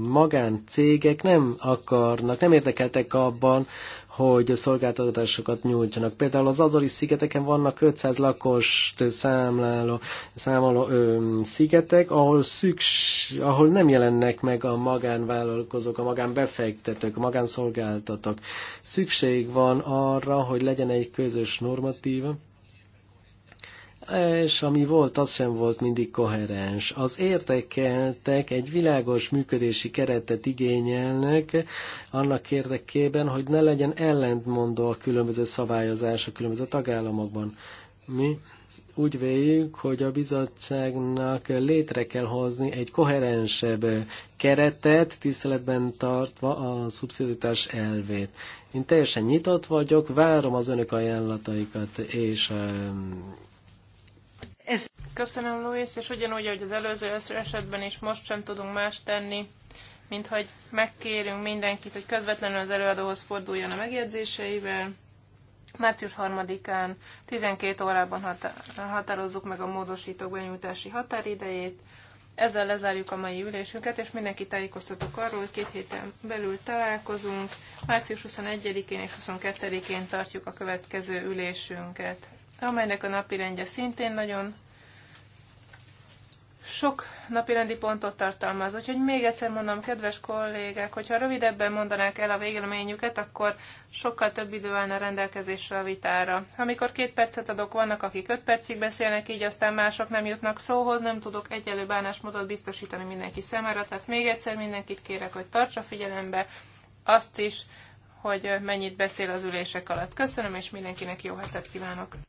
magáncégek nem akarnak, nem érdekeltek abban, hogy szolgáltatásokat nyújtsanak. Például az Azori szigeteken vannak 500 lakost számláló, számoló ö, szigetek, ahol, szüks, ahol nem jelennek meg a magánvállalkozók, a magánbefektetők, a magánszolgáltatók. Szükség van arra, hogy legyen egy közös normatíva, és ami volt, az sem volt mindig koherens. Az érdekeltek egy világos működési keretet igényelnek annak érdekében, hogy ne legyen ellentmondó a különböző szabályozás a különböző tagállamokban. Mi úgy véljük, hogy a bizottságnak létre kell hozni egy koherensebb keretet, tiszteletben tartva a szubszidiaritás elvét. Én teljesen nyitott vagyok, várom az önök ajánlataikat és ez... Köszönöm, Louis, és ugyanúgy, ahogy az előző esetben is most sem tudunk más tenni, mint hogy megkérünk mindenkit, hogy közvetlenül az előadóhoz forduljon a megjegyzéseivel. Március 3-án 12 órában határozzuk meg a módosítók benyújtási határidejét. Ezzel lezárjuk a mai ülésünket, és mindenki tájékoztatok arról, hogy két héten belül találkozunk. Március 21-én és 22-én tartjuk a következő ülésünket amelynek a napirendje szintén nagyon sok napirendi pontot tartalmaz. Úgyhogy még egyszer mondom, kedves kollégák, hogyha rövidebben mondanák el a véleményüket, akkor sokkal több idő állna rendelkezésre a vitára. Amikor két percet adok, vannak, akik öt percig beszélnek, így aztán mások nem jutnak szóhoz, nem tudok egyelő bánásmódot biztosítani mindenki szemére, tehát még egyszer mindenkit kérek, hogy tartsa figyelembe azt is, hogy mennyit beszél az ülések alatt. Köszönöm, és mindenkinek jó hetet kívánok!